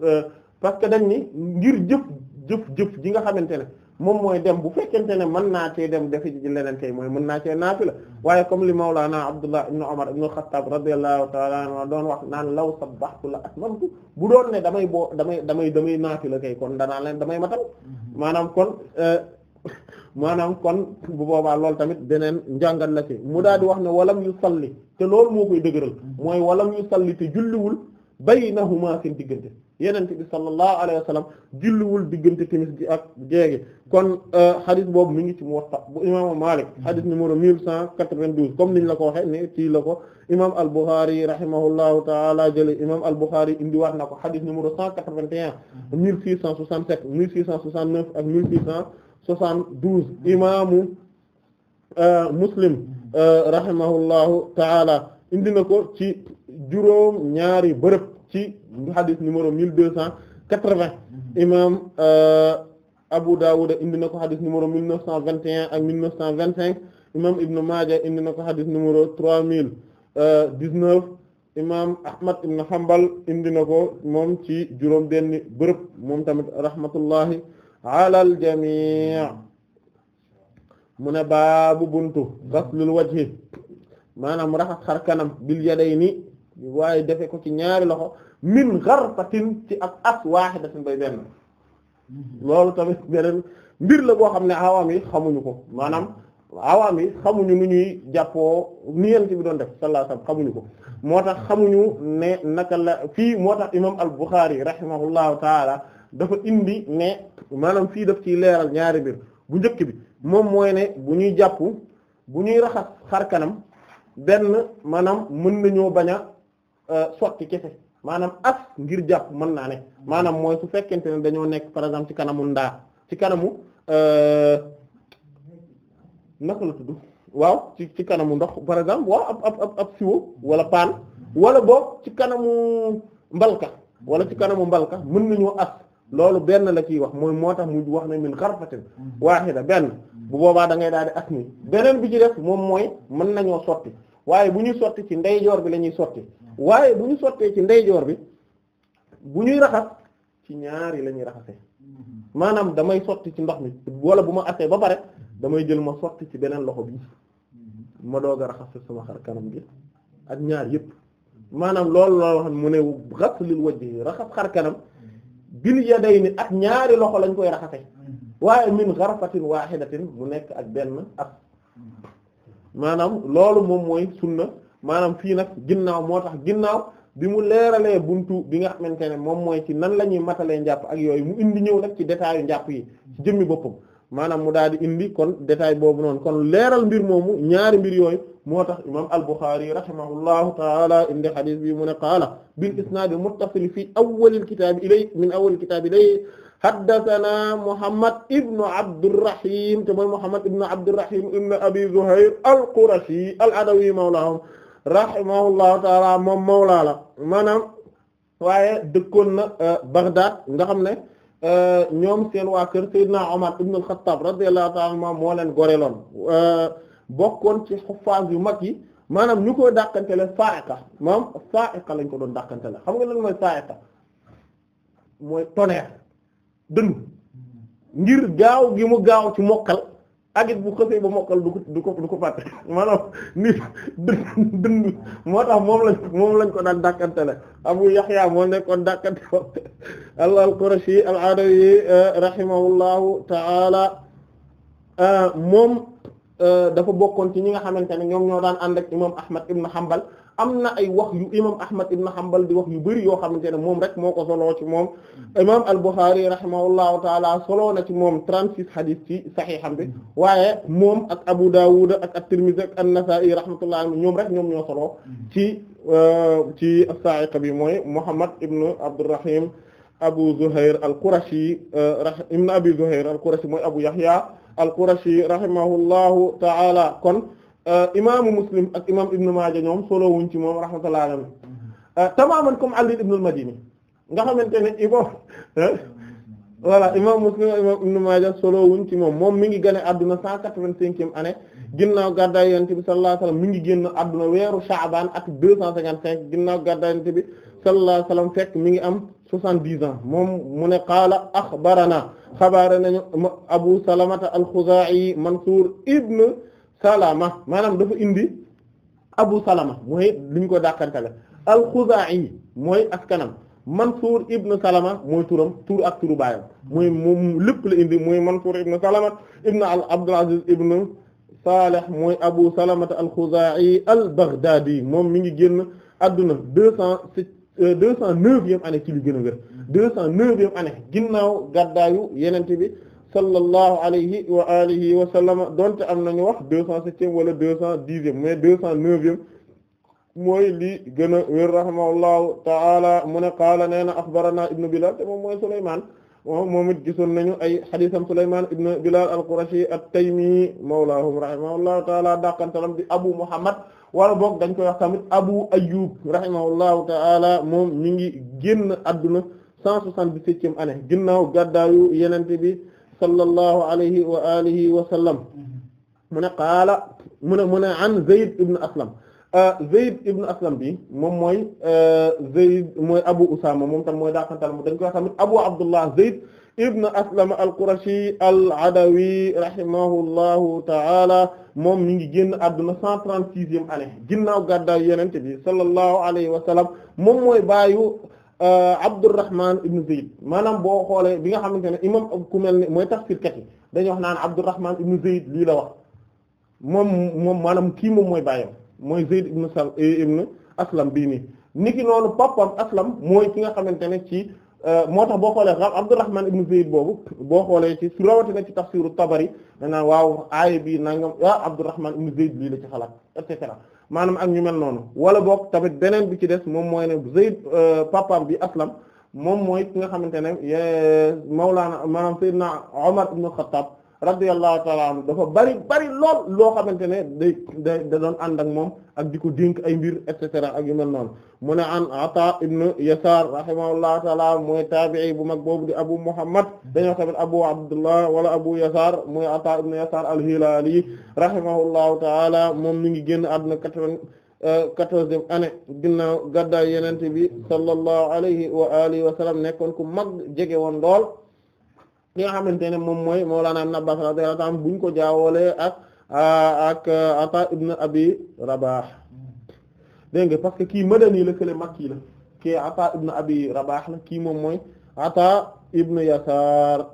euh, parce que dañ ni ngir jëf jëf jëf ji nga xamante ne moom mooy dem bu fekkente ne man naa cee dem defi ci leneen kay mooy mën naa cee naafila waaye comme li Mawlana Abdullah ibn Umar ibn Khattab radiyallahu ta'ala anhu doon wax naan law sabbahtu la atmamtu bu doon ne damay boo damay damay damay naafila kay kon danaa leen damay matal mm-hmm. maanaam kon euh, maanaam kon bu boobaa loolu tamit beneen njàngat la ci mu daal di wax ne walam yu salli te loolu moo koy dëgëral mm-hmm. mooy walam yu salli te julliwul baynahuma seen diggante yenente bi sallallahu alayhi wa sallam diggante timis gi ak jeegi kon euh, hadith boobu mi ngi ci Muwatta bu imaamu Malik hadith numéro mille cent quatre-vingt-douze comme niñ la ko waxe ne ci la ko imam al-Bukhari rahimahullahu ta'ala jële imam al-Bukhari indiwaat na ko hadith numéro cent quatre-vingt-un mille six cent soixante-sept mille six cent soixante-neuf ak mille six imaamu euh, Muslim euh, rahimahullahu ta'ala indi na ko ci juróom ñaari bërëb ci hadith numéro mille deux cent quatre-vingts imam euh, Abu Dawud indi na ko hadith numéro mille cent vingt et ak mille neuf cent vingt Ibn Maaja indi ko hadith numéro trois mille euh, dix Ahmad ibn Hanbal indi na ko moom ci juróom benni bërëb moom tamit rahmatullahi alal jamii mu ne baabu buntu gaslul wajhi maanaam raxas xar kanam bil yadayni waaye defe ko ci ñaari loxo min gharfatin ci ak as wahidatin bay benn mhm. loolu tamit beneen mbir la boo xam ne awaam yi xamuñu ko maanaam awaam yi xamuñu nu ñuy jàppoo ni yent bi doon def sallallahu alayhi xamuñu ko moo tax xamuñu ne naka la fii moo tax imam al-Bukhari rahimahullahu taala dafa indi ne maanaam fii daf ciy leeral ñaari mbir bu njëkk bi moom mooy ne bu ñuy jàppu bu ñuy raxas xar kanam benn maanaam mën nañoo bañ a Euh, sotti kese maanaam as ngir jàpp mën naa ne maanaam mooy su fekkente ne dañoo nekk par exemple ci kanamu ndaa ci kanamu euh, naka la tudd waaw ci ci kanamu ndox par exemple waaw ab ab wala paan wala boog ci kanamu mbalka wala ci kanamu mbalka mën nañoo as loolu benn la ciy wax mooy moo tax mu wax ne min xarfatin waaxida benn bu boobaa da ngay daal di as nii beneen bi ci def moom mooy mën nañoo sotti waaye bu ñuy sotti ci ndeyjoor bi lañuy sotti waaye bu ñu sottee ci ndeyjoor bi bu ñuy raxas ci ñaari lañuy ñuy maanaam damay sotti ci ndox mi wala bu ma asee ba pare damay jël ma sotti ci beneen loxo bi ma doog a raxas xar kanam gi ak ñaar yëpp maanaam loolu la wax mu ne ghaslul wajhi raxas xar kanam bil yadayni ak ñaari loxo lañ koy raxase mm-hmm. waaye min gharfatin wahidatin mu nekk ak benn ak maanaam loolu moom mooy sunna maanaam fii nag ginnaaw moo tax ginnaaw bi mu leeralee buntu bi nga xamante ne moom mooy ci nan la ñuy matalee njàpp ak yooyu mu indi ñëw nag ci détail yu njàpp yi ci jëmmi boppam maanaam mu daal di indi kon détail boobu noon kon leeral mbir moomu ñaari mbir yooyu moo tax imam al-Bukhari rahimahullahu taala indi xadis bi mu ne qaala bil isnaad muttasil fii awwalil kitaabi ilay min awwalil kitaabi ilay haddathana Muhammad ibn Abdurrahim te mooy Muhammad ibn Abdurrahim ibn Abi Zuhair al-Qurashi al-Adawi mawlaahum rahimahullahu ta'ala moom mawlaa la maanaam waaye dëkkoon na euh, Baghdad nga xam ne euh, ñoom seen waa kër Seydina Omar ibn al-Khattab radiyallahu ta'ala moo leen goreloon euh, bokkoon ci xuffaaz yu mag yi maanaam ñu koy dàqantele sa'iqa moom sa'iqa lañ ko doon dàqantele xam nga lan mooy sa'iqa mooy tonnerre dëndu ngir gaaw gi mu gaaw ci mokkal agit bu xësee ba mokkal du ko du ko du ko fàtte <laughs> maanaam nit dënd moom lañ ko daan dàkkante la Abu Yahya moo nekkoon dàkkante <laughs> Allah al-Qurashi al-Adawi eh, rahimahullahu ta'ala eh, moom eh, dafa bokkoon ci ñi nga xamante ne ñoom ñoo daan ànd ak imam Ahmad ibn Hanbal am na ay wax yu imam ahmad ibn hanbal di wax yu bari yoo xamante ne moom rek moo ko soloo ci moom mm-hmm. imam al-Bukhari rahimahullahu taala soloo na ci moom trente-six hadith ci saxiixam bi mm-hmm. waaye moom ak Abu Dawud ak at-Tirmidhi ak an-Nasa'i rahmatullahi ñoom rek ñoom ñoo soloo mm-hmm. ci euh, ci as bi mooy Muhammad ibn Abdurrahim Abu Zuhair al-Qurashi euh, ibn Abi Zuhair al-Qurashi mooy Abu Yahya al-Qurashi rahimahullahu taala kon Euh, imaamu muslim ak imaam ibnu maaja ñoom solo wuñ ci moom rahmatullah alayhi mm-hmm. euh, tamaaman comme ali ibnu al-madini nga xamante ne imaam <laughs> voilà imaam muslim ak imaam ibnu maaja solo wuñ ci moom moom mi ngi gane adduna cent quatre-vingt-cinquième année ginnaaw gàddaay yonent bi sallallahu alayhi wasallam mi ngi génn adduna weeru sha'ban ak deux cent cinquante-cinq ginnaaw fekk mi ngi am soixante-dix ans moom mu ne qaala axbarana xabaare nañu abu salamata al-xuzaa'i mansuur ibn salama maanaam dafa indi abu salama mooy liñ ko dàqantale al-Khuzaa'i mooy askanam Mansour ibn Salama mooy turam tur ak turu baayam mooy moom lépp la indi mooy Mansour ibn Salama ibn al Abdul Aziz ibn Salih mooy Abu Salama al-Khuzaa'i al-Baghdadi moom mi ngi génn adduna deux cent sept euh, deux cent neuvième année ci li gën a wér deux cent neuvième année ginnaaw gàddaayu yenente bi sallallahu alayhi wa alihi wa sallama donte am nañu wax deux cent septième wala deux cent dixième mais deux cent neuvième mooy li gën a wér rahimahullahu taala mu ne qaala nee na axbarana ibnu bilal te moom mooy sulayman moom it gisoon nañu ay xadisam sulayman ibnu bilal al-qurashi at-taymi mawlahum rahimahullahu taala dàqantalam di abu muhammad wala boog dañ koy wax tamit abu ayyub rahimahullahu taala moom mi ngi génn adduna cent soixante-dix-septième année ginnaaw gàddaayu yenente bi sallallahu alayhi wa alihi wa sallam mu ne qaala mu ne mu ne an Zayd ibn Aslam euh, Zayd ibn Aslam bi moom mooy euh, Zayd mooy Abu Usama moom tam mooy daakantal mu dañ koy wax tamit Abu Abdullah Zayd ibn Aslam al-Qurashi al-Adawi rahimahullahu ta'ala moom mi ngi génn àdduna 136e année ginnaaw gàddaay Yonent bi sallallahu alayhi wa sallam moom mooy baayu Euh, Abdurrahman ibn Zayd maanaam boo xoolee bi nga xamante ne imam ku mel ne mooy tafsir kat yi dañuy wax naa ne naan Abdurrahman ibn Zayd lii la wax moom moom maanaam kii moom mooy bàyyam mooy Zayd ibn Sal eh, ibn Aslam bii nii niki noonu papam Aslam mooy ki nga xamante ne ci euh, moo tax boo xoolee Abdurrahman ibn Zayd boobu boo xoolee ci su rawatina ci tafsiru Tabari danaa waaw aaya bii nangam ah Abdurrahman ibn Zayd lii la ci xalaat et cetera maanaam ak ñu mel noonu wala boog tamit beneen bi ci des moom mooy ne Zayd euh, papaam bi Aslam moom mooy ki nga xamante ne Mawlaana maanaam Seydina Omar ibn Khattab radiyallahu taala anhu dafa bari bari lool loo xamante ne day da da doon ànd ak moom ak di ko ay mbir et cetera ak yu mel noonu mu ne an Ata ibn Yasar rahimahullahu taala mooy taabi'i bu mag boobu di Abu Muhammad dañoo tamit Abu Abdullah wala Abu Yasar mooy Ata ibn Yasar al-Hilali rahimahullahu taala moom mi ngi génn àdduna quatre-vingt euh, quatorzième année ginnaaw gàddaay yenente bi sallallahu alayhi wa alihi wa sallam nekkoon ku mag jege woon lool li nga xamante ne moom mooy Mawlana Ibn Abbas radiyallahu anhu buñ ko jaawoolee ak ak Ata ibn Abi Rabah dégg nga parce que kii madani la kële makki la kii Ata ibn Abi Rabah la kii moom mooy Ata ibn Yasar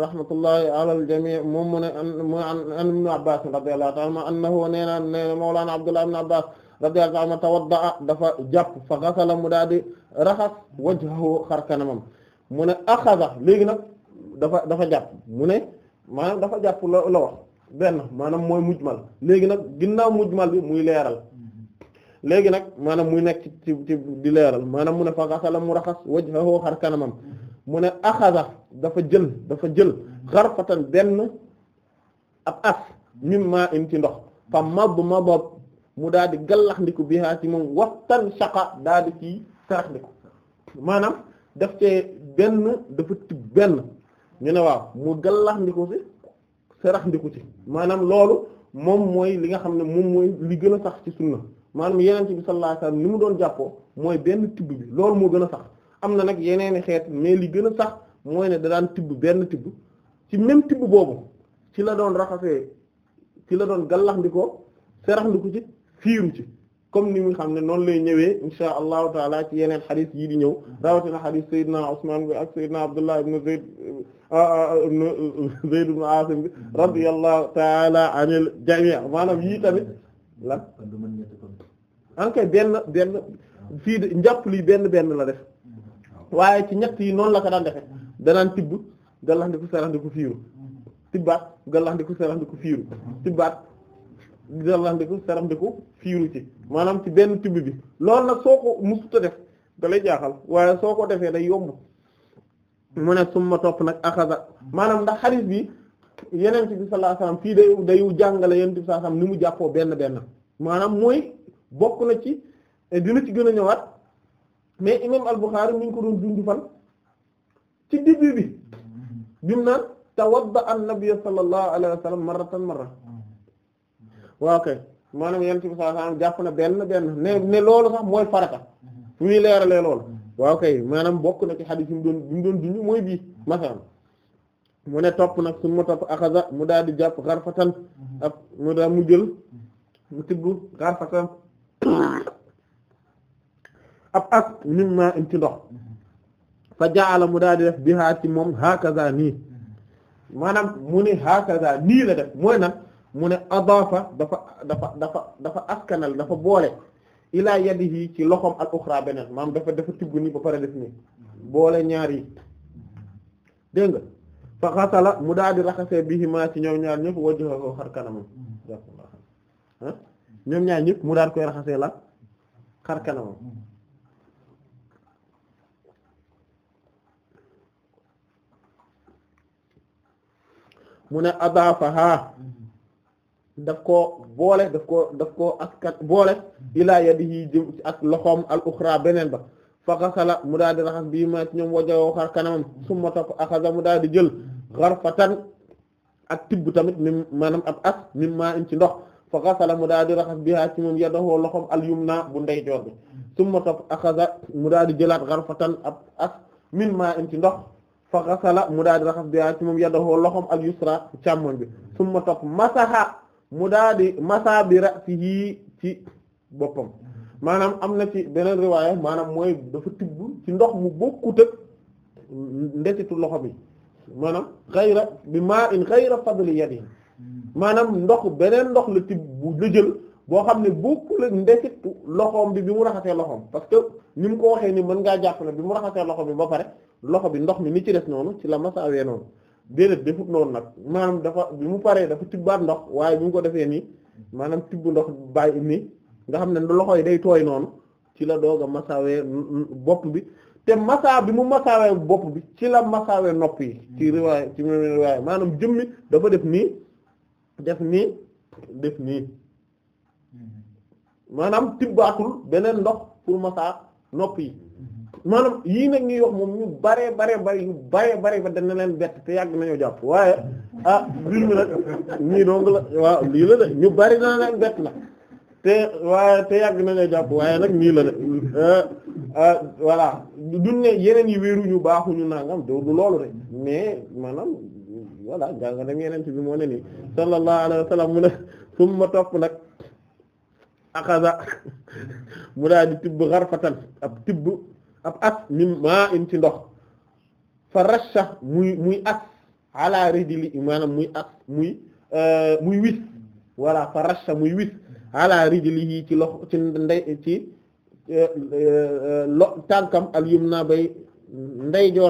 rahmatullahi ala al-jami' moom mu ne mu an Ibn Abbas radiyallahu ta'ala annahu nee na nee na Mawlana Abdullah ibn Abbas radiyallahu ta'ala tawadda'a dafa jàpp fa ghasala mu daal di raxas wajhahu xar kanamam mu ne axaza léegi nag. dafa dafa jàpp mu ne maanaam dafa jàpp la la wax benn maanaam mooy mujmal léegi nag ginnaaw mujmal bi muy leeral léegi nag maanaam muy nekk ci ci di leeral maanaam mu ne fa xasala mu raxas wajhahu xar mu ne axasa dafa jël dafa jël xarfatan benn ab as ci ndox fa mab mabob mu daal di gallax ndiku bihaa ci moom waxtan saqa daal ci sarax ndiku maanaam def cee benn dafa tib benn ñu ne waaw mu gallax ndiku ci serax ndiku maanaam loolu moom mooy li nga xam ne moom mooy li gën a sax ci sunna maanaam yeneen ci bi sallallahu alayhi wasallam ni mu doon jàppoo mooy benn tibb bi loolu moo gën a sax am na nag yeneeni xeet mais li gën a sax mooy ne da daan tibb benn tibb ci même tibb boobu ci la doon raxasee ci la doon gallaxndikoo ndikoo serax ndiku ci fiiru ci comme ni nga xam ne noonu lay ñëwee insha allahu taala ci yeneen xadis yii di ñëw rawatina xadis Seydina Usmaan bi ak Seydina Abdullah ibn Zayd ah, ah, ah, ibn Zayd ibn Asim bi radiyallahu taala anil jami' maanaam lan ankay benn benn fii de njàpp li benn benn la def waaye ci ñett yi noonu la ko daan defe danaan tibb gàllax ndiku sarax ndiku fiiru tibbaat gàllax ndiku sarax ndiku fiiru tibbaat jàllandiku sarandiku fiiru ci maanaam ci benn tibb bi lool nag soo ko musuta def da lay jaaxal waaye soo ko defee day yomb mu ne summa topp nag axasa maanaam ndax xaris bi yeneen bi sallallahu alayhi wasallam fii day dayu jàngale yenent bi sallallahu alayhi wasallam ni mu jàppoo benn benn maanaam mooy bokk na ci dina ci gën a ñëwaat mais imam al-Bukhari ngi ko doon junj fan ci début bi bi mu naan tawadda an-nabiy sallallahu alayhi wasallam marratan marra waa kay maanaam yonent bi sallallahu jàpp na benn benn ne ne loolu sax mooy farata fu ñuy leeralee loolu waaw kay maanaam bokk na ci xadis yi mu doon yi mooy bii masalan mu ne topp nag su ma topp axaza mu daal di jàpp xarfatan ak mu daal mu jël mu tibb xarfatan ab as mimma in ci ndox fa jaala mu daal di def bihaa ci moom hakaza nii maanaam mu ne hakaza nii la def mooy nag mu ne adaafa dafa dafa dafa dafa askanal dafa boole ilaa yadihi ci loxoom al uxra beneen maam dafa dafa tibb ni ba pare def ni boole ñaar yi dégg nga fa xasala mu daal di raxasee bihimaa ci ñoom ñaar ñëpp wajhahu xar kanamam ñoom ñaar ñëpp mu daan koy raxasee la xar kanamam mu ne adaafaha daf koo boole daf koo daf koo askan boole ilaa yadihi jëm ak loxoom al uxra beneen ba faxasala mu daal di raxas bi ma ñoom wajoo xar kanamam summa topp axasa mu daal di jël xarfatan ak tibb tamit mim maanaam ab as mim maa ci ndox faxasala mu daal di raxas bihaa ci moom yadahoo loxoom al yumna bu ndeyjoor bi summa topp axasa mu daal di jëlaat xarfatan ab as min maa ci ndox faxasala mu daal di raxas bihaa ci moom yadahoo loxoom al bi summa topp masaha mu daa di masa bi ra yii ci boppam maanaam am na ci beneen riwaaya maanaam mooy dafa tibb ci ndox mu bokkut ak ndesitu loxo bi maanaam xayra bi maa in xayra fadli yadi maanaam ndox beneen ndox la tibb bu la jël boo xam ne bokkul ak ndesitu loxoom bi bi mu raxasee loxoom parce que ni mu ko waxee ni mën ngaa jàpp bi mu raxasee loxo bi ba pare loxo bi ndox mi ni ci des noonu ci la masaawee noonu déedéet defut noonu nag maanaam dafa bi mu paree dafa tibbaat ndox waaye bi mu ko defee nii maanaam tibb ndox bàyyi nii nga xam ne loxo yi day tooy noonu ci la doog a bopp bi te masa bi mu masawee bopp bi ci la masawee nopp yi hmm. ci riwaay ci riwaay maanaam jëmmi dafa def nii def nii def nii hmm. maanaam tibbaatul beneen ndox pour masa nopp yi maanaam yii nag ñuy wax moom ñu baree baree bari yu baree bari leen bett te yàgg nañoo jàpp waaye a ah, mbir mi la waaw lii la de ñu bari dana la te waaye te yàgg jàpp waaye nag nii la de ah, ah, voilà duñ ne yeneen yi wéeruñu baaxuñu nangam doo du loolu rek mais maanaam voilà jànga dem yeneen bi moo ne nii sallallahu alayhi wa mu ne summa topp nag akaza mu daal di tibb xarfatan a tibb ab as min maa in ci ndox fa rasha muy muy as ala rijli maanaam muy as muy euh, muy wis walla fa rasha muy wis ala rijlihi ci lox ci ndey ci euh, euh, lo tànkam al yumna bay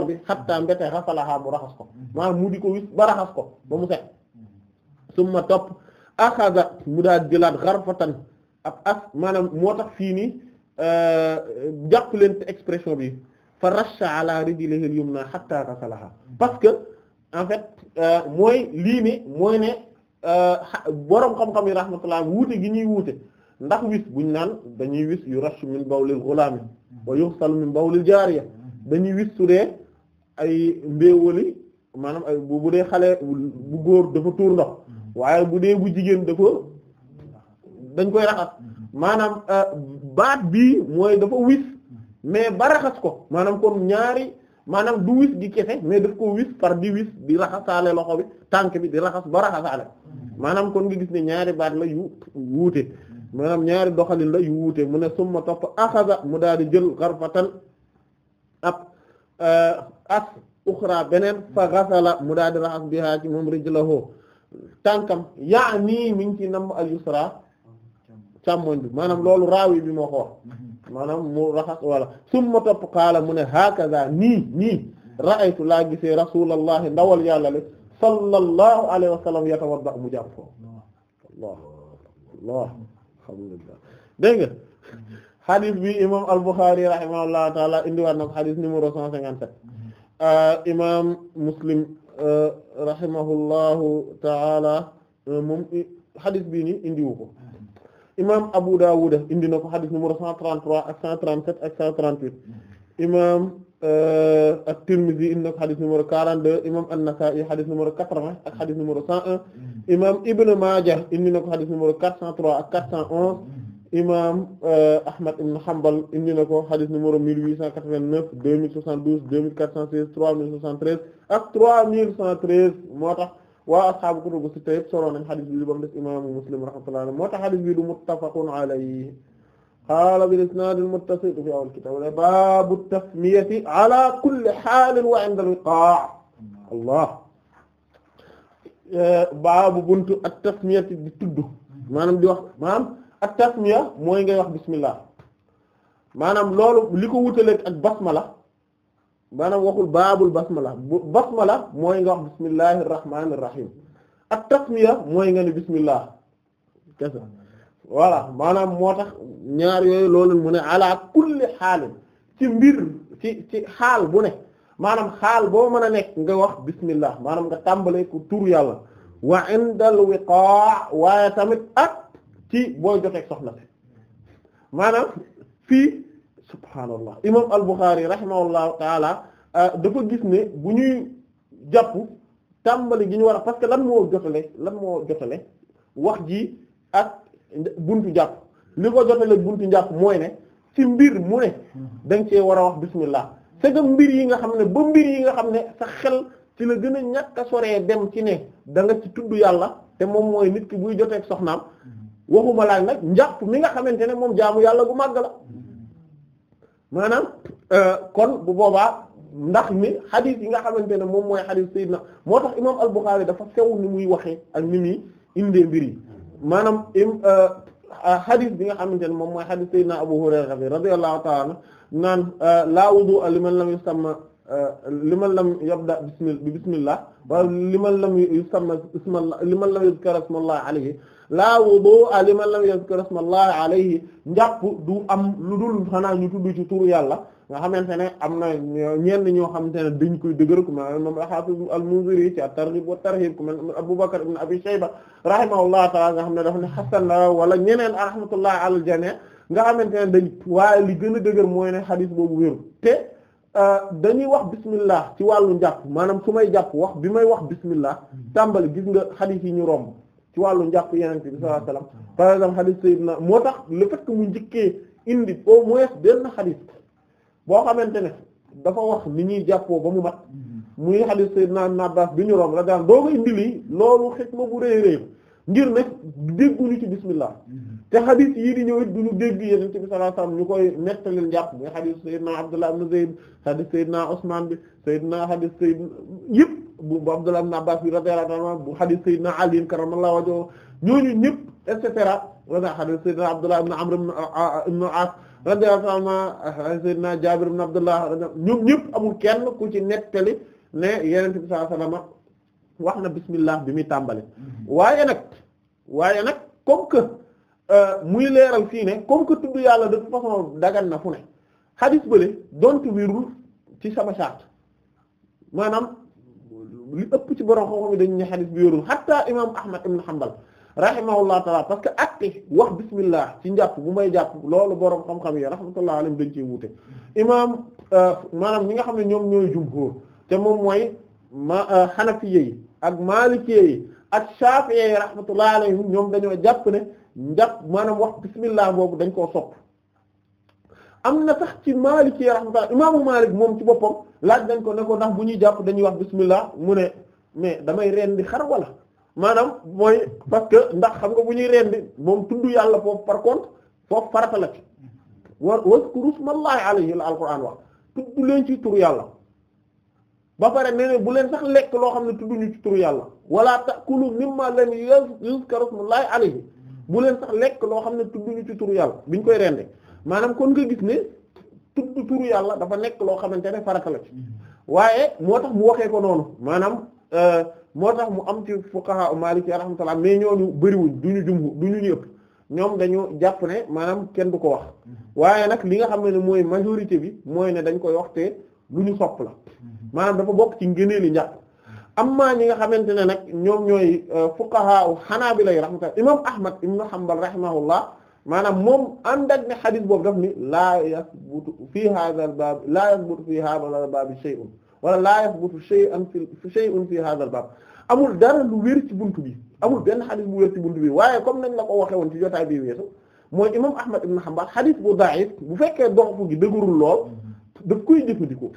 bi xatta mbete xasalaxaa mu raxas ko maanaam mu di ko wis ba raxas ko ba mu set summa topp axada mu daal jëlaat xarfatan ab as maanaam moo tax fii nii Euh, jàpp leen ci expression bi fa rasha ala rijlihi al-yumna hatta ghasalaha parce que en fait euh, mooy lii ni mooy ne euh, boroom xam-xam yu rahmatullah wuute gi ñuy wuute ndax wis buñ naan dañuy wis yu rashu min bawlil ghulami wa yughsalu min bawlil jariya dañuy wis su dee ay mbéewali maanaam ay bu dee xale bu góor dafa tuur ndox mm-hmm. waaye bu dee bu jigéen dafa dañ koy raxas maanaam euh, baat bi mooy dafa wis mais ba raxas ko maanaam kon ñaari maanaam du wis gi kese mais daf ko wis par di wis di raxasaale loxo bi tànk bi di raxas ba raxasaale maanaam kon nga gis ne ñaari baat la yu wuute maanaam ñaari doxalin la yu wuute mu ne summa topp axaza mu daal di jël xarfatan ab euh, as uxra beneen fa xasala mu daal di raxas bihaa ci moom rijlahu tànkam yaa nii mi ngi ci namm al yusra càmmoñ bi maanaam loolu raawi bi moo ko wax maanaam mu raxas wala summa topp xaala mu ne hakaza nii nii ra'aytu laa gisee rasulallahi ndawal yàlla le sallallahu alayhi wa sallam yatawadda mu jàpp ko allah allah alhamdulillah dégg nga xadis bi imam al-Bukhari rahimahullahu taala indiwaat na ko xadis numéro cent cinquante-sept euh, imam Muslim euh, rahimahullahu taala euh, moom xadis bii ni indiwu ko imaam Abu Dawud indi na ko xadis numéro 133 ak 137 ak 138 imaam euh, At-Tirmidhi indi na ko xadis numéro 42 imaam An-Nasa'i xadis numéro 80 ak xadis numéro 101 imaam Ibn Majah indi na ko xadis numéro 403 ak 411. imam euh, Ahmad ibn Hanbal indi na ko xadis numéro 1889 2072 2416 3073 ak 3113 moo waa ashaabu kutubu sitta yëpp solo nañ xadis bi ba mu des imaamu muslim rahmatullahi alayhi moo tax xadis bi du muttafaqun alayhi qaala bil isnaad al muttasil fi awwal kitaab la baabu tasmiyati ala kulli xaalin wa inda al wiqaa' allah baabu buntu at tasmiyati di tudd maanaam di wax maanaam at tasmiya mooy ngay wax bismillah maanaam loolu li ko wutaleeg ak basmala maanaam waxul baabul basmala basmala mooy nga wax bismillahir rahmanir rahim ak tasmiya mooy nga ne bismillah kese voilà maanaam moo tax ñaar yooyu loolu mu ne ala kulli xaalin ci mbir ci ci xaal bu ne maanaam xaal boo mën a nekk nga wax bismillah maanaam nga tàmbalee ko tur yàlla wa indal wiqaa waaye tamit ak ci boo joteeg soxla si maanaam fii subhaanallah imaam al-Bukhari rahimahullahu taala euh, dafa gis ne bu ñuy jàpp tàmbali gi ñu war a parce que lan moo jotale lan moo jotale wax ji ak buntu jàpp li ko jotale buntu jàpp mooy ne ci mbir mu ne da nga war a wax bismillah c'est mbir yi nga xam ne ba mbir yi nga xam ne sa xel ci la gën a ñàkk a dem ci ne da ci tudd yàlla te moom mooy nit ki buy joteek soxnaam mm-hmm. waxuma laaj nag njàpp mi nga xamante ne moom jaamu yàlla bu màgg la maanaam euh, kon bu boobaa ndax mi xadis yi nga xamante ne moom mooy xadis sayyidina moo tax imaam al-Bukhari dafa sew ni muy waxee ak ni muy indee mbir yi maanaam euh, euh, xadis bi nga xamante ne moom mooy xadis sayyidina Abu Hurayra bi radiyallahu ta'ala naan laa wudu'a liman lam yusamma liman lam yabda bismi bismillah wa liman lam yusamma isma liman lam yuzkara ismallah alayhi laa la liman lam yazkur ismallahi alayhi njàpp du am lu dul xanaa ñu tudd ci turu yàlla nga xamante ne am na ñenn ñoo xamante ne dañ koy dëgër ku ma imam al-Hafiz al-Munziri ci at-Targhib wa at-Tarhib ku mel Abu Bakr ibn Abi nga xam ne daf ne hasan la wala ñeneen rahmatullahi ala al-jami' nga xamante ne dañ waaye li gën a dëgër mooy ne xadis boobu wéru te euh, dañuy wax bismillah ci wàllu njàpp maanaam su may jàpp wax bi may wax bismillah tàmbali gis nga xadis yi ñu romb ci wàllu njàpp yenente bi sallallahu alayhi wasallam par exemple xadis sayyidina moo tax le fait mu njëkkee indi au moins benn xadis boo xamante ne dafa wax ni ñuy jàppoo ba mu mat muy xadis sayyidina Abbas bi ñu rom la daan doo ko indi lii loolu xikma bu réy réy ngir ne dégguñu ci bismillah te xadis yii di ñëw it duñu dégg yenente bi sallallahu ñu koy nettalil njàpp muy xadis sayyidina Abdullah ibn Zayd xadis sayyidina Usman bi sayyidina xadis sayyidina yëpp bu Abdullah ibn Abbas bi radiyallahu anhu bu hadith Sayyidina Ali karramallahu wajhahu ñooñu ñëpp et cetera wala hadith Sayyidina Abdullah ibn Amr ibn al-As ah, ah, radiyallahu anhu ah, Sayyidina Jabir ibn kenn ku ci nettali ne Yonent bi sallallahu alayhi wax na bismillah bi mi tàmbali mhm. waaye nag waaye nag comme que euh, muy leeral fii ne comme tudd yàlla de toute façon dagan na fu ne xadis bële donte wérul ci sama charte maanaam li ëpp ci borom xam-xam yi dañu ne xadis bi yorul hatta imam Ahmad ibn Hanbal rahimahullahu taala parce que ak wax bismillah ci njàpp bu may jàpp loolu borom xam-xam yi rahmatullahi alayhim dañ ciy wuute imam euh, maanaam ñi nga xam ne ñoom ñooy jumhur te moom mooy ma xanafiye euh, ak maalikiye yi ak shafiye yi rahmatullahi alayhim ñoom dañoo jàpp ne njàpp maanaam wax bismillah boobu dañ koo sopp am na sax ci Maalik yi rahmatullah imaamu Maalik moom ci boppam laaj nañ ko ne ko ndax bu ñuy jàpp dañuy wax bismillah mu ne mais damay rendi xar wala maanaam mooy parce que ndax xam nga bu ñuy rendi moom tudd yàlla foofu par contre foofu farata la ci wa waskuru smallahi alayhi alquran wax tudd leen ci turu yàlla ba pare nee ne bu leen sax lekk loo xam ne tudd ñu ci turu yàlla wala ta'kulu mimma lam yuzkaru smallahi bu leen lekk loo xam ne tudd ñu ci turu yàlla biñ koy rendi maanaam kon nga gis ne tudd turu yàlla dafa nekk loo xamante ne farata la ci waaye moo tax mu waxee ko noonu maanaam euh, moo tax mu am ci fuqaha maliki rahmatullah mais ñooñu bëriwuñ duñu jumhu duñu ñu ëpp ñoom dañu jàpp maanaam kenn du ko wax waaye nag li nga xam ne mooy majorité bi mooy ne dañ koy wax te lu ñu sopp maanaam dafa bokk ci ngëneeli njàpp amma ñi nga xamante ne nag ñoom ñooy euh, fuqaha xanaa bi lay rahmatullah imam ahmad ibn hanbal rahimahullah maanaam moom ànd ak ne xadis boobu daf ni laa yasbutu fii hadha al baab laa yasbutu fii hadha al baab shay'un wala laa yasbutu shay'un fi shay'un fii hadha baab amul dara lu wér ci buntu bi amul benn xadis bu wér ci buntu bi waaye comme nañ la ko waxee woon ci jotaay bi weesu mooy imam ahmad ibn hanbal xadis bu da'if bu fekkee dox doxu gi dëgërul lool daf koy jëfandikoo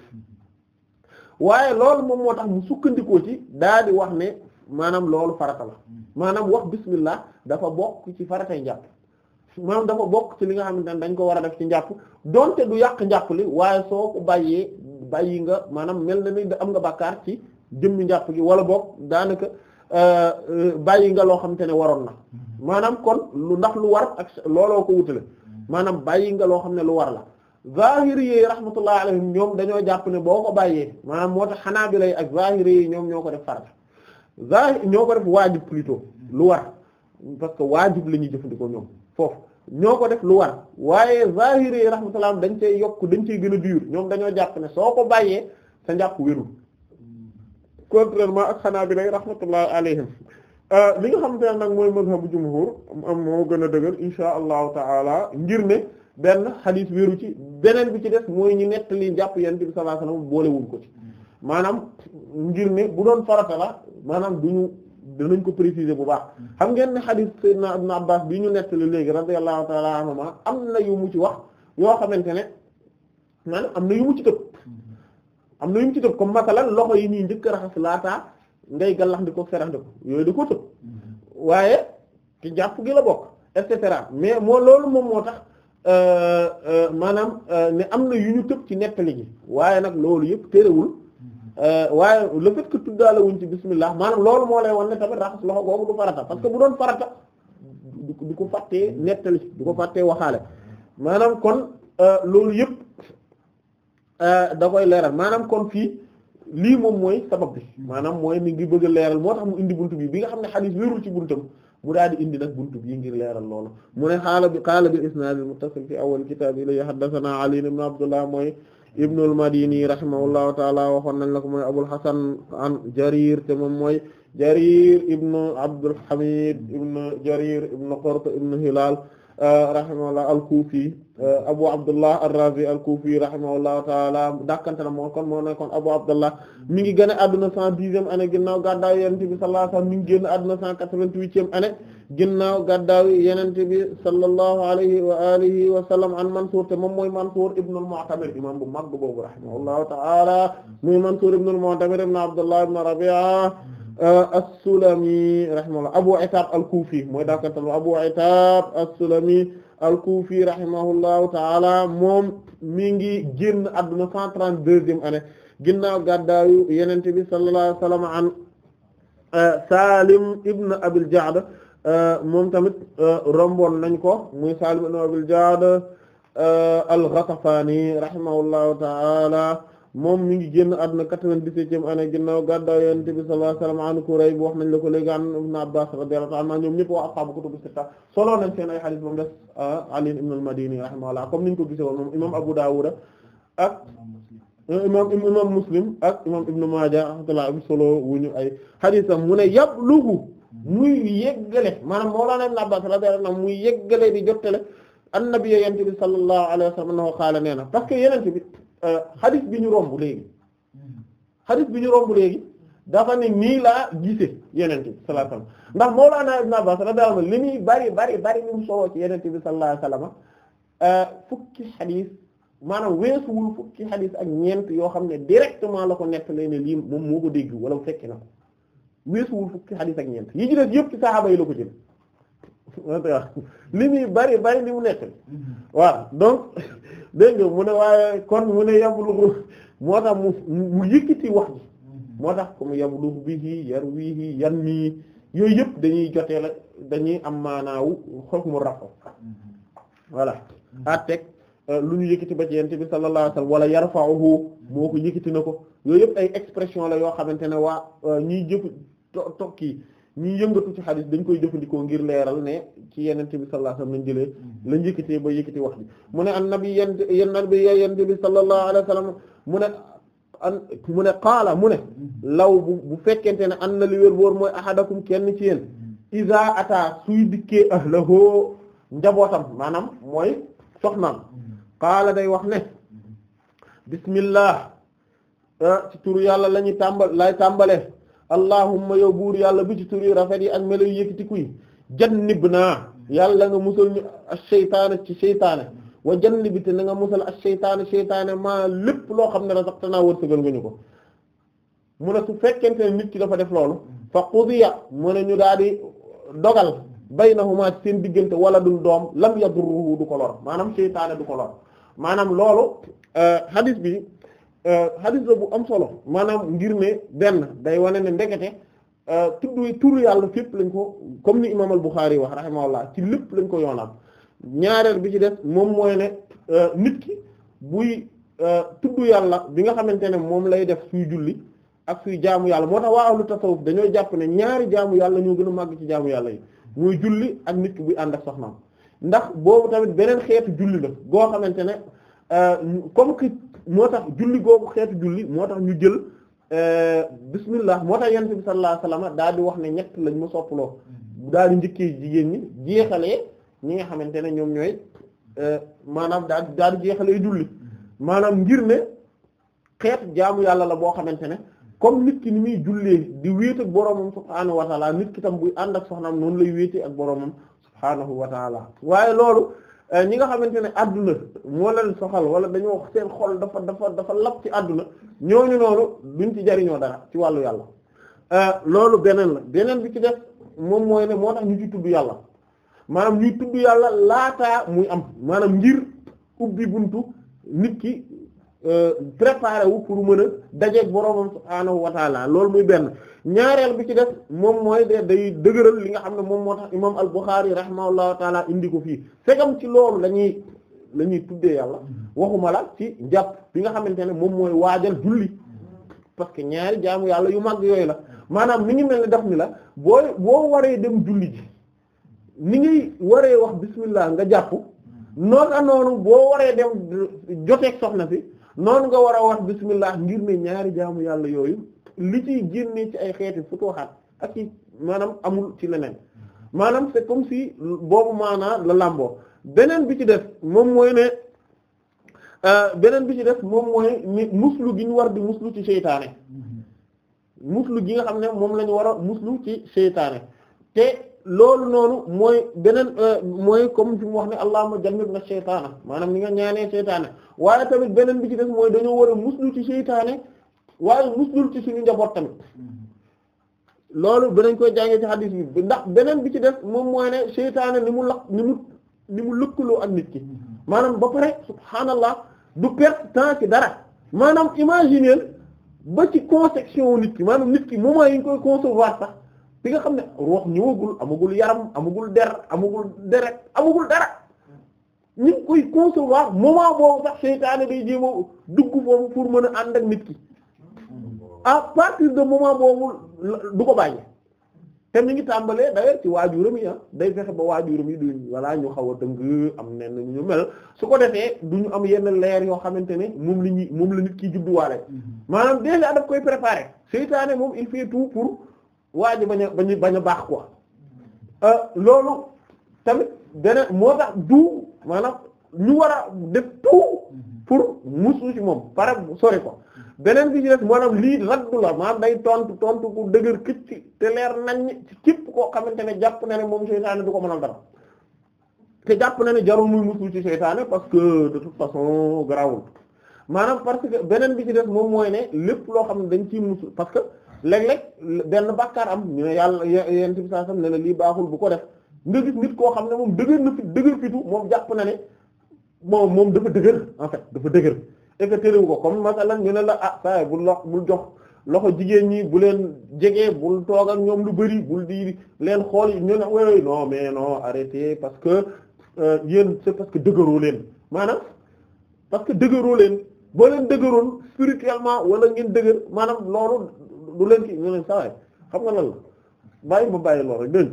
waaye loolu moom moo tax mu sukkandikoo ci daal di wax ne maanaam loolu farata la maanaam wax bismillah dafa bokk ci faratay maanaam dafa bokk ci li nga xamante ne dañ ko war a def ci njàpp donte du yàq njàpp li waaye soo ko bàyyee bàyyi nga maanaam mel na ni da am nga bàkkaar ci jëmmi njàpp gi wala bokk daanaka euh, euh, bàyyi nga loo xamante ne waroon na maanaam kon lu ndax lu war ak looloo ko wutale maanaam bàyyi nga loo xam ne lu war la zahiri yi rahmatullahi alayhim ñoom dañoo jàpp ne boo ko bàyyee maanaam moo tax xanaa xanaabila yi ak zahiri yi ñoom ñoo ko def farata zahir ñoo ko def waajib plutôt lu war parce que waajib la ñuy jëfandikoo ñoom foofu ñoo ko def lu war waaye zahiri yi rahmatullah dañ cee yokk dañ cee gën a ñoom dañoo jàpp ne soo ko bàyyee sa njàpp wérul contrairement ak xanaa bi lay rahmatullah alayhim euh, li nga xam ne nag mooy mazhabu jumhur am moo gën a dëgër insha allahu taala ngir ne benn xadiis wéru ci beneen bi ci def mooy ñu nettali jàpp yonent bi sallallahu alayhi wasallam boolewul ko ci maanaam ngir ne bu doon farata la maanaam duñu danañ ko préciser bu baax mm. xam ngeen ne xadiis Seydina Ibn Abbas bi ñu nettali léegi radiyallahu ta'ala anhuma am na yu mu ci wax yoo xamante ne maanaam am na yu mu ci tëb mm-hmm. am na yu mu ci tëb comme masalan loxo yi ñuy njëkk raxas laataa ngay gallax ndiko ferax ndiko yooyu da ko tëb mm-hmm. waaye ci jàpp gi la bokk et cetera mais moo loolu moom moo tax euh, euh, maanaam euh, ne am na yu ñu tëb ci nettali gi waaye nag loolu yëpp terewul Euh, waaye le fait que tuddaale wuñ ci bismillah maanaam loolu moo lay wan ne tamit raxas loxo googu du farata parce que bu doon farata du ko fàttee nettali du ko fàttee waxaale maanaam kon euh, loolu yëpp euh, da koy leeral maanaam kon fii lii moom mooy sabab bi maanaam mooy mi ngi bëgg a leeral moo tax mu indi buntu bi bi nga xam ne xadiis wérul ci buntam mu daal di indi nag buntu bii ngir leeral loolu mu ne xaala bi xaala bi mu muttasil fi awal kitaab yi la haddathana mooy ibnul madini rahimahullahu taala waxoon nañ la ko mooy abul hasan an jarir te moom mooy jarir ibnu abdul hamid ibnu jarir ibnu qurt ibnu hilal euh, rahimahullah al-kufi euh, abu abdullah ar-razi al-kufi rahimahullahu taala dàkkante na moo kon moo nekkoon abu abdullah mi ngi gën a adduna cent dixième année ginnaaw gàddaay yonent bi sallallahu alayhi wasallam mi adduna cent quatre-vingt-huitième année ginnaaw gàddaawi yenente bi sallallahu alayhi wa alihi wa sallam an Mansuur te moom mooy Mansuur ibn al-Mu'tamir imam bu mag boobu rahimahullahu ta'ala muy Mansuur ibn al-Mu'tamir ibn Abdullah ibn Rabi'a uh, as-Sulami rahimahullah Abu Itab al-Kufi mooy daakantal Abu Itab as-Sulami al-Kufi rahimahullahu ta'ala moom mi ngi génn àdduna cent trente-deuxième année ginnaaw gàddaayu yenente bi sallallahu alayhi wa sallam an uh, Salim ibn Abil Ja'd Euh, moom tamit euh, romboon nañ ko muy Salim ibn Abil Jaad euh, al-Ghatafani rahimahullahu ta'ala moom mi ngi génn àdduna quatre vingt dix ginnaaw gàddaay Yonent bi wax nañ la ko léegi an Ibn ñoom ñëpp solo nañ moom des Ali ibn al-Madini ko gisee woon moom imam Abu Dawud ak imam imam Muslim ak imam Ibn Maaja rahmatullah ay xadiisam mu ne yablugu muy yeggale maanaam Mawlana Ibn Abbas radiyallahu anhu muy yeggale di jottale annabi yonent bi sallallahu alayhi wa sallam noo xaala nee na parce que yonent bi euh, hadith bi ñu romb léegi hadith bi ñu romb léegi dafa ne nii laa gisee yonent bi sallallahu alayhi wa sallam ndax Mawlana Ibn Abbas radiyallahu anhu li muy bari bari bari li mu sowoo ci yonent bi sallallahu alayhi wa sallam euh, fukki hadith maanaam weesuwul fukki hadith ak ñeent yoo xam ne directement la ko nettalee ne lii moom moo ko dégg wala fekki na ko. weesuwul fukki xadis ak ñeent yi ci yëpp ci saxaaba yi la ko jël li muy bari bari li mu nekk waa donc dégg nga mu ne waaye kon mu ne yablu moo tax mu mu yëkkati wax ji moo tax comme yablu bihi yarwihi yanmi yooyu yëpp dañuy jotee la dañuy am maanaawu xoog mu rafet voilà à mm-hmm. teg euh, lu ñu yëkkati ba ci yent bi sallallahu alayhi wasallam wala yarfa'uhu moo ko yëkkati na ko yooyu yëpp ay expression la yoo xamante ne waa euh, ñiy jëf tokki ñi yëngatu ci xadis dañ koy jëfandikoo ngir leeral ne ci yenente bi sallallahu alayhi wasallam lañ jëlee mm-hmm. lañ yëkkatee ba yëkkati wax mu ne an nabi yen yenn bi yenente bi sallallahu alayhi wasallam mu ne an mu ne qaala mu ne mm-hmm. law bu bu fekkente ne an na li mooy ahadakum kenn ci yéen mm-hmm. iza ata suy dikkee ahlahu njabootam maanaam mooy soxnaam qaala day wax ne bismillah ah, ci turu yàlla la ñuy tàmbal lay tàmbalee allahumma yow buur yàlla bi ci tur rafet yi ak melo yu yëkkatiku yi jannib naa yàlla nga musal ñu seytaane ci seytaane wa jannib te na nga musal ak seytaane seytaane maa lépp loo xam ne naa razaqtanaa wërsëgal nga ñu ko mu ne su fekkente ne nit ki dafa def loolu fa qudiya mu ne ñu daal di dogal baynahuma seen diggante wala dul doom lam yadurruhu du ko lor maanaam seytaane du ko lor maanaam loolu euh, hadith bi. Euh, hadith la bu am solo maanaam ngir ne benn day wane ne ndekete euh, tudd turu yàlla fépp lañ ko comme ni imaam al-Bukhari wax rahimahullah ci lépp lañ ko yoonal ñaareel bi ci def moom mooy ne euh, nit ki buy tudd yàlla bi nga xamante ne moom lay def suy julli ak suy jaamu yàlla moo tax waa ahlu tasawuf dañoo jàpp ne ñaari jaamu yàlla ñoo gën a màgg ci jaamu yàlla yi muy julli ak nit ki buy ànd ak soxnaam ndax boobu tamit beneen xeetu julli la goo xamante ne comme que moo tax julli googu xeetu julli moo tax ñu jël euh, bismillah moo tax yonent bi sallallahu alayhi wasallam daal di wax ne ñett lañ ma soppaloo mm-hmm. daal di njëkkee jigéen ñi jeexalee ñi nga xamante ne ñoom ñooy euh, maanaam daal daal di jeexalee julli mm-hmm. maanaam ngir ne xeet jaamu yàlla la boo xamante ne comme nit ki ni muy jullee di wéet ak boroomam subhaanahu wa taala nit ki tam buy ànd ak soxnaam noonu lay wéetee ak boroomam subhaanahu wa waaye loolu Euh, ñi nga xamante ne àdduna moo leen soxal wala dañoo seen xol dafa dafa dafa lap ci adduna ñooñu noonu duñ ci jariñoo dara ci wàllu yàlla euh, loolu beneen la beneen bi ci def moom mooy ne moo tax ñu ci tudd yàlla maanaam ñuy tudd yàlla laata muy am maanaam ngir ubbi buntu nit ki Euh, préparé wu pour mën a dajeeg boroomam subhaanahu wa loolu muy benn ñaareel bi ci def moom mooy de day dëgëral li nga xam ne moom moo tax imam al-Bukhari rahimahullahu taala indi ko fii fegam ci loolu la ñuy la ñuy tuddee yàlla waxuma la ci njàpp bi nga xamante ne moom mooy waajal julli parce que ñaari jaamu yàlla yu mag yooyu la maanaam mi ñu mel ne daf mi la boo boo waree dem julli ji ni ngay waree wax bismillah nga jàpp noonu noonu boo waree dem soxna fi noonu nga war a wax bismillah ngir ne ñaari jaamu yàlla yooyu li ciy génne ci ay xeeti futuhaat ak ci maanaam amul ci leneen maanaam c'est comme si boobu maanaa la làmboo beneen bi ci def moom mooy euh, beneen bi ci def moom mooy ni muslu gi ñu war di muslu ci seytaane mm-hmm. muslu gi nga xam ne moom lañu war a muslu ci seytaane te loolu noonu mooy beneen euh, mooy comme fi mu wax ne allahumma jannibna shaytaana maanaam ni nga ñaanee shaytaane waaye tamit beneen bi ci des mooy dañoo war a muslu ci shaytaane waaye muslu ci suñu njaboot tamit mm-hmm. loolu beneen koy jàngee ci ndax beneen bi ci des moom mooy ne shaytaane ni mu la ni mu ni mu lëkkaloo ak nit ki mm-hmm. maanaam ba pare subhaanallah du perte temps ci dara maanaam imaginer ba ci conception nit ki maanaam nit ki moment yi ñu koy concevoir sax. fi nga xam ne ruux ñëwagul amagul yaram amagul der amagul deret amagul dara ñu ngi koy concevoir moment boobu sax seytaane day jéem dugg foofu pour mën a ànd ak nit ki a partir de moment boobu du ko bàyyi te mi ngi tàmbalee d'ailleurs ci waajuram yi ah. day fexe ba waajuram yi duñ walla ñu xaw a am nen ñu mel su ko defee du ñu am yenn leer yoo xamante ne moom la ñuy moom la nit ki judduwaale mm-hmm. maanaam déjà daf koy préparer seytaane moom il fait tout pour waa ji bañ a bañ bañ a baax quoi euh, loolu tamit dana moo tax du maanaam ñu war a def tout pour musu ci moom pare sori ko beneen bi ci def maanaam lii raddu la maanaam day tontu tontu ku dëgër këcc te leer nañ ci képp koo xamante ne jàpp na ne moom seytaane du ko mënal dara te jàpp na ne jarul muy musu ci seytaane parce que de toute façon garawul maanaam parce que beneen bi ci def moom mooy ne lépp loo xam ne dañ ciy musu parce que léeg-léeg benn bàkkaar am ñu ne yàlla yent bi saa sam ne lii baaxul bu ko def nga gis nit koo xam ne moom dëgër na fi dëgër fitu moom jàpp na ne moom moom dafa dëgër en fait dafa dëgër et que téréwu ko comme masalan ñu ne la ah saa bul lox bul jox loxo jigéen ñi bu leen jege bul toog ak ñoom lu bari bul di leen xool yi ñu ne woy non mais non arrêtez parce que euh, yéen c'est parce que dëgëroo leen maanaam parce que dëgëroo leen boo leen dëgëroon spirituellement wala ngeen dëgër maanaam loolu du leen kii ñu leen saway xam nga lan la bàyyi ma bàyyi lool rek dégg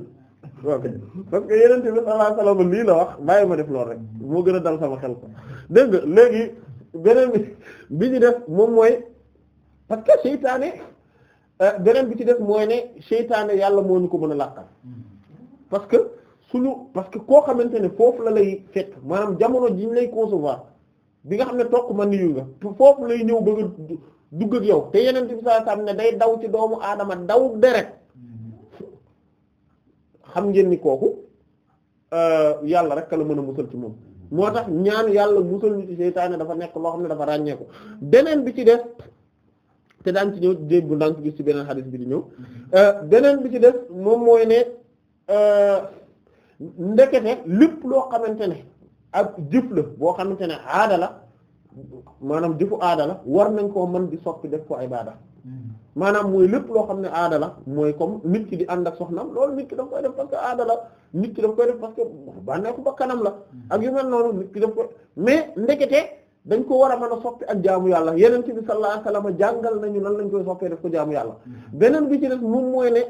ok parce que yeneen tamit sallallahu alayhi wasallam lii la wax bàyyi ma def lool rek moo gën a dal sama xel ko dégg nga léegi beneen bi ñu def moom mooy parce que seytaane euh, beneen bi ci def mooy ne seytaane yàlla moo ñu ko mën a làqal parce que suñu parce que koo xamante ne foofu la lay fekk maanaam jamono ji ñu lay concevoir bi nga xam ne toog man yu nga foofu lay ñëw bëgg dugg ak yow te yeneen bi sallallahu alayhi ne day daw ci doomu aadama daw deret xam ngeen ni kooku euh, yàlla rek la mën a musal ci moom moo tax ñaan yàlla musal ñu ci seytaane dafa nekk loo xam ne dafa ràññeeku deneen bi ci def te daan ci ñëw dégg bu ndànk gis ci beneen xadis bi di ñëw deneen euh, bi ci def moom mooy ne euh, ndekete lépp loo xamante ne ak jëf la boo xamante ne aadala maanaam jëfu aada la war nañ koo mën di soppi def ko ibaada maanaam mooy lépp loo xam ne aada mooy comme nit ki di ànd ak soxnaam loolu nit ki daf koy def parce que aada la nit ki daf koy def parce que bànneexu ba kanam la ak yu noonu nit ki daf koy mais ndekete dañ ko war a mën a soppi ak jaamu yàlla yeneen ci bi sallallahu alayhi wasallam jàngal nañu nan lañ koy soppee def ko jaamu yàlla beneen bi ci def moom mooy ne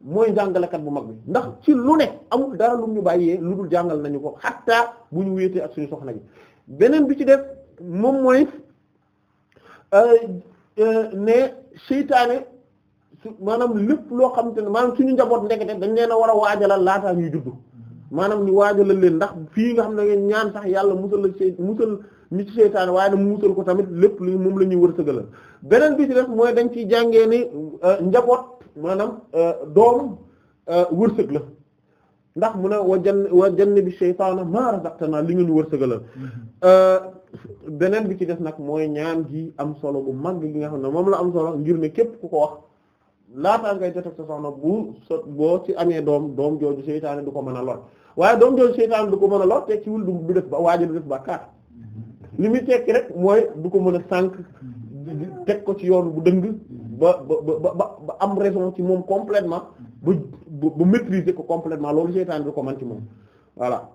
mooy jàngalekat bu mag bi ndax ci lu ne amul dara lu ñu bàyyee lu dul jàngal nañu ko xatta bu ñu wéetee ak suñu soxna bi beneen bi ci def moom mooy euh, euh, ne seytaane maanaam lépp loo xamante ne maanaam suñu njaboot ndekete dañ leen a war a laataa ñuy juddu maanaam ñu waajalal leen ndax fii nga xam ne ngeen ñaan sax yàlla musal la sey musal ñu ci seytaane waaye nag musal ko tamit lépp lu moom la ñuy wër sëgalal beneen bi ci def mooy dañ ciy jàngee ni euh, njaboot. maanaam euh, doom euh, wërsëg la ndax mu ne wa jann wa jann bi shaytaana maa razaqtanaa li ngeen wërsëgalal mm-hmm. euh, beneen bi ci des nag mooy ñaan gi am solo bu mag gi nga xam ne moom la am solo ngir ne képp ku ko wax laataa ngay jot ak sa soxna bu so boo ci amee doom doom jooju seytaane du ko mën a lool waaye doom jooju seytaane du ko mën a lor tekki wul du def ba waajo du def ba kaat mm-hmm. li muy tekki rek mooy du ko mën a sànq mm-hmm. teg ko ci yoon bu dëng ba ba ba ba am raison ci moom complètement ba ba maîtriser ko completement loolu seytaan bi ko man ci moom ba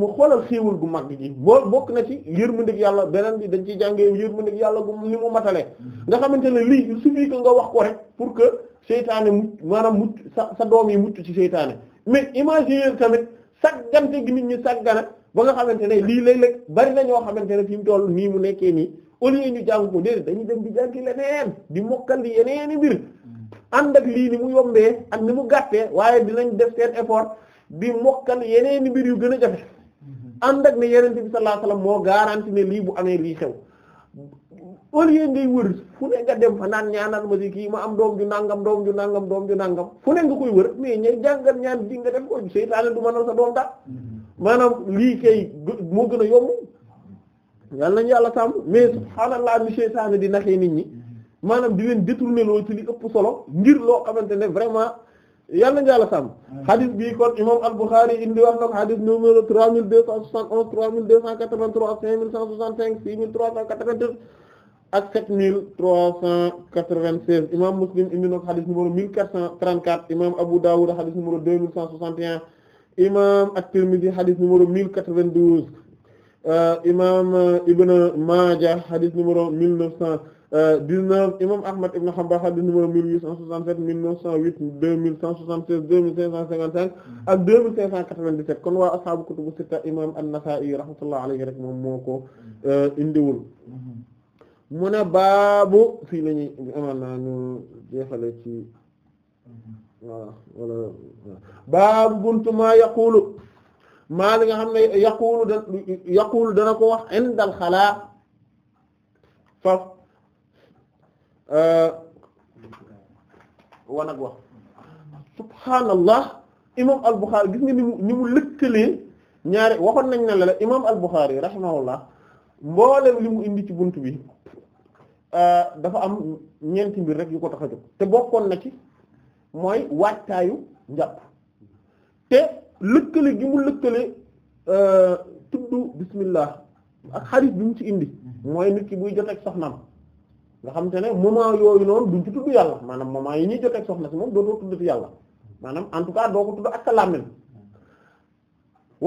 mu xoolal xéewal gu mag ji boo bokk na ci yërmandeeg yàlla beneen bi dañ ciy jàngee yërmandeeg yàlla gu ni mu matale nga xamante ne lii il suffit nga wax ko pour que seytaane mucc maanaam mucc sa sa doom yi mucc ci seytaane mais imaginer tamit saggante gi nit ñi saggana ba nga xamante ne lii léeg-léeg bari na ñoo xamante ne fi mu toll nii mu nekkee nii au lieu ñu jàng ko déedéet dañuy dem di jàngi leneen di mokkal di yeneen i mbir mm. ànd ak lii ni mu yombee ak ni mu gàttee waaye dinañ def seen effort di mokkal yeneen i mbir yu gën a jafe mm-hmm. ànd ak ne yeneen bi sallallahu alayhi wasallam moo garanti ne lii bu amee lii xew au lieu ngay wër fu nekk nga dem fa naan ñaanal ma ci kii ma am doom ju nangam doom ju nangam doom ju nangam fu ne nga koy wër mais ñay jàngal ñaan di nga def ko seytaane du mënal sa doom daal mm-hmm. maanaam lii kay moo gën a yomb. yal nañu yàlla sàmm mais subhaanallah mi seytaane di naxee nit ñi maanaam di leen détourner loo ci li ëpp solo ngir loo xamante ne vraiment yal nañu yàlla sàmm hadith bi kon imam al-Bukhari indi wax na ko hadith numéro 3271 3283 5165 6388 ak 7396 imam Muslim indi na ko hadith numéro 1434 imam Abu Dawud hadith numéro 2161 imam At-Tirmidhi hadith numéro 1092 Euh, imaam euh, Ibn Maaja hadith numéro mille neuf cent euh, dix-neuf imaam Ahmad ibn Hanbal hadith numéro mille huit cent soixante-sept mille neuf cent huit deux mille cent soixante-seize deux deux mille cent quatre vingt dix kon waa ashaabu kutubu sitta imaam An-Nasaa'i rahmatullah rek moom moo ko indiwul mu ne baabu fii la ñuy amal naa ñu jeexale ci baabu buntu maa yaqulu maa li nga xam ne yaqulu da dana ko wax indal xalaa faf euh, wanag wax subhaanallah imaam al gis nga ni mu ni mu lëkkalee ñaari waxoon nañ ne la la imaam al-Bukhari rahimahullah mboolem li mu indi ci bunt bi euh, dafa am ñeenti mbir rek yu ko tax a jóg te bokkoon na ci mooy waajtaayu njàpp te lëkkale gi mu lëkkale euh, tudd bismillah ak xarit bi mu ci indi mooy nit ki buy jot ak soxnaam nga xam te ne moment yooyu noonu duñ ci tudd yàlla maanaam moment yi ñuy jot ak soxna moom dootoo tuddati yàlla maanaam en tout cas doo ko tudd ak sa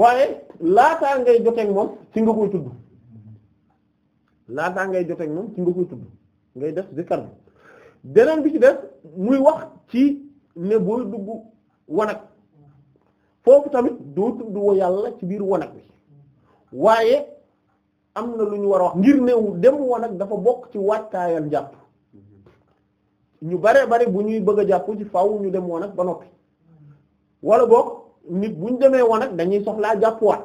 waaye laataa ngay joteeg moom ci nga koy tudd ngay joteeg moom ci nga koy ngay def zikar bi beneen bi ci def muy wax ci ne booy dugg wanag foofu tamit doo tudd wa yàlla ci biir wanag bi waaye am na lu ñu war a wax ngir new dem wanag dafa bokk ci waajtaayal jàpp ñu bare bare bu ñuy bëgg a jàpp ci faaw ñu dem wanag ba noppi wala boog nit bu ñu demee wanag dañuy soxlaa jàppuwaat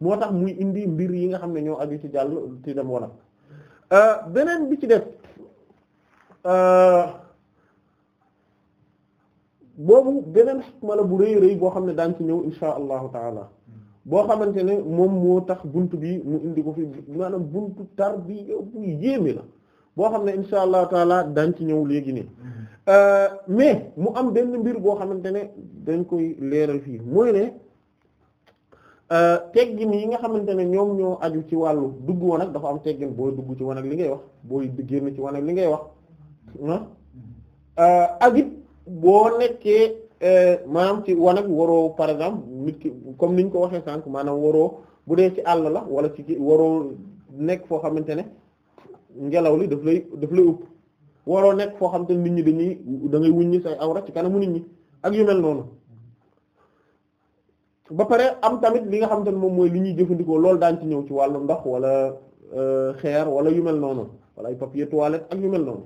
moo tax muy indi mbir yi nga xam ne ñoo aju ci jàll ci dem wanag euh, beneen bi ci def euh, boobu beneen xikma la bu rëy rëy boo xam ne daan ci ñëw insha allahu taala boo xamante ne moom moo tax bunt bi mu indi ko fi maanaam buntu tar bi yow yéeme la boo xam ne insha allahu taala daan ci ñëw léegi nii euh, mais mu am benn mbir boo xamante ne dañ koy leeral fii mooy ne euh, teggin yi nga xamante ne ñoom ñoo aju ci wàllu dugg woon dafa am teggin booy dugg ci wan li ngay wax booy génn ci wan li ngay wax ah euh, boo nekkee euh, maanaam ci wanag waroo par exemple nit ki comme niñ ko waxee sànq maanaam waroo bu dee ci àll la wala ci waroo nekk foo xamante ne ngelaw li daf lay daf lay upp waroo nekk foo xam ne nit ñi dañuy da ngay wuññi say awra ci kanamu nit ñi ak yu noonu ba pare am tamit li nga xamante ne moom mooy li ñuy jëfandikoo loolu daan ci ñëw ci wàllu ndox wala euh, xeer wala yu mel noonu wala ay papier toilette ak yu mel noonu.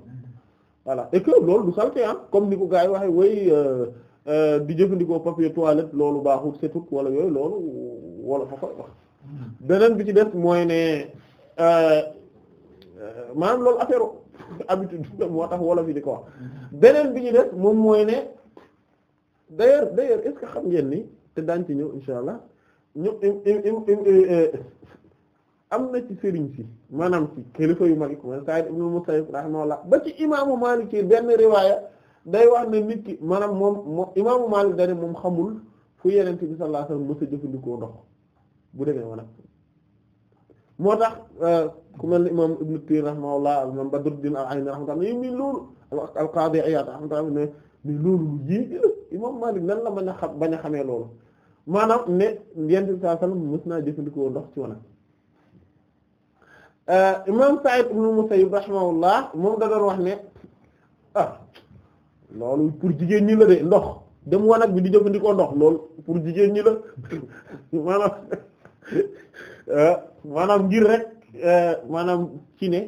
voilà et que loolu du salte ah comme ni ko gars yi waxee way euh, euh, di jëfandikoo papier toilette loolu baaxul setut wala yooyu loolu wala fa koy wax hmm. beneen bi ci des mooy euh, maanaam loolu affaire <laughs> habitude moo tax di ko wax hmm. beneen bi ci des moom mooy ne d'ailleurs d'ailleurs est-ce xam ngeen nii te daan ci ñëw insha allah ñu am na ci sëriñ si maanaam ci kilifa yu mag yi comme Saïd ibn Musayyib rahimahullah ba ci imaamu Maalik yi benn riwaaya day wax ne nit ki maanaam moom moom imaamu Maalik dane moom xamul fu Yonent bi sallallahu alayhi wasallam mës a jëfandikoo ndox bu demee woon moo tax euh, ku mel ne imaam Ibn Tiin rahimahullah imaam Badruddin al-Ayni rahimahullah yi lu jéegi la imaam Maalik nan la mën a bañ a xamee loolu maanaam ne Yonent bi sallallahu alayhi mës naa jëfandikoo ndox ci wanag Euh, imam Sa'id ibn Musayyib rahimahullah moom da wax ne ah loolu pour jigéen ñi la de ndox dem wanag bi di jëfandikoo ndox loolu pour jigéen ñi la <laughs> maanaam <laughs> euh, maanaam ngir rek euh, maanaam ci ne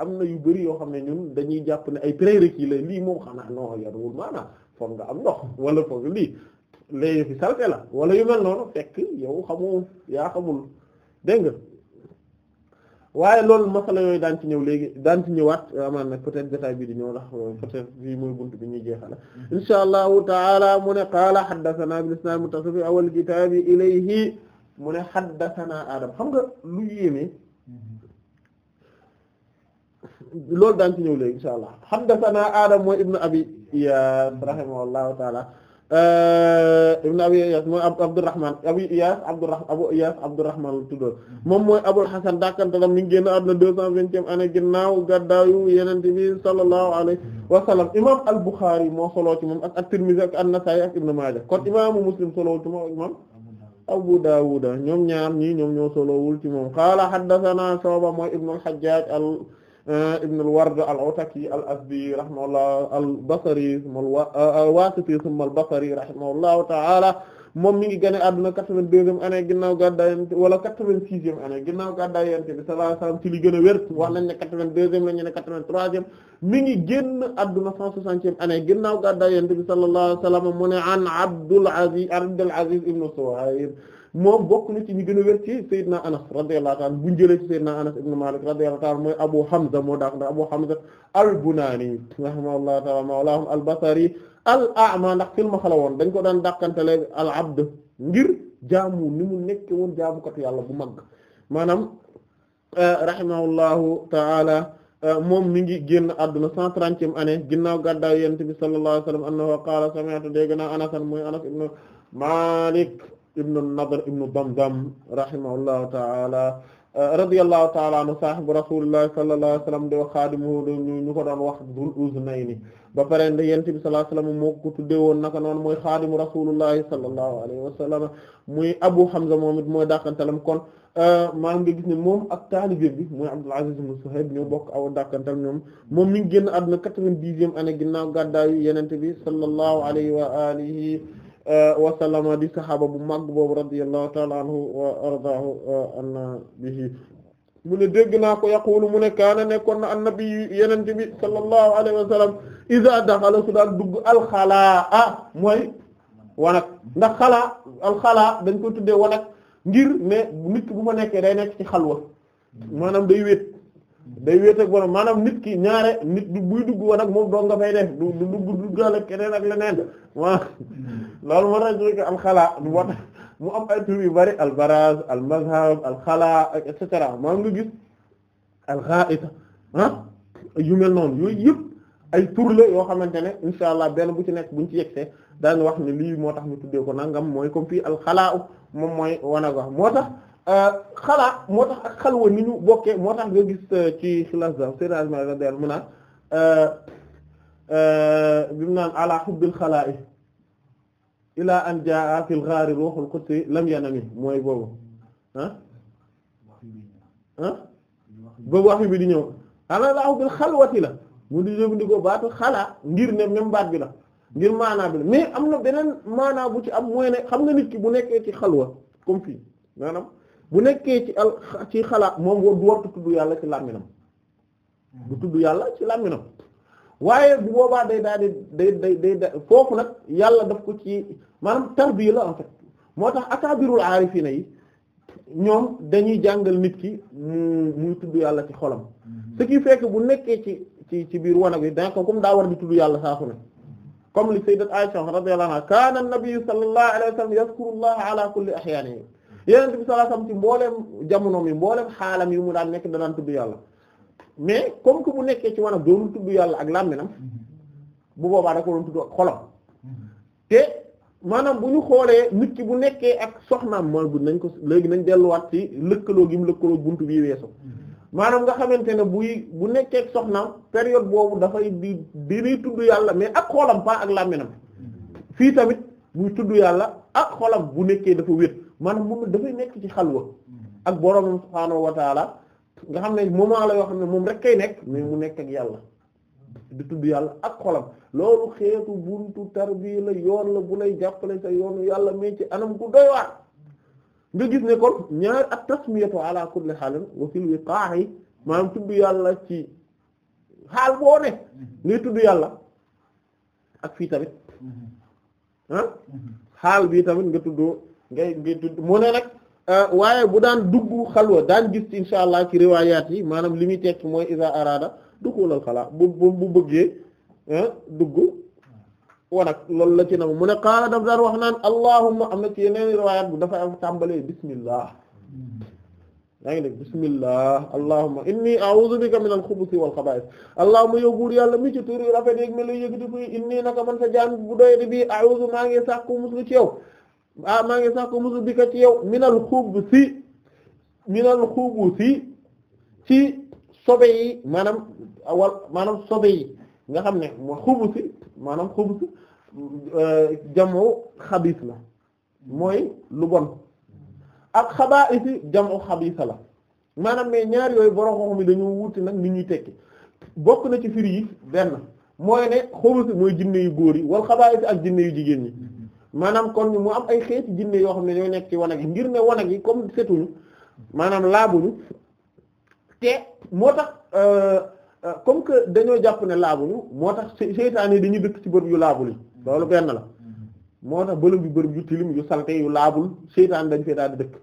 am na yu bari yoo xam ne ñun dañuy jàpp ne ay prérequis la lii moom xanaa non yarul maanaam foog nga am ndox wala foog lii léegi fi salte la wala yu mel noonu fekk yow xamoo yaa xamul dégg waaye loolu masala yooyu daan ci ñëw léegi daan ci ñëwaat amaan nag peut-être jotaay bi di ñëw ndax peut-être bii mooy buntu bi ñuy jeexala mm-hmm. insha allahu taala mu ne qaala xaddathana bil isnad muttasil fi awal kitaabi ilayhi mu ne xaddathana adam xam nga lu yéeme loolu daan ci ñëw léegi insha allah xaddathana adam mooy ibnu abi iyaas mm-hmm. rahimahullahu taala Euh, ibn abi iyas mooy abdurrahman abi iyas abdurrah abu iyas abdurrahman la tuddoon moom mooy abul hasan dakantalam mi ngi génn àdduna deux cent vingtième année ginnaaw gaddaayu yenente bi sallallahu alayhi wa sallam imam al-Bukhari moo soloo ci moom ak at-Tirmidhi ak an-Nasa'i ak ibn Maaja kon imaamu Muslim soloo ci moom imam Abu Dawud ñoom ñaar ñii ñoom ñoo solowul ci moom qaala haddathana Shu'ba mooy ibn al-Hajjaj al hajjaj Euh, ibn al-Ward al-Ataki al-Azdi rahimahullah al-Basri al-Wasiti euh, thumma al-Basri rahimahullahu ta'ala moom mi ngi génn àdduna quatre-vingt-deuxième année ginnaaw gàddaay yonent wala quatre-vingt-sixième année ginnaaw gàddaay yonent bi sallallahu alayhi wasallam ci li gën a wér wax nañ ne quatre-vingt-deuxième la ñu ne quatre-vingt-troisième mi ngi génn àdduna cent soixantième année ginnaaw gàddaay yonent bi sallallahu alayhi wasallam mu ne an Abdul Aziz Abdul Aziz ibn Suhayb moom bokk na ci ñi gën a Anas radiyallahu ta'ala bu ñu jëlee ci Seydina Anas ibn Malik radiyallahu ta'ala mooy Abu Hamza moo daax ndax Abu Hamza al-Bunani rahimahullahu ma mawlahum al-Basri al ndax filma xala woon dañ ko daan dàkkantele al-abd ngir jaamu ni mu nekk woon jaamukatu yàlla bu mag maanaam eh, rahimahullahu ta'ala eh, moom mi ngi génn àdduna cent trentième année ginnaaw gàddaay yonent bi sallallahu alayhi wasallam annahu qaala sami'tu dégg ibnu Nadr ibnu Damdam rahimahullahu ta'ala radiyallahu ta'ala anhu sahibu rasulillahi sallallahu alayhi wasallam di wax xaadimuhu ñu ko doon wax Dul Uznayni ba pare nde yonent bi sallallahu alayhi wasallam moo ko tuddee woon naka noonu mooy xaadimu rasulillahi sallallahu alayhi wasallam muy Abu Hamza moom it mooy dàqantalam kon euh, maa ngi gis ne moom ak taalibe bi mooy Abdul Aziz ibn Suhayb ñoo bokk aw dàqantal ñoom moom mi ngi génn àdduna quatre-vingt-dixième année ginnaaw gàddaayu yonent bi sallallahu alayhi wa alihi Eh, wasallama di saxaaba bu mag boobu radiyallahu taala anhu wa eh, anna bihi mu ne dégg naa ko yaqulu mu ne kaana nekkoon na annabi yenente bi sallallahu alayhi wa sallam daxala su daan dugg alxalaa ah mooy wanak ndax xalaa alxalaa dañ ko tuddee wanak ngir ne nit ki bu fa nekkee day nekk ci xalwa maanaam day wéet day wéet ak borom maanaam nit ki ñaare nit du buy dugg woon ak moom doo nga fay def du du dugg duggaale keneen ak leneen waaw mm-hmm. loolu moo tax ñu alxalaa moo tax mu am ay tur yu bari al almazhab alxalaa et cetera maa ngi gis alxaita ah yu mel noonu yooyu yëpp ay tur la yoo xamante ne insha allah benn bu ci nekk buñ ci yegsee daañu wax ne lii moo tax ñu tuddee ko nangam mooy comme fii alxalaa moom mooy wan ak wax moo tax. Euh, xalaa moo tax ak xalwa ni ñu bokkee moo tax nga gis euh, ci xilaas da séragement radiyallahu mu naan euh, bi mu naan ala hubbil i ilaa an jaa fil ghaari ruuhul qudsi lam yanami mooy boobu ah ah ba bi di ñëw ala la hubbil xalwati la mu di jëfandikoo baatu xalaa ngir ne même baat bi la ngir maanaa bi la mais am na beneen maanaa bu ci am mooy ne xam nga nit ki bu nekkee ci xalwa comme fii bu nekkee ci al ci xalaat moom du wartu tudd yàlla ci làmminam hmm. du tudd yàlla ci làmminam waaye bu boobaa day daal di day day day da foofu nag yàlla daf ko ci maanaam tarbiya la moo tax akaabirul aarifiina yi ñoom dañuy jàngal nit ki mu hmm, muy tudd yàlla ci xolam hmm. ce qui fekk bu nekkee ci ci ci biir wanag wi da ko comme daa war di tudd yàlla saasu ne comme li sayyidat Aisha la anha kaana an-nabi sallallahu alayhi wa sallam yazkurullaha ala kulli ahyaanihi yonent bi sallallahu alayhi wasallam ci mbooleem jamonoom mi mbooleem xaalam yi mu daan nekk da daan tudd yàlla mais comme que bu nekkee ci wanag doonul tudd yàlla ak làmminam bu boobaa da ko doon tudd ak te maanaam bu ñu xoolee nit ki bu nekkee ak soxnaam mooy bu nañ ko léegi nañ delluwaat ci lëkkaloo gi mu lëkkaloo buntu weesu maanaam nga xamante ne buy bu nekkee ak période boobu dafay di di tudd yàlla mais ak xolam ak làmminam fii tamit muy tudd yàlla ak xolam bu nekkee dafa wét maanaam moom dafay nekk ci xalwa mm-hmm. ak boroomam subhaanahu wa nga xam ne moment la yoo xam ne moom rek kay nekk mais mu nekk ak yàlla di tudd yàlla ak xolam loolu xeetu buntu tarbiya la yoon la bu lay jàppale sa yoonu yàlla mais ci anam ku doy waar nga gis ne kon ñaar ak tasmiyatu ala kulli xaalin wa fil wiqaa'i maanaam tudd yàlla ci xaal boo ne mm-hmm. ngay tudd yàlla ak fii tamit mm-hmm. Ah? xaal bii tamit nga tuddoo ngay ngay tudd mu ne nag euh, waaye bu daan dugg xalwa daan gis insha allah ci riwaayaat yi maanaam li muy tekk mooy isa araada duggulal xalaa bu bu bu bëggee dugg wanak loolu la ci nam mu ne qaala daf daan wax naan allahumma am na ci yeneen riwaayaat bu dafa am tàmbalee bismillah yaa ngi dégg bismillah allahumma inni a'udhu bika min al-khubuthi wal khaba'ith allahumma yow buur yàlla mi ci turi rafet yéeg me la yëgati kuy inni naka man sa jaan bu doy di bii a'udhu maa ngi sàkku ci yow ah maa ngi sax ko musu bi ka ci yow minal xub ci minal xubu si ci sobe yi maanaam wal maanaam sobe yi nga xam ne moo xubu si maanaam xubu si jamu xabiis la mooy lu bon ak xabaa isi jamu xabiisa la maanaam mais ñaar yooyu borom xoox mi dañoo wuti nag ni ñuy tekki bokk na ci firi yi benn mooy ne xubu si mooy jinne yu góor yi wal xabaa isi ak jinne yu jigéen ñi maanaam kon mu am ay xeeti jinne yoo xam ne ñoo nekk ci wanag yi ngir ne wanag yi comme setuñu maanaam laabuñu te moo tax euh, euh, comme que dañoo jàpp ne laabuñu moo tax seytaane yi dañuy dëkk ci bërëb yu laabul yi loolu benn la moo tax bërëb yu bërëb yu tilim yu salte yu laabul seytaane dañ fay daal di dëkk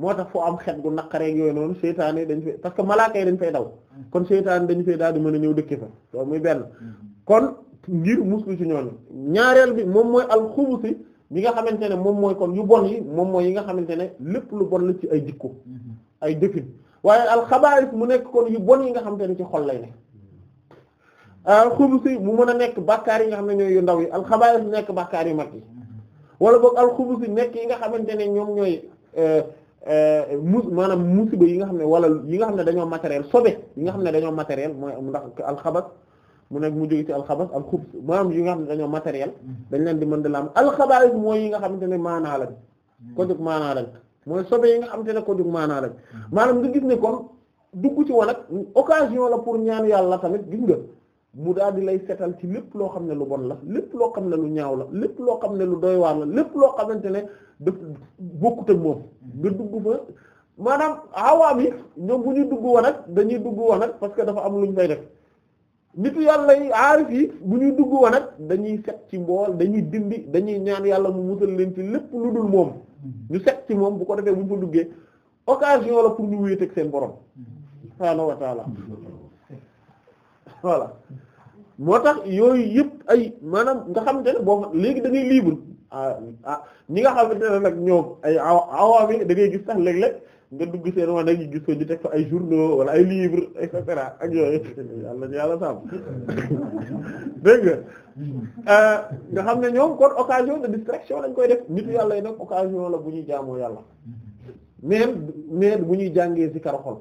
moo tax foo am xet gu naqareeg yooyu noonu seytaane dañ fay parce que malaaka yi dañ fay daw mm. kon seytaane dañ fay daal di mën a ñëw dëkke fa loolu muy benn mm. kon ngir muslu ci ñooñu ñaareel bi moom mooy alxubusi bi nga xamante ne moom mooy kon yu bon yi moom mooy yi nga xamante ne lépp lu bon la ci ay jikko mm-hmm. ay jëfin waaye alxabaayis mu nekk kon yu bon yi nga xamante ne ci xol lay ne mm-hmm. alxubusi mu mën a nekk bàkkaar yi nga xam ne ñooy yu ndaw yi alxabaayis nekk bàkkaar yu mag yi mm-hmm. wala boog alxubusi nekk yi nga xamante ne ñoom ñooy euh, euh, mus maanaam musiba yi nga xam ne wala yi nga xam ne dañoo matériel sobe yi nga xam ne dañoo matériel mooy ndax alxabas mu nekk mu jóge ci alxabas alxubs maanaam yi nga xam ne dañoo matériel mm-hmm. dañ leen di mën di la am alxabaris mooy yi nga xamante ne maanaa lañ mm-hmm. ko jóg mooy sobe yi nga xamante ne ko jóg maanaa lañ mm-hmm. maanaam nga gis ne kon dugg ci wanag occasion la pour ñaan yàlla tamit gis nga mu daal di lay setal ci lépp loo xam ne lu bon la lépp loo xam ne lu ñaaw la lépp loo xam ne lu doy waar la lépp loo xamante ne daf bokkut ak moom nga dugg fa maanaam awaam yi ñoom bu ñuy dugg wanag dañuy dugg wanag parce que dafa am luñ fay def nitu yàlla yi aarif yi bu ñuy dugg woon dañuy set ci mbool dañuy dindi dañuy ñaan yàlla mu musal leen ci lépp lu dul moom ñu set ci moom bu ko defee bu ñu fa duggee occasion la pour ñu wéeteeg seen borom subhaanahu wa taala moo tax yooyu yëpp ay maanaam nga xamante ne boo léegi da ngay ah, ah ñi nga xam ne nag ñoom ay awaami da gis sax léeg-léeg nga dugg seen wan ak gis ko di teg fa ay journaux wala ay livres et cetera ak yooyu yàlla yàlla sàmm euh, nga xam ne ñoom kon occasion de distraction lañ koy def nitu yàlla yi nag occasion la bu ñuy jaamoo yàlla mais mais bu ñuy jàngee ci kar xol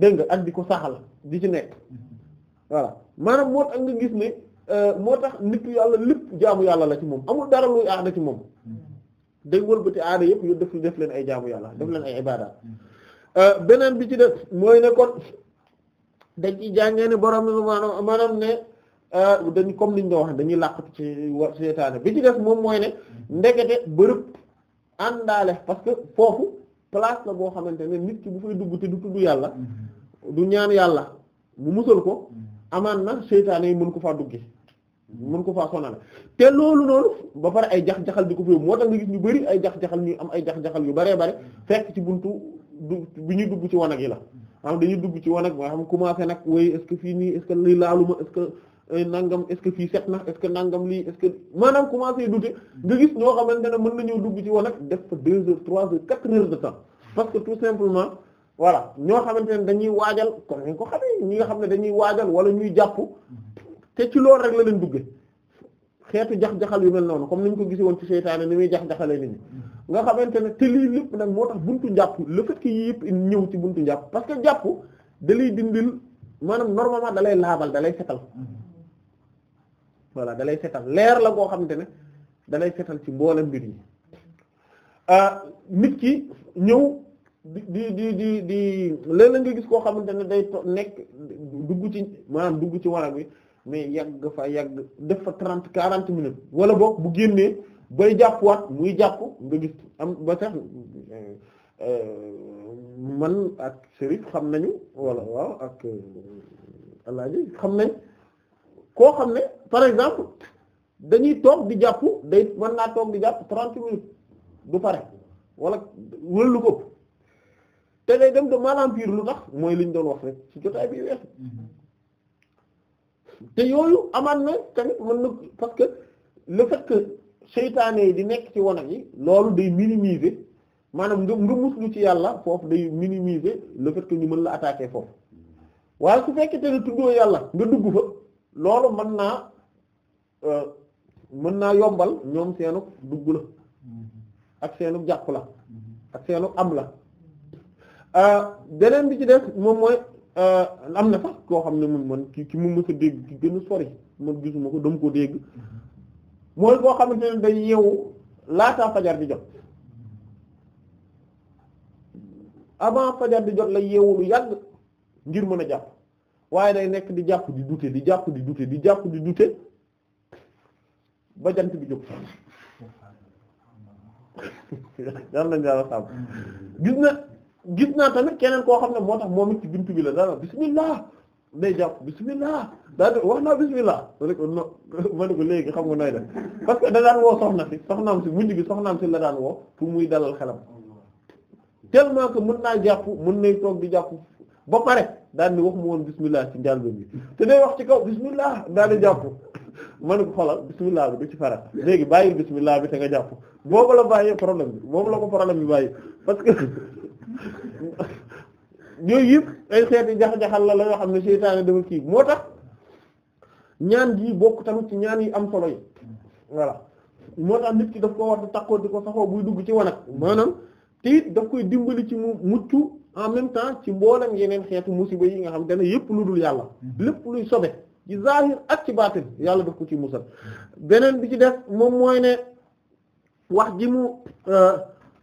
dégg nga ak di ko saxal di ci nekk voilà maanaam moo tax nga gis ne euh, moo tax nitu yàlla lépp jaamu yàlla la ci moom amul dara luy aada ci moom day wëlbati aada yëpp ñu def def leen ay jaamu yàlla def leen ay ibaadaat mm-hmm. mm-hmm. euh, beneen bi ci def mooy ne dañ ci jàngee ne borom maanaam maanaam ne euh, dañ comme niñ nga wax dañuy làqatu ci wa bi ci def moom mooy ne mm-hmm. ndekete bërëb àndaale parce que foofu place la boo xamante ne nit ki bu fay dugg te du tudd yàlla du ñaan yàlla mu musal ko amaan na seetaane yi mën ko faa duggee. mën ko na sonal te loolu noonu ba pare ay jax-jaxal di ko fi moo tax nga gis ñu bari ay jax-jaxal ñu am ay jax-jaxal yu baree bare fekk ci buntu du bi ñuy dugg ci wanag yi la xam dañuy dugg ci wanag mooy xam commencé nag woy est fii nii lii laaluma est euh, nangam est-ce fii set na est que nangam lii est-ce que maanaam commencé dute nga gis ne mën nañoo dugg ci wanag def fa deux heures trois heures quatre heures de temps parce que tout simplement voilà ñoo xamante ne dañuy waajal comme ni ko ñi nga xam ne dañuy waajal wala ñuy jàpp te ci loolu rek la leen dugge xeetu jax-jaxal yu mel noonu comme ni ñu ko gise ci seytaane ni muy jax-jaxalee nit ñi nga xamante ne te lii lépp nag moo tax buntu njàpp le fait que yii yëpp ñëw ci buntu njàpp que jàpp da lay dindil maanaam da lay laabal da lay setal voilà da leer la goo xamante ne da lay ci mboolem mbir yi ah, ki ñëw di di di di di léeg-léeg nga gis koo xamante ne day nekk dugg ci maam dugg ci waram wi mais yàgg fa yàgg def fa trente quarante minutes wala boo bu génnee bay jàppwaat muy jàpp nga am ba sax euh, man ak Serigne xam nañu wala waaw ak euh, alaaji xam nañ koo xam ne par exemple dañuy toog di jàpp day man naa toog di jàpp trente minutes du pare wala wëllu ko te day dem de mal en pire lu tax mooy liñ doon wax rek ci jotaay bi weesu mm-hmm. te yooyu amaan na tamit mën na parce que le fait seytaane yi di nekk ci wanag yi loolu day minimiser maanaam nga nga muslu ci yàlla foofu day minimiser le fait ñu mën la attaquer foofu waaye su fekkee te ne tuddoo yàlla nga dugg fa loolu mën naa euh, mën naa yombal ñoom seenu dugg la ak seenu jàpp la ak seenu am la euh, beneen bi ci def moom mooy Euh, am na sax koo xam ne mun man ki ki mu mës dégg ki gënu a sori man gisuma ko dama ko dégg mooy koo xamante ne day yeewu laata fajar di jot avant fajar di jot la yeewu yàgg ngir mën a jàpp waaye day nekk di jàpp di dute di jàpp di dute di jàpp di dute ba jant bi jóg daan lañ daala gis na gis naa tamit keneen koo xam ne moo tax moom it ci buntu bi la dara bismillah day jàpp bismillah daa wax naa bismillah <laughs> ma ne ko léegi xam nga nooy def parce que da daan woo soxna si soxnaam si mujj bi soxnaam si la daan woo pour muy dalal xelam tellement que mun naa jàpp mun nay toog di jàpp ba pare daal di wax mu woon bismillah ci njàlbe bi te day wax ci kaw bismillah daal di jàpp ma ne ko xoolal bismillah bi du ci fara léegi bàyyi bismillah bi te nga jàpp boobu la bàyyee problème bi boobu la ko problème bi bàyyi parce <laughs> yooyu yëpp ay xeeti jax-jaxal la la yoo xam ne seytaane dafa kii moo tax ñaan gi bokk tamit ci ñaan yi am solo yi voilà moo tax nit ki daf ko war di takkoo di ko saxoo buy dugg ci wanag maanaam te it daf koy dimbali ci mu mucc en même temps ci mboolem yeneen xeetu musiba yi nga xam te ne yëpp lu dul yàlla lépp luy sobe ci zahir ak ci baatin yàlla daf ko ci musal beneen bi ci def moom mooy ne wax ji mu euh,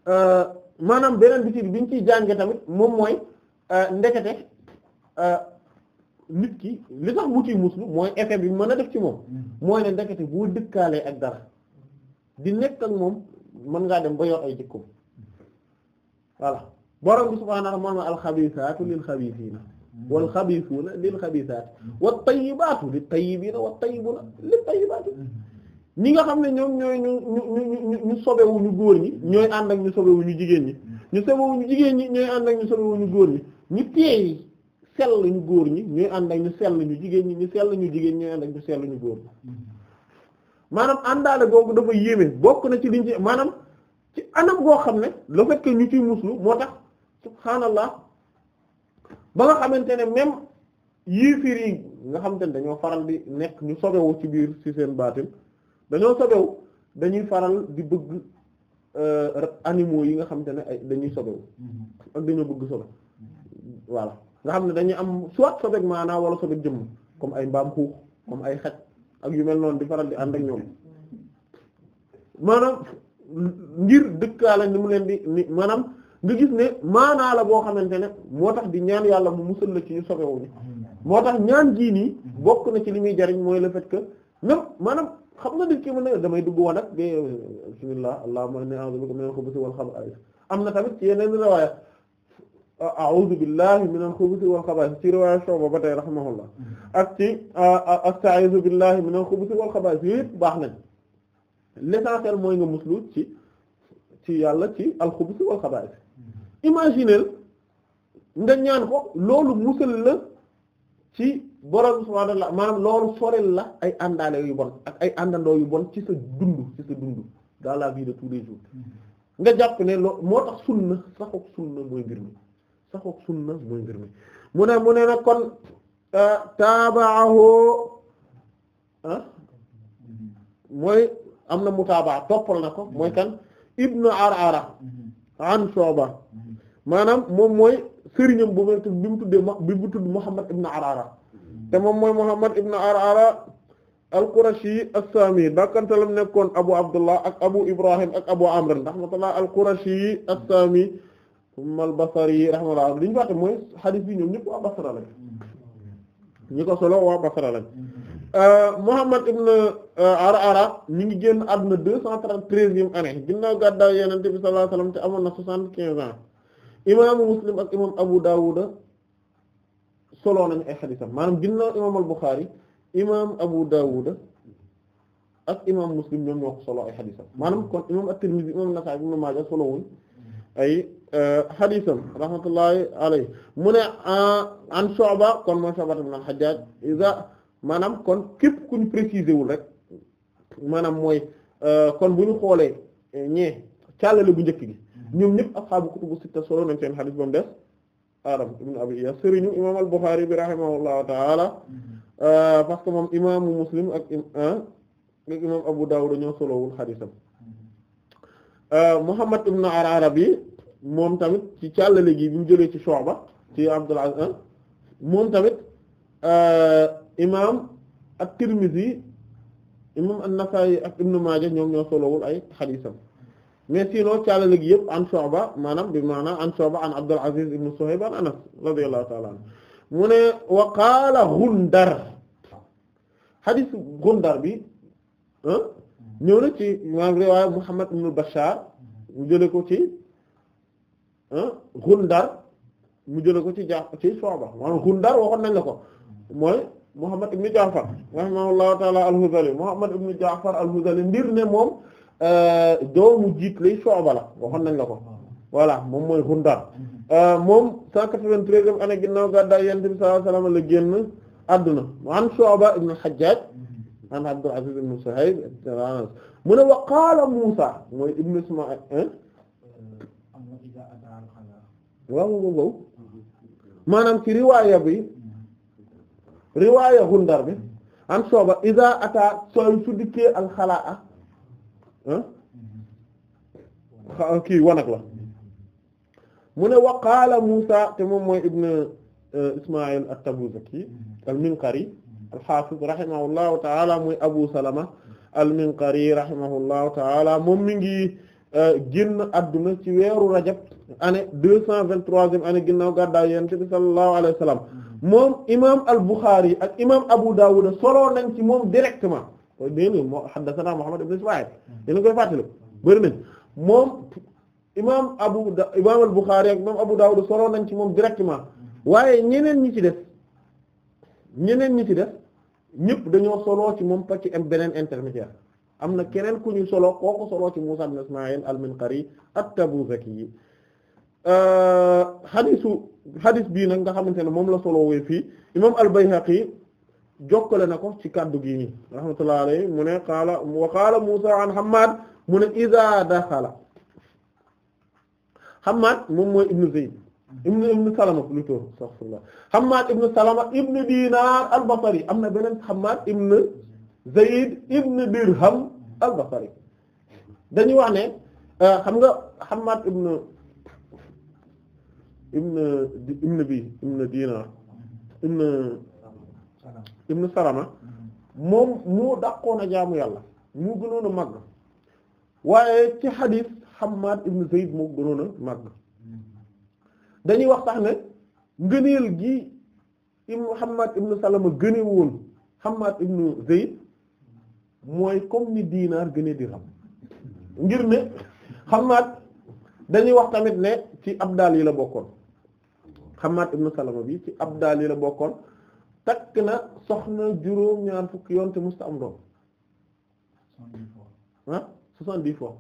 euh, maanaam beneen bi ci bi ñu ciy jàngee tamit moom mooy euh, ndekete euh, nit ki li tax wuti muslu mooy effet bi mën a def ci moom mm-hmm. mooy ne ndekete boo dëkkaalee ak dara di nekk ak moom mën ngaa dem ba yor ay jikkoom voilà borom bi subhaanahu wa ta'aala alxabiisaatu lil xabiisiina mm-hmm. wal xabiisuuna lil xabiisaati wat tayyibaatu lit tayyibiina wat tayyibuuna lit tayyibaati mm-hmm. ñi nga xam ne ñoom ñooy ñu ñu ñu sobewu ñu góor ñi ñooy ànd ak ñu sobewu ñu jigéen ñi ñu sobewu ñu jigéen ñi ñooy ànd ak ñu sobewu ñu góor ñi ñu teey sell ñu góor ñi ñooy ànd ak ñu sell ñu jigéen ñi ñu sell ñu jigéen ñi ñooy ñu sell ñu góor ñi maanaam àndaale googu dafa yéeme bokk na ci liñ ci maanaam ci anam goo xam ne le fait que ñu ciy muslu moo tax subhaanallah ba nga xamante ne même yii fiir yi nga xamante ne dañoo faral di nekk ñu sobewu ci biir ci seen baatin dañoo sobewu dañuy faral di bëgg euh, animaux yi nga xam ne ay dañuy sobewu mm-hmm. ak dañoo bëgg sobe voilà nga xam ne dañuy am soit sobeek maanaa wala sobeek jëmm comme ay mbaam xuux comme ay xaj ak yu mel noonu di di ànd ak maanaam ngir dëkkaale ni mu leen di ni maanaam nga gis ne maanaa la boo xamante ne moo tax di ñaan yàlla mu musal la ci ñu moo tax ñaan jii nii bokk na ci li muy jariñ mooy le fait que même xam nga nit ki mën na damay dugg wan ak bismillah allahumma inni a'udhu bika minal khubuthi wal khaba'ith am na tamit ci yeneen riwaaya a'udhu billahi minal khubuthi wal khaba'ith ci riwaaya Shu'ba ba tey rahimahullah ak ci asta'idhu billahi minal khubuthi wal khaba'ith yëpp baax nañ l'essentiel mooy nga muslu ci ci yàlla ci al-khubuthi wal khaba'ith imaginer nga ñaan ko loolu musal la ci borom subhaanahu wa ta'aala maanaam loolu sorel la ay àndaale yu bon ak ay àndandoo yu bon ci sa dund ci sa dund dans la vie de tous les jours mm-hmm. nga jàpp ne loo moo tax sunna saxoog sunna mooy mbir mi saxoog sunna mooy mbir mi mu ne mu ne nag kon euh, taabaahu ah mm-hmm. mooy am na mutaabaa toppal na ko mooy kan mm-hmm. ibnu Ar'ara an Shu'ba maanaam moom mooy sëriñam bu mel bi mu tuddee bi mu tudd Muhammad ibnu Ar'ara te moom mooy Muhammad ibn Ar'ara al-Qurashi as-Saami dakkantalam nekkoon Abu Abdullah ak Abu Ibrahim ak Abu Amr rahmatullah al-Qurashi as-Saami al-Basri rahmatullah li ñu wax mooy hadith bi ñoom ñëpp waa Basra lañ ñi ko solo waa Basra lañ euh, Muhammad ibn euh, Ar'ara mi ngi génn àdduna deux cent trente-treizième année ginnaaw gàddaay Yonent bi sallallahu alayhi wasallam amoon na soixante-quinze ans imaamu Muslim ak imam Abu Dawud solo nañ ay xadisam maanaam ginnaaw imaam al-Bukhari imaam Abu Dawud ak imaam Muslim ñoom ñoo ko soloo ay xadisam maanaam kon imaam at-Tirmidhi imaam Nasa'i ibn Maaja euh, mu ne euh, an Shu'ba kon mooy Shu'ba ibn al-Hajjaj iza maanaam kon képp ku ñu préciser rek maanaam mooy euh, kon bu ñu xoolee ñee càllale bu njëkk gi ñoom ñëpp ashaabu kutubu sitta solo nañ seen xadis ba mu Adam ibn Abi sëriñu imam al-Bukhari bi rahimahullahu ta'ala mm-hmm. parce que moom imaamu Muslim ak ah, imam Abu Dawud ñoo solowul xadisam mm-hmm. Muhammad ibn Arabi moom tamit ci càllale gi bi mu jëlee ci Shu'ba ci Abdul Aziz ah, moom tamit euh, imam at-Tirmidhi imam an-Nasa'i ak Ibn Maaja ñoom ñoo solowul ay xadisam mais sinon caalale gi yëpp an Shu'ba maanaam bi maanaam an Shu'ba an Abdul Aziz ibn Suhayb an Anas radiyallahu ta'ala anhu mu wa qaala Gundar hadith Gundar bi ah, ñëw ci maanaam riwaaya Muhammad ibn Bashar mu jële ko ci ah, Gundar mu jële ko ci ja ci Shu'ba maanaam Gundar waxoon nañ la ko mooy Muhammad ibn Ja'far rahimahullahu ta'ala al-Hudhali Muhammad ibn Ja'far al-Hudhali mbir ne moom Euh, doomu jiit lay Shu'ba la waxoon nañ voilà moom mooy Hundar euh, moom 193e année ginnaaw gàddaay Yonent bi sallallahu alayhi wasallam la génn adduna an Shu'ba ibn al-Hajjaj Abdul Aziz ibn Suhayb mu wa qaala Muusa mooy ibn Isma'il waaw waaw maanaam ci riwaaya bi riwaaya Hundar bi an Shu'ba iza ata sooy su dikkee al-xalaa'a ah kii wanag la mu ne wa qaala Muusa te moom mooy ibn euh, Ismaïl at-Tabuzaki al-Minqari al-Hafiz rahimahullahu ta'ala muy Abu Salama al-Minqari rahimahullahu ta'ala moom mi ngi euh, génn ci weeru rajab année deux cent vingt-troisième année ginnaaw gàddaay yonent bi moom imaam al-Bukhari ak imaam Abu Dawud solo nañ ci moom directement dégg nga moo haddathana Muhammad ibn Isma'il dina koy fàttali bëri nañ moom imaam Abu da imaam al-Bukhari ak imaam Abu Dawud solo nañ ci moom directement waaye ñeneen ñi ci def ñeneen ñi ci def ñëpp dañoo solo ci moom pa ci am beneen intermédiaire am na keneen ku ñu solo kooku solo ci Musa ibn Isma'il al-Minqari at-Tabuzaki xadisu euh, xadis bii nag nga xamante ne moom la solo wee fii imaam al-Bayhaqi jokkale na ko ci kaddu gi nii rahmatullahi alayhi mu ne qaala wa qaala Musa an Hammad mu ne iza dakhala Hammad moom mooy ibnu Zayd ibnu ibnu Salama plutôt astaghfirullah Hammad ibnu Salama ibnu Dinar al-Basri am na beneen Hammad ibnu Zayd ibnu Dirham al-Basri dañuy wax ne euh, xam nga Hammad ibnu ibnu ibnu bi ibnu Dinar ibnu ibnu Salama moom moo dàqoon a jaamu yàlla moo gënoon a màgg waaye ci xadis Hammad ibnu Zayd moo dañuy wax sax ne ngëneel gi ibnu Hammad ibnu Salama gëne woon Hammad ibnu Zayd mooy comme ni diinaar gëne dirham ngir ne Hammad dañuy wax tamit ne ci ab abdaal yi la bokkoon Hammad ibnu Salama bi ci abdaal yi la bokkoon takk na soxna juróom ñaar fukki yoon te musta am doom ah soixante-dix fois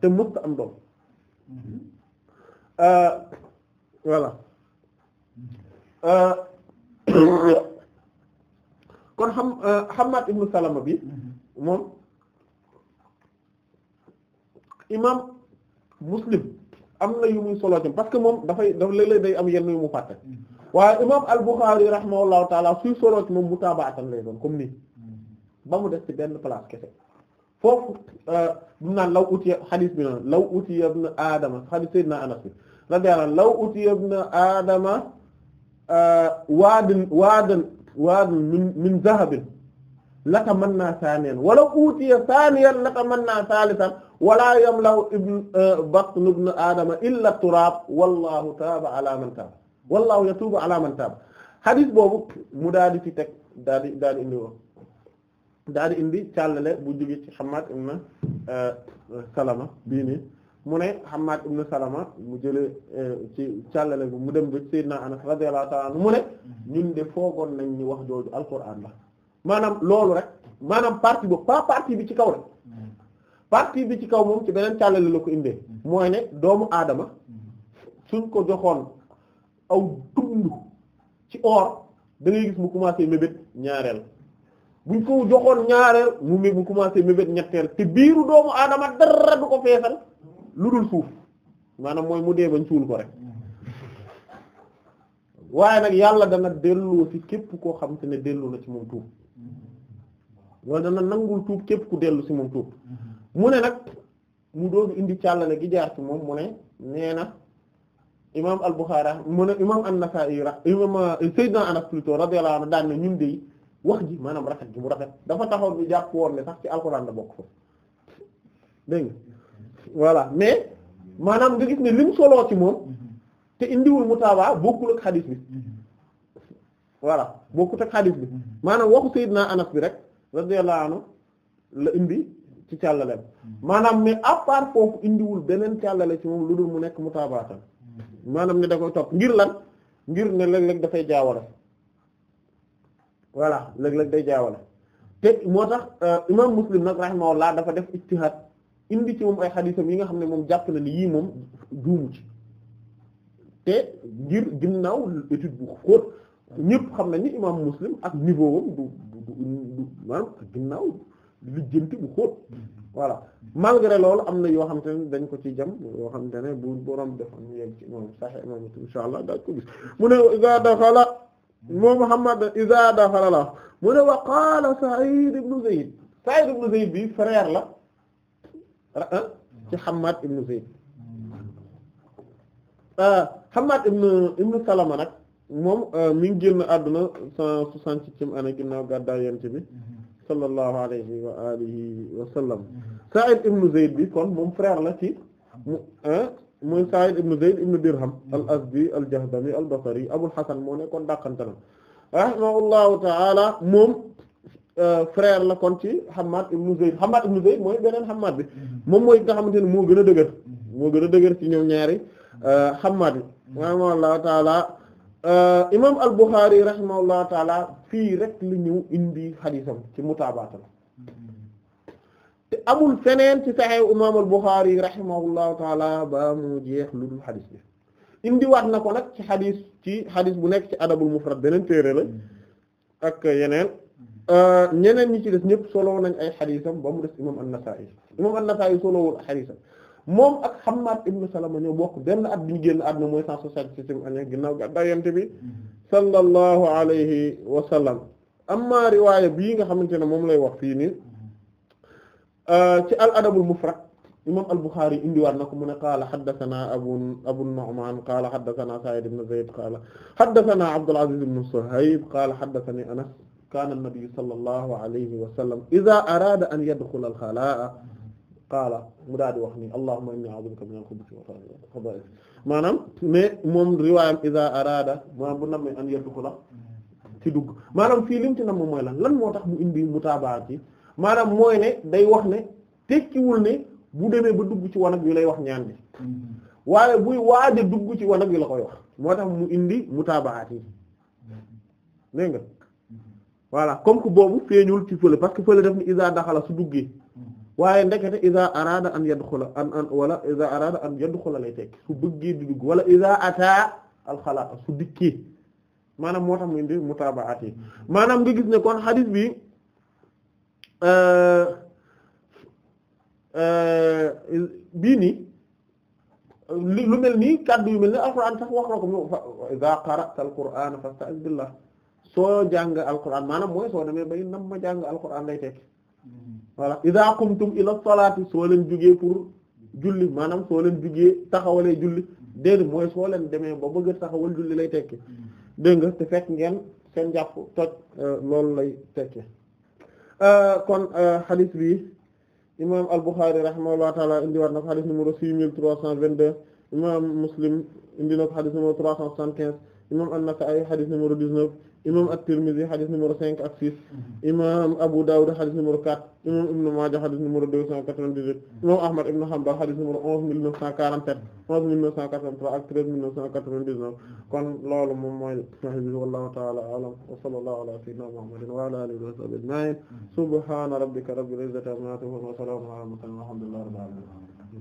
te musta mm-hmm. euh, euh, <coughs> kon xam euh, Hammad ibn Salama bi mm-hmm. moom imam Muslim am na yu muy solo ci parce que moom dafay daf léeg-léeg day am yenn yu mu fàtte mm-hmm. waaye imam al-Bukhari rahimahullahu taala suy solo ci moom mutaaba'atan lay doon comme nii ba mu def ci benn place kese foofu dum euh, naan law utiya xadis bi naan law utiya ibn adama xadis sayyidina anas bi radiyallahu anhu law utiya ibn adama euh, waadan waadan waadan min min zahabin latamanna saaniyan wala utiya saaniyan latamanna saalisan wala yamlahu ibn euh, batn ibn adama illa turaab wallahu taaba ala man taaba wallaahu yatuubu alaa man taaba xadis boobu mu daal di ci teg daal di daal di indi woo daal di indi càllale bu jóge ci Hammaad ibn euh, Salama bii mu ne Hammaad ibn Salama mu jëlee euh, ci càllale bu mu dem ba Seydina Anas radiyallahu ta'ala anhu mu ne ñun de foogoon nañ ñu wax jooju Alxuraan la maanaam loolu rek maanaam partie boobu pas partie bi ci kaw rek partie bi ci kaw moom ci beneen càllale la ko indee mm-hmm. mooy ne doomu aadama mm-hmm. suñ ko joxoon. aw tund ci or da gis mu commencé mébét ñaareel ñu ko joxoon ñaareel mu mé mu commencé mébét ñetteel te biiru doomu aadama dara du ko feesal lu dul suuf maanaam mooy mu dee bañ suul ko rek waaye nag yàlla dana delloo képp koo xam te ne dellu na ci moom tuub wala dana nangul tuub képp ku dellu ci moom tuub mu ne nag mu doon indi càllale gi jaar ci moom mu ne nee na imam al a mu ne imam an-Nasa'i imam Seydina Anas plutôt radiyallahu anhu daan na ñun de wax ji maanaam rafet gi mu rafet dafa taxoon ñu jàpp woon ne sax ci alxuraan la bokk foofu dégg nga voilà mais maanaam nga gis ne lim soloo ci moom te indiwul mu taabaa ak xadiis bi voilà bokkut ak xadiis bi maanaam waxu Seydina Anas bi rek radiyallahu anhu la indi ci càllaleem maanaam mais à part foofu indiwul beneen càllale ci moom lu dul mu nekk mutaabaatam maanaam ne da koy topp ngir lan ngir ne léeg-léeg dafay jaawale voilà léeg-léeg day jaawale te moo tax euh, imaam muslim nag rahimahullah dafa def ijtihaad indi ci moom ay xadiisam yi nga xam ne moom jàpp na ni yii moom juumu ci te ngir ginnaaw étude bu xóot ñëpp xam nañu ni imaam muslim ak niveau wam du du du maanaam lijjanti bu xóot voilà malgré loolu am na yoo xamante ne dañ ko ci jam yoo xamante ne bu borom defan yegg ci moom saxe moom insha allah daaj ko gis mu ne iza daxala moo Muhammad iza daxala la mu ne wa qaala Sa'id ibn Zayd Sa'id ibn Zayd bi frère la ah ci Hammad ibn Zayd ah, Hammad ibn ibn Salama nag moom ah, mi ngi génn àdduna cent soixante-septième année ginnaaw gàddaay yent bi sallallahu alayhi wa alihi wa sallam Sa'id ibn Zayd bi kon moom frère la ci mooy Sa'id ibn Zayd ibn Dirham al-Azdi al-Jahdami al-Basri Abul Hasan moo nekkoon dàqantalam rahimahullahu ta'ala moom euh, frère la kon ci Hammad ibn Zayd Hammad ibn Zayd mooy beneen Hammad bi moom mooy nga xamante ne moo gën a dëgër moo gën a dëgër ci ñoom ñaari euh, Hammad yi ta'ala Euh, imam al-Bukhari rahimahullahu taala fii rek lu ñëw indi xadisam ci mutaabaatam te amul feneen ci Sahih imam al-Bukhari rahimahullahu taala ba mu jeex lu dul xadis bi indiwaat na ko nag ci xadis ci xadis bu nekk ci adabul mufrad beneen téere la ak yeneen euh, ñeneen ñi ci des ñëpp solo nañ ay xadisam ba mu des imam an-Nasa'i imam an-Nasa'i solowul moom ak Hammad ibn Salama ñoo bokk benn at bi ñu génn àdduna mooy cent soixante-sixième année ginnaaw gàddaay Yonent bi mm-hmm. sallallahu alayhi wa sallam amma riwaaya bii nga xamante ne moom lay wax fii nii euh, ci al adabul mufrad imam al Bukhari indiwaat na ko mu ne qaala haddathana abu abu Nu'man qaala haddathana Sa'id ibn Zayd qaala haddathana Abdul Aziz ibn Suhayb qaala haddathani Anas kaana an-nabi sallallahu alayhi wa sallam idha arada an yadkhula al-khalaa'a qaala mu daal di wax nii allahumma inni a'udhu ko min al-khubuthi wal khaba'ith maanaam mais moom riwaayam iza araada maanaam bu nammee an yadkhula ci dugg maanaam fii lim ci nam mooy lan lan moo tax mu indi mutaabaa ci maanaam mooy ne day wax ne tekkiwul ne bu demee ba dugg ci wanag yu lay wax ñaan bi waaye buy waaj a dugg ci wanag yu la koy wax moo tax mu indi mutaabaat yi dégg nga voilà comme que boobu feeñul ci fële parce que fële daf ni iza daxala su duggee waaye ndekete iza araada an yadxula an an wala lay tekk su bëggee di dugg wala iza ata alxalaa su dikkee maanaam moo tax mu indi mutaabaat yi maanaam nga gis ne kon xadis bi euh, euh, bii nii lu mel nii kàddu yu mel ni alquran sax wax la ko mu iza qara'ta alquran billah soo jàng alquran maanaam mooy soo demee bay nam ma jàng alquran voilà idha qumtum ila salaati soo leen jugee pour julli maanaam soo leen jugee taxawalee julli déedéet mooy soo leen demee ba bëgg taxawal julli lay tekki dégg nga te fekk ngeen seen jàpp toj euh, loolu lay tekki euh, kon euh, hadith bi imaam al-Bukhari rahimahullahu ta'ala indi waat na ko hadith numéro six mille trois cent vingt-deux imaam Muslim indi na ko hadith numéro trois cent soixante-quinze imaam An-Nasa'i hadith numéro dix-neuf imam at-Tirmidhi xadis numéro cinq ak six imam Abu Dawud xadis numéro quatre imam Ibn Maaja xadis numéro deux cent quatre-vingt-dix-huit imam Ahmad ibn Hanbal xadis numéro onze mille neuf cent quarante-sept onze mille neuf cent quatre-vingt-trois ak treize mille neuf cent quatre-vingt-dix-neuf kon loolu moom mooy xadis bi wallahu ta'ala a'lam wa sallallahu ala sayyidina Muhammadin wa ala alihi wa sahbihi ajma'in subhana rabbika rabbil izzati amma yasifun wa salamun ala al mursalin walhamdulillahi rabbil alamin